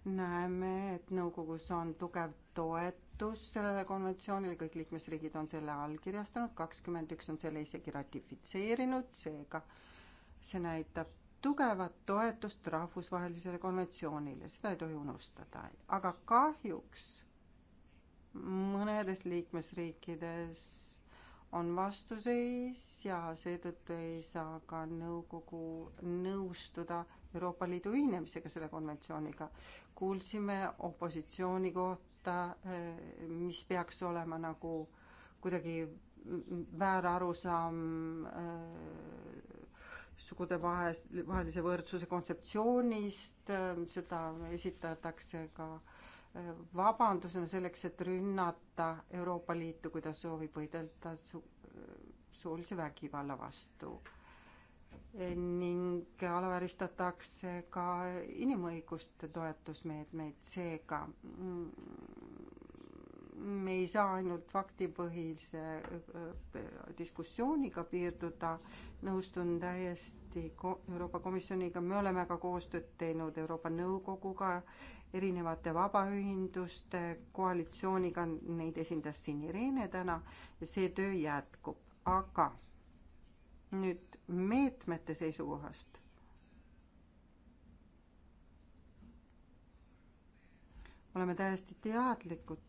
näeme, et nõukogus on tugev toetus sellele konventsioonile, kõik liikmesriigid on selle allkirjastanud, kakskümmend üks on selle isegi ratifitseerinud, seega see näitab tugevat toetust rahvusvahelisele konventsioonile, seda ei tohi unustada, aga kahjuks mõnedes liikmesriikides on vastuseis ja seetõttu ei saa ka nõukogu nõustuda Euroopa Liidu ühinemisega selle konventsiooniga. kuulsime opositsiooni koht, kohta, mis peaks olema nagu kuidagi väärarusaam äh, sugude vahe, vahelise võrdsuse kontseptsioonist, äh, seda esitatakse ka äh, vabandusena selleks, et rünnata Euroopa Liitu, kui ta soovib võidelda su-, soolise vägivalla vastu ning alavääristatakse ka inimõiguste toetusmeetmeid, seega mm, me ei saa ainult faktipõhise äh, äh, diskussiooniga piirduda, nõustun täiesti ko-, Euroopa Komisjoniga, me oleme ka koostööd teinud Euroopa Nõukoguga, erinevate vabaühenduste koalitsiooniga, neid esindas siin Irene täna, ja see töö jätkub, aga nüüd meetmete seisukohast oleme täiesti teadlikud,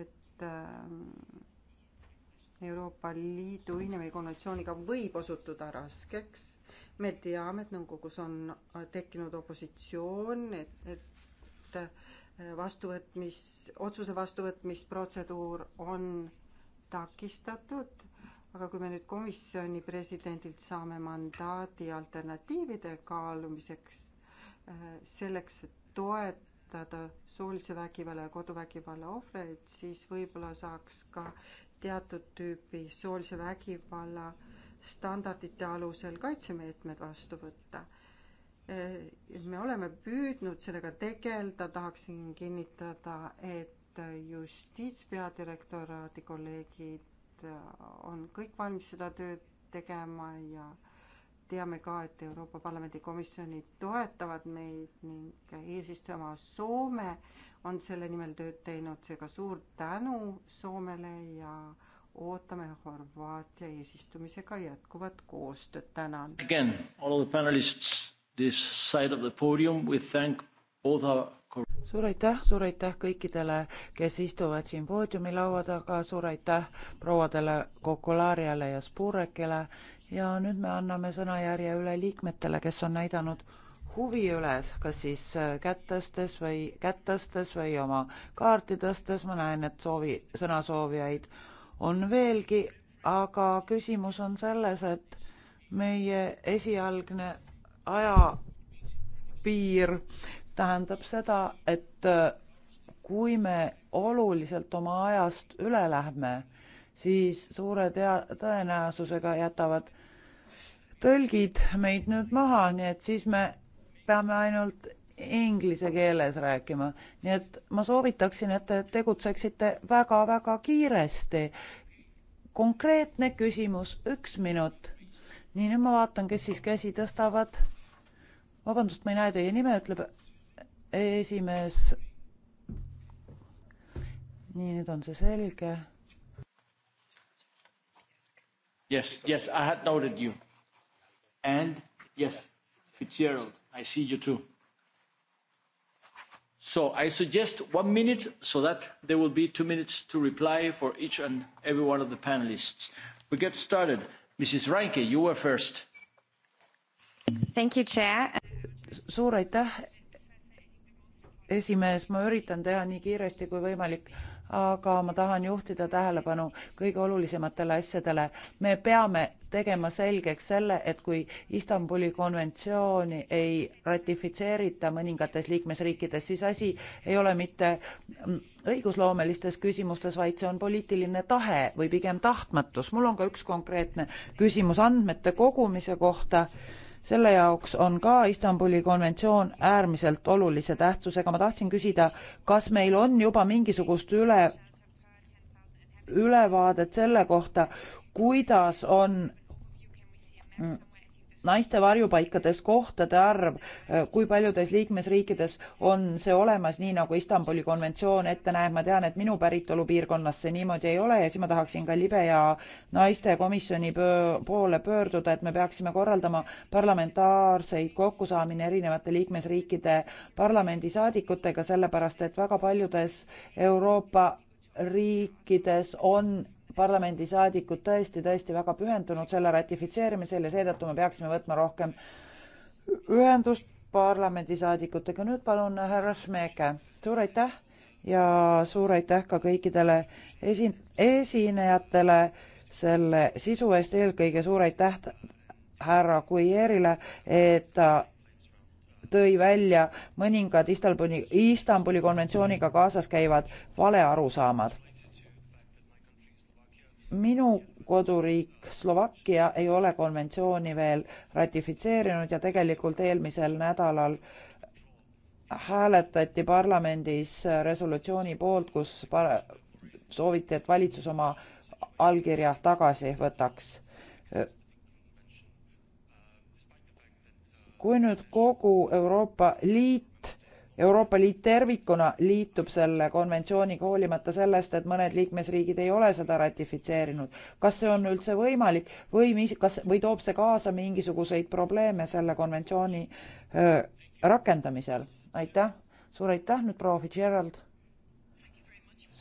et ähm, Euroopa Liidu inimkonventsiooniga võib osutuda raskeks. me teame, et nõukogus on äh, tekkinud opositsioon, et, et äh, vastuvõtmis, otsuse vastuvõtmisprotseduur on takistatud aga kui me nüüd komisjoni presidendilt saame mandaadi alternatiivide kaalumiseks, äh, selleks, et toetada soolise vägivalla ja koduvägivalla ohvreid, siis võib-olla saaks ka teatud tüüpi soolise vägivalla standardite alusel kaitsemeetmed vastu võtta. Äh, me oleme püüdnud sellega tegeleda, tahaksin kinnitada, et justiitspeadirektoraadi kolleegid Äh, on kõik valmis seda tööd tegema ja teame ka, et Euroopa Parlamendi komisjonid toetavad meid ning eesistujamaa Soome on selle nimel tööd teinud, seega suur tänu Soomele ja ootame Horvaatia eesistumisega jätkuvat koostööd, tänan. Again, all the panelists this side of the podium, we thank both our suur aitäh, suur aitäh kõikidele, kes istuvad siin poodiumi laua taga, suur aitäh prouadele Kokolariale ja Spurekile ja nüüd me anname sõnajärje üle liikmetele, kes on näidanud huvi üles, kas siis äh, kätt tõstes või kätt tõstes või oma kaarti tõstes, ma näen, et soovi, sõnasoovijaid on veelgi, aga küsimus on selles, et meie esialgne ajapiir tähendab seda, et äh, kui me oluliselt oma ajast üle lähme, siis suure tea-, tõenäosusega jätavad tõlgid meid nüüd maha, nii et siis me peame ainult inglise keeles rääkima. nii et ma soovitaksin, et te tegutseksite väga-väga kiiresti. konkreetne küsimus, üks minut. nii, nüüd ma vaatan, kes siis käsi tõstavad. vabandust, ma ei näe teie nime, ütleb esimees. nii, nüüd on see selge. Yes, yes, I had noted you. And yes, Fitzgerald, I see you too. So I suggest one minute so that there will be two minutes to reply for each and every one of the panelists. We get started. Mrs. Reinke, you were first. Thank you, Chair. Suur aitäh esimees, ma üritan teha nii kiiresti kui võimalik, aga ma tahan juhtida tähelepanu kõige olulisematele asjadele. me peame tegema selgeks selle, et kui Istanbuli konventsiooni ei ratifitseerita mõningates liikmesriikides, siis asi ei ole mitte õigusloomelistes küsimustes, vaid see on poliitiline tahe või pigem tahtmatus. mul on ka üks konkreetne küsimus andmete kogumise kohta selle jaoks on ka Istanbuli konventsioon äärmiselt olulise tähtsusega. ma tahtsin küsida, kas meil on juba mingisugust üle, ülevaadet selle kohta, kuidas on naiste varjupaikades kohtade arv, äh, kui paljudes liikmesriikides on see olemas, nii nagu Istanbuli konventsioon ette näeb, ma tean, et minu päritolupiirkonnas see niimoodi ei ole ja siis ma tahaksin ka libe ja naiste komisjoni poole pöörduda, et me peaksime korraldama parlamentaarseid kokkusaamine erinevate liikmesriikide parlamendisaadikutega, sellepärast et väga paljudes Euroopa riikides on parlamendisaadikud tõesti, tõesti väga pühendunud selle ratifitseerimisel ja seetõttu me peaksime võtma rohkem ühendust parlamendisaadikutega. nüüd palun härra Šmeke, suur aitäh ja suur aitäh ka kõikidele esi-, esinejatele selle sisu eest, eelkõige suur aitäh härra Guierile, et ta tõi välja mõningad Istanbuli, Istanbuli konventsiooniga kaasas käivad valearusaamad minu koduriik Slovakkia ei ole konventsiooni veel ratifitseerinud ja tegelikult eelmisel nädalal hääletati parlamendis resolutsiooni poolt, kus sooviti, et valitsus oma allkirja tagasi võtaks. kui nüüd kogu Euroopa Liit Euroopa Liit tervikuna liitub selle konventsiooniga hoolimata sellest, et mõned liikmesriigid ei ole seda ratifitseerinud. kas see on üldse võimalik või mis, kas, või toob see kaasa mingisuguseid probleeme selle konventsiooni öö, rakendamisel? aitäh, suur aitäh nüüd proua Fitzgerald.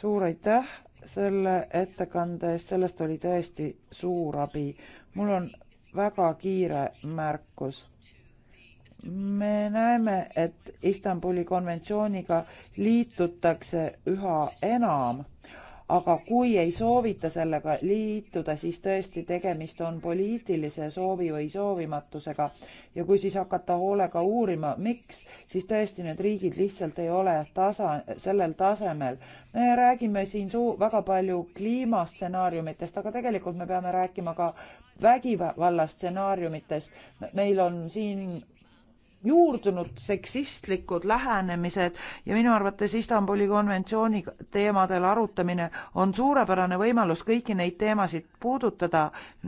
suur aitäh selle ettekande eest, sellest oli tõesti suur abi. mul on väga kiire märkus me näeme, et Istanbuli konventsiooniga liitutakse üha enam, aga kui ei soovita sellega liituda, siis tõesti tegemist on poliitilise soovi või soovimatusega. ja kui siis hakata hoolega uurima, miks, siis tõesti need riigid lihtsalt ei ole tasa, sellel tasemel. me räägime siin suu-, väga palju kliimastsenaariumitest, aga tegelikult me peame rääkima ka vägivallastsenaariumitest. meil on siin juurdunud seksistlikud lähenemised ja minu arvates Istanbuli konventsiooni teemadel arutamine on suurepärane võimalus kõiki neid teemasid puudutada,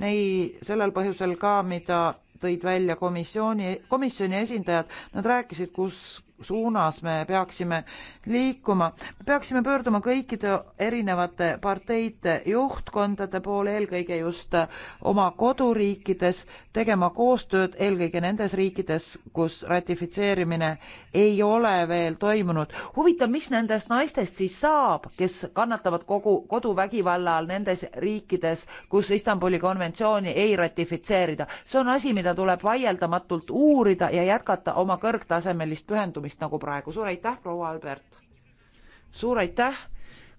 nei-, sellel põhjusel ka, mida tõid välja komisjoni, komisjoni esindajad, nad rääkisid, kus suunas me peaksime liikuma. me peaksime pöörduma kõikide erinevate parteide juhtkondade poole, eelkõige just oma koduriikides, tegema koostööd eelkõige nendes riikides, kus ratifitseerimine ei ole veel toimunud. huvitav, mis nendest naistest siis saab, kes kannatavad kogu koduvägivalla all nendes riikides, kus Istanbuli konventsiooni ei ratifitseerida. see on asi, mida tuleb vaieldamatult uurida ja jätkata oma kõrgtasemelist pühendumist lähenemist nagu praegu. suur aitäh, proua Albert! suur aitäh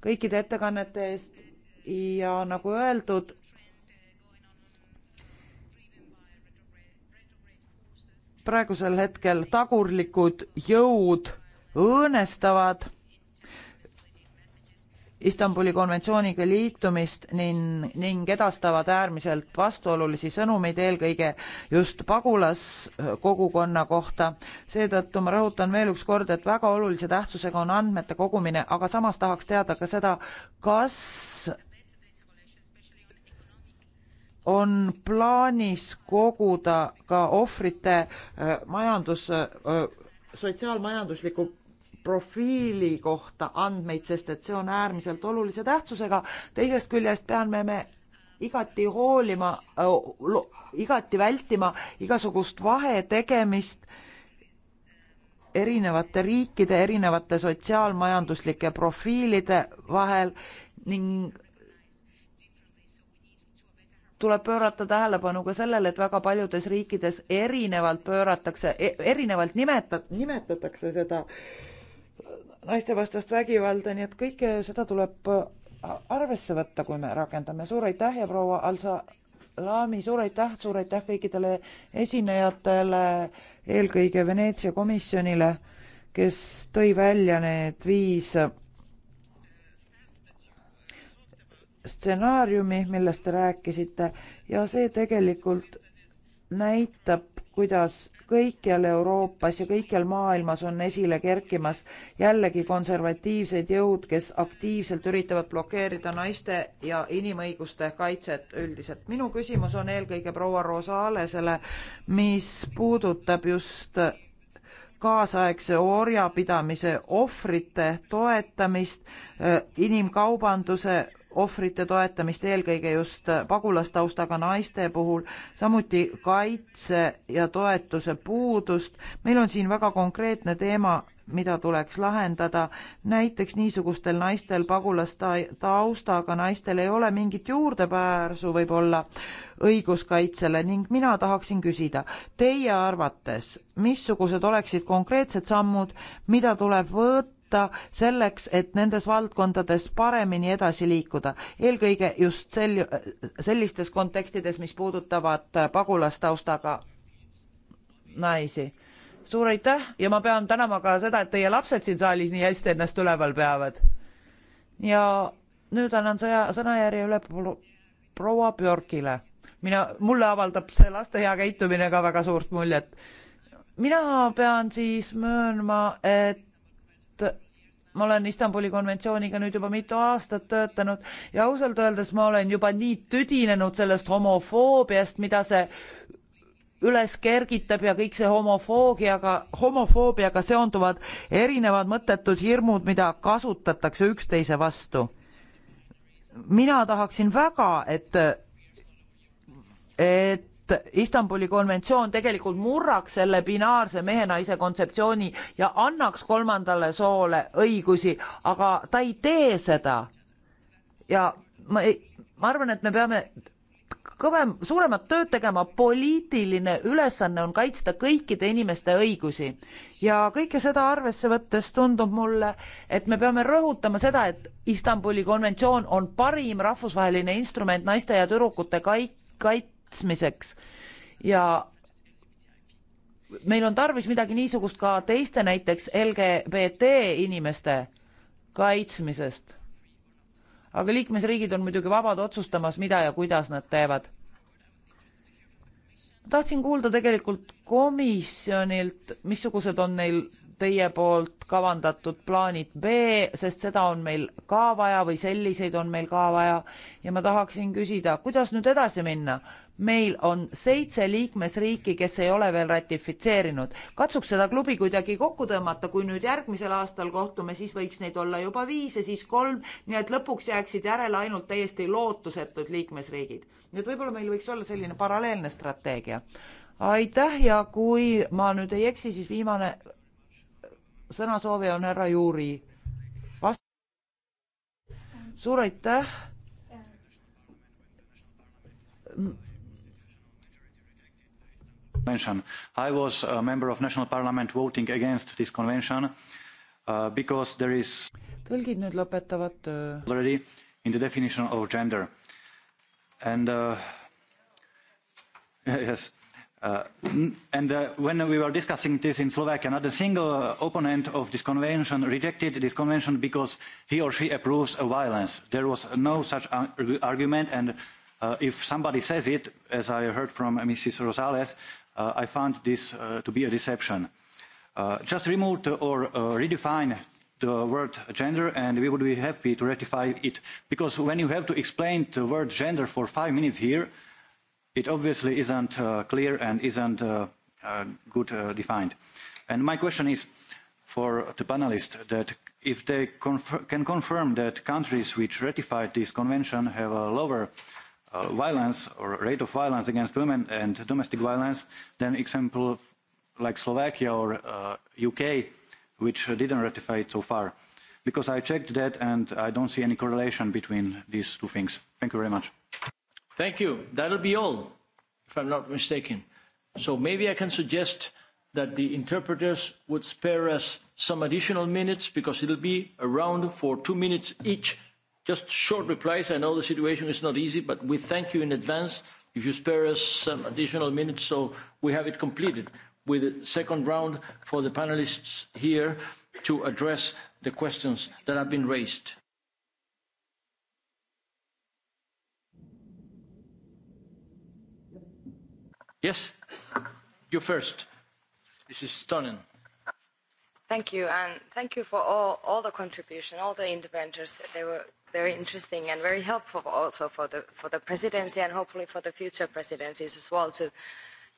kõikide ettekannete eest ja nagu öeldud, praegusel hetkel tagurlikud jõud õõnestavad Istanbuli konventsiooniga liitumist ning, ning edastavad äärmiselt vastuolulisi sõnumeid eelkõige just pagulaskogukonna kohta. seetõttu ma rõhutan veel üks kord, et väga olulise tähtsusega on andmete kogumine, aga samas tahaks teada ka seda, kas on plaanis koguda ka ohvrite äh, majandus, äh, sotsiaalmajanduslikku profiili kohta andmeid, sest et see on äärmiselt olulise tähtsusega. teisest küljest peame me igati hoolima äh,, igati vältima igasugust vahetegemist erinevate riikide, erinevate sotsiaalmajanduslike profiilide vahel ning tuleb pöörata tähelepanu ka sellele, et väga paljudes riikides erinevalt pööratakse, e-, erinevalt nimetat-, nimetatakse seda äh, naistevastast vägivalda, nii et kõike seda tuleb äh, arvesse võtta, kui me rakendame. suur aitäh ja proua Alsa Laami, suur aitäh, suur aitäh kõikidele esinejatele, eelkõige Veneetsia komisjonile, kes tõi välja need viis stsenaariumi, millest te rääkisite ja see tegelikult näitab, kuidas kõikjal Euroopas ja kõikjal maailmas on esile kerkimas jällegi konservatiivsed jõud, kes aktiivselt üritavad blokeerida naiste ja inimõiguste kaitset üldiselt. minu küsimus on eelkõige proua Rosaalesele, mis puudutab just kaasaegse orjapidamise ohvrite toetamist, äh, inimkaubanduse ohvrite toetamist eelkõige just pagulastaustaga naiste puhul, samuti kaitse ja toetuse puudust. meil on siin väga konkreetne teema, mida tuleks lahendada. näiteks niisugustel naistel pagulastaustaga naistel ei ole mingit juurdepääsu võib-olla õiguskaitsele ning mina tahaksin küsida teie arvates, missugused oleksid konkreetsed sammud, mida tuleb võtta võtta selleks, et nendes valdkondades paremini edasi liikuda. eelkõige just sel-, sellistes kontekstides, mis puudutavad äh, pagulastaustaga naisi. suur aitäh ja ma pean tänama ka seda, et teie lapsed siin saalis nii hästi ennast üleval peavad. ja nüüd annan sõja, sõnajärje üle proua Björkile. mina, mulle avaldab see laste hea käitumine ka väga suurt muljet. mina pean siis möönma, et ma olen Istanbuli konventsiooniga nüüd juba mitu aastat töötanud ja ausalt öeldes ma olen juba nii tüdinenud sellest homofoobiast, mida see üles kergitab ja kõik see homofoogiaga, homofoobiaga seonduvad erinevad mõttetud hirmud, mida kasutatakse üksteise vastu. mina tahaksin väga, et et Istanbuli konventsioon tegelikult murraks selle binaarse mehe-naise kontseptsiooni ja annaks kolmandale soole õigusi, aga ta ei tee seda. ja ma ei, ma arvan, et me peame kõvem, suuremat tööd tegema, poliitiline ülesanne on kaitsta kõikide inimeste õigusi. ja kõike seda arvesse võttes tundub mulle, et me peame rõhutama seda, et Istanbuli konventsioon on parim rahvusvaheline instrument naiste ja tüdrukute kait-, kait-, kaitsmiseks ja meil on tarvis midagi niisugust ka teiste, näiteks LGBT inimeste kaitsmisest. aga liikmesriigid on muidugi vabad otsustamas, mida ja kuidas nad teevad. tahtsin kuulda tegelikult komisjonilt, missugused on neil teie poolt kavandatud plaanid B, sest seda on meil ka vaja või selliseid on meil ka vaja. ja ma tahaksin küsida, kuidas nüüd edasi minna? meil on seitse liikmesriiki, kes ei ole veel ratifitseerinud. katsuks seda klubi kuidagi kokku tõmmata, kui nüüd järgmisel aastal kohtume, siis võiks neid olla juba viis ja siis kolm, nii et lõpuks jääksid järele ainult täiesti lootusetud liikmesriigid. nii et võib-olla meil võiks olla selline paralleelne strateegia aitäh ja kui ma nüüd ei eksi, siis viimane sõnasoove on härra Juuri. Vast-. suur aitäh. Convention. I was a member of national parliament voting against this convention uh, because there is. tõlgid nüüd lõpetavad töö. Already in the definition of gender and uh, yes Uh, and uh, when we were discussing this in Slovakia, not a single uh, opponent of this convention rejected this convention because he or she approves of violence. There was no such ar- argument, and uh, if somebody says it, as I heard from Mrs. Rosales, uh, I found this uh, to be a deception. Uh, just remove the, or uh, redefine the word gender and we would be happy to ratify it because when you have to explain the word gender for five minutes here it obviously isn't uh, clear and isn't uh, uh, good uh, defined. And my question is for the panelists that if they confer can confirm that countries which ratified this convention have a lower uh, violence or rate of violence against women and domestic violence than example like Slovakia or uh, UK which didn't ratify it so far. Because I checked that and I don't see any correlation between these two things. Thank you very much. Thank you. That'll be all, if I'm not mistaken. So maybe I can suggest that the interpreters would spare us some additional minutes because it'll be around for two minutes each. Just short replies. I know the situation is not easy, but we thank you in advance if you spare us some additional minutes so we have it completed with a second round for the panelists here to address the questions that have been raised. Yes, you first. This is stunning. Thank you, and thank you for all, all the contribution, all the interventors. They were very interesting and very helpful also for the, for the presidency and hopefully for the future presidencies as well to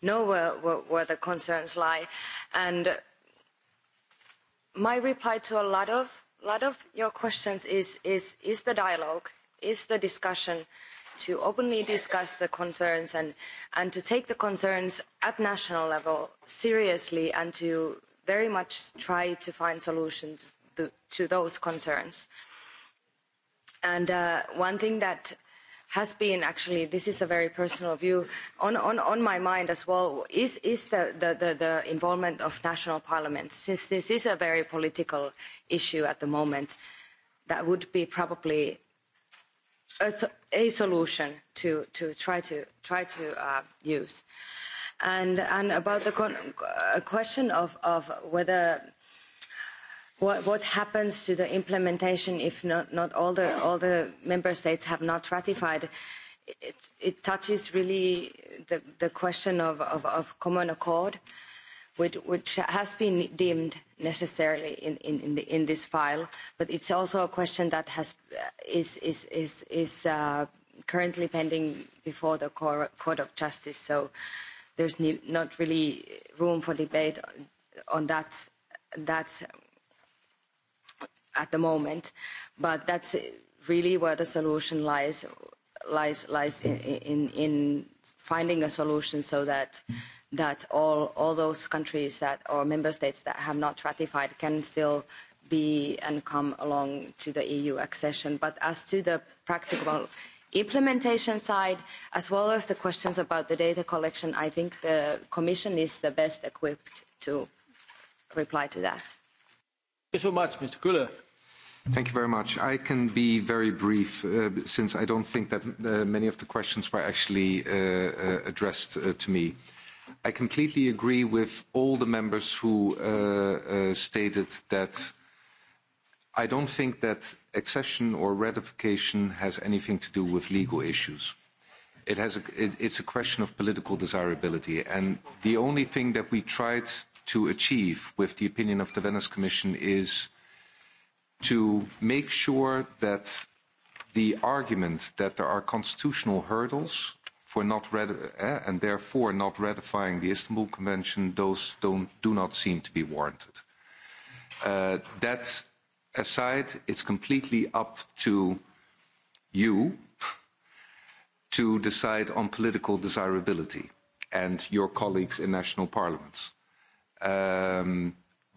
know where, where, where the concerns lie. And my reply to a lot of, lot of your questions is, is, is the dialogue, is the discussion, to openly discuss the concerns and, and to take the concerns at national level seriously and to very much try to find solutions to, to those concerns. And uh, one thing that has been actually this is a very personal view on, on, on my mind as well is, is the, the, the, the involvement of national parliaments since this is a very political issue at the moment that would be probably a, a solution to, to try to, try to uh, use. And, and about the con- uh, question of, of whether what, what happens to the implementation if not, not all, the, all the member states have not ratified, it, it touches really the, the question of, of, of common accord. Uh, which, which has been deemed necessarily in, in, in, the, in this file, but it's also a question that has, uh, is, is, is, is uh, currently pending before the Court of Justice, so there's not really room for debate on that, that at the moment. But that's really where the solution lies, lies, lies in, in, in finding a solution so that that all all those countries that or member states that have not ratified can still be and come along to the EU accession. But as to the practical implementation side, as well as the questions about the data collection, I think the Commission is the best equipped to reply to that. Thank you so much, Mr. Kuller. Thank you very much. I can be very brief, uh, since I don't think that uh, many of the questions were actually uh, uh addressed uh, to me. I completely agree with all the members who uh, stated that I don't think that accession or ratification has anything to do with legal issues. It has a, it, it's a question of political desirability, and the only thing that we tried to achieve with the opinion of the Venice Commission is to make sure that the argument that there are constitutional hurdles for not rati- eh, and therefore not ratifying the Istanbul Convention, those don't, do not seem to be warranted. Uh, that aside, it's completely up to you to decide on political desirability and your colleagues in national parliaments. Um,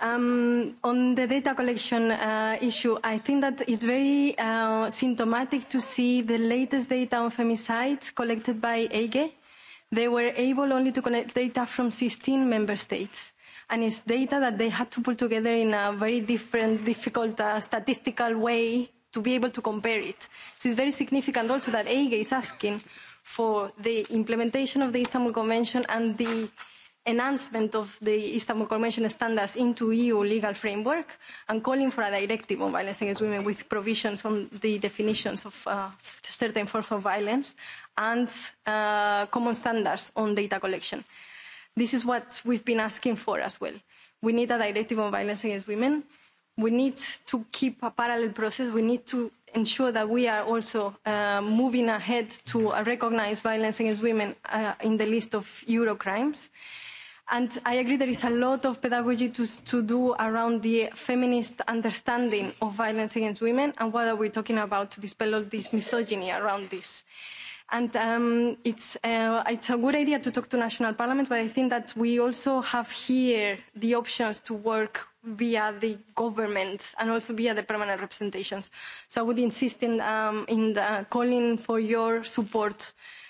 Um, on the data collection uh, issue, I think that it's very uh, symptomatic to see the latest data on femicides collected by EIGE. They were able only to collect data from 16 member states. And it's data that they had to pull together in a very different, difficult uh, statistical way to be able to compare it. So it's very significant also that EIGE is asking for the implementation of the Istanbul Convention and the enhancement of the Istanbul Convention standards into EU legal framework and calling for a directive on violence against women with provisions on the definitions of uh, certain forms of violence and uh, common standards on data collection. This is what we've been asking for as well. We need a directive on violence against women. We need to keep a parallel process. We need to ensure that we are also uh, moving ahead to uh, recognize violence against women uh, in the list of Euro crimes. Uh, And I agree there is a lot of pedagogy to, to do around the feminist understanding of violence against women and what are we talking about to dispel all this misogyny around this. And um, it's, uh, it's a good idea to talk to national parliaments, but I think that we also have here the options to work via the government and also via the permanent representations. So I would insist in, um, in the, uh, calling for your support uh,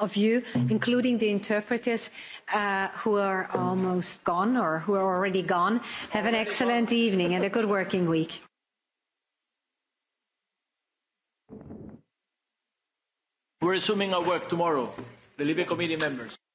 of you, including the interpreters uh, who are almost gone or who are already gone. Have an excellent evening and a good working week. We're resuming our work tomorrow, the Libe Committee members.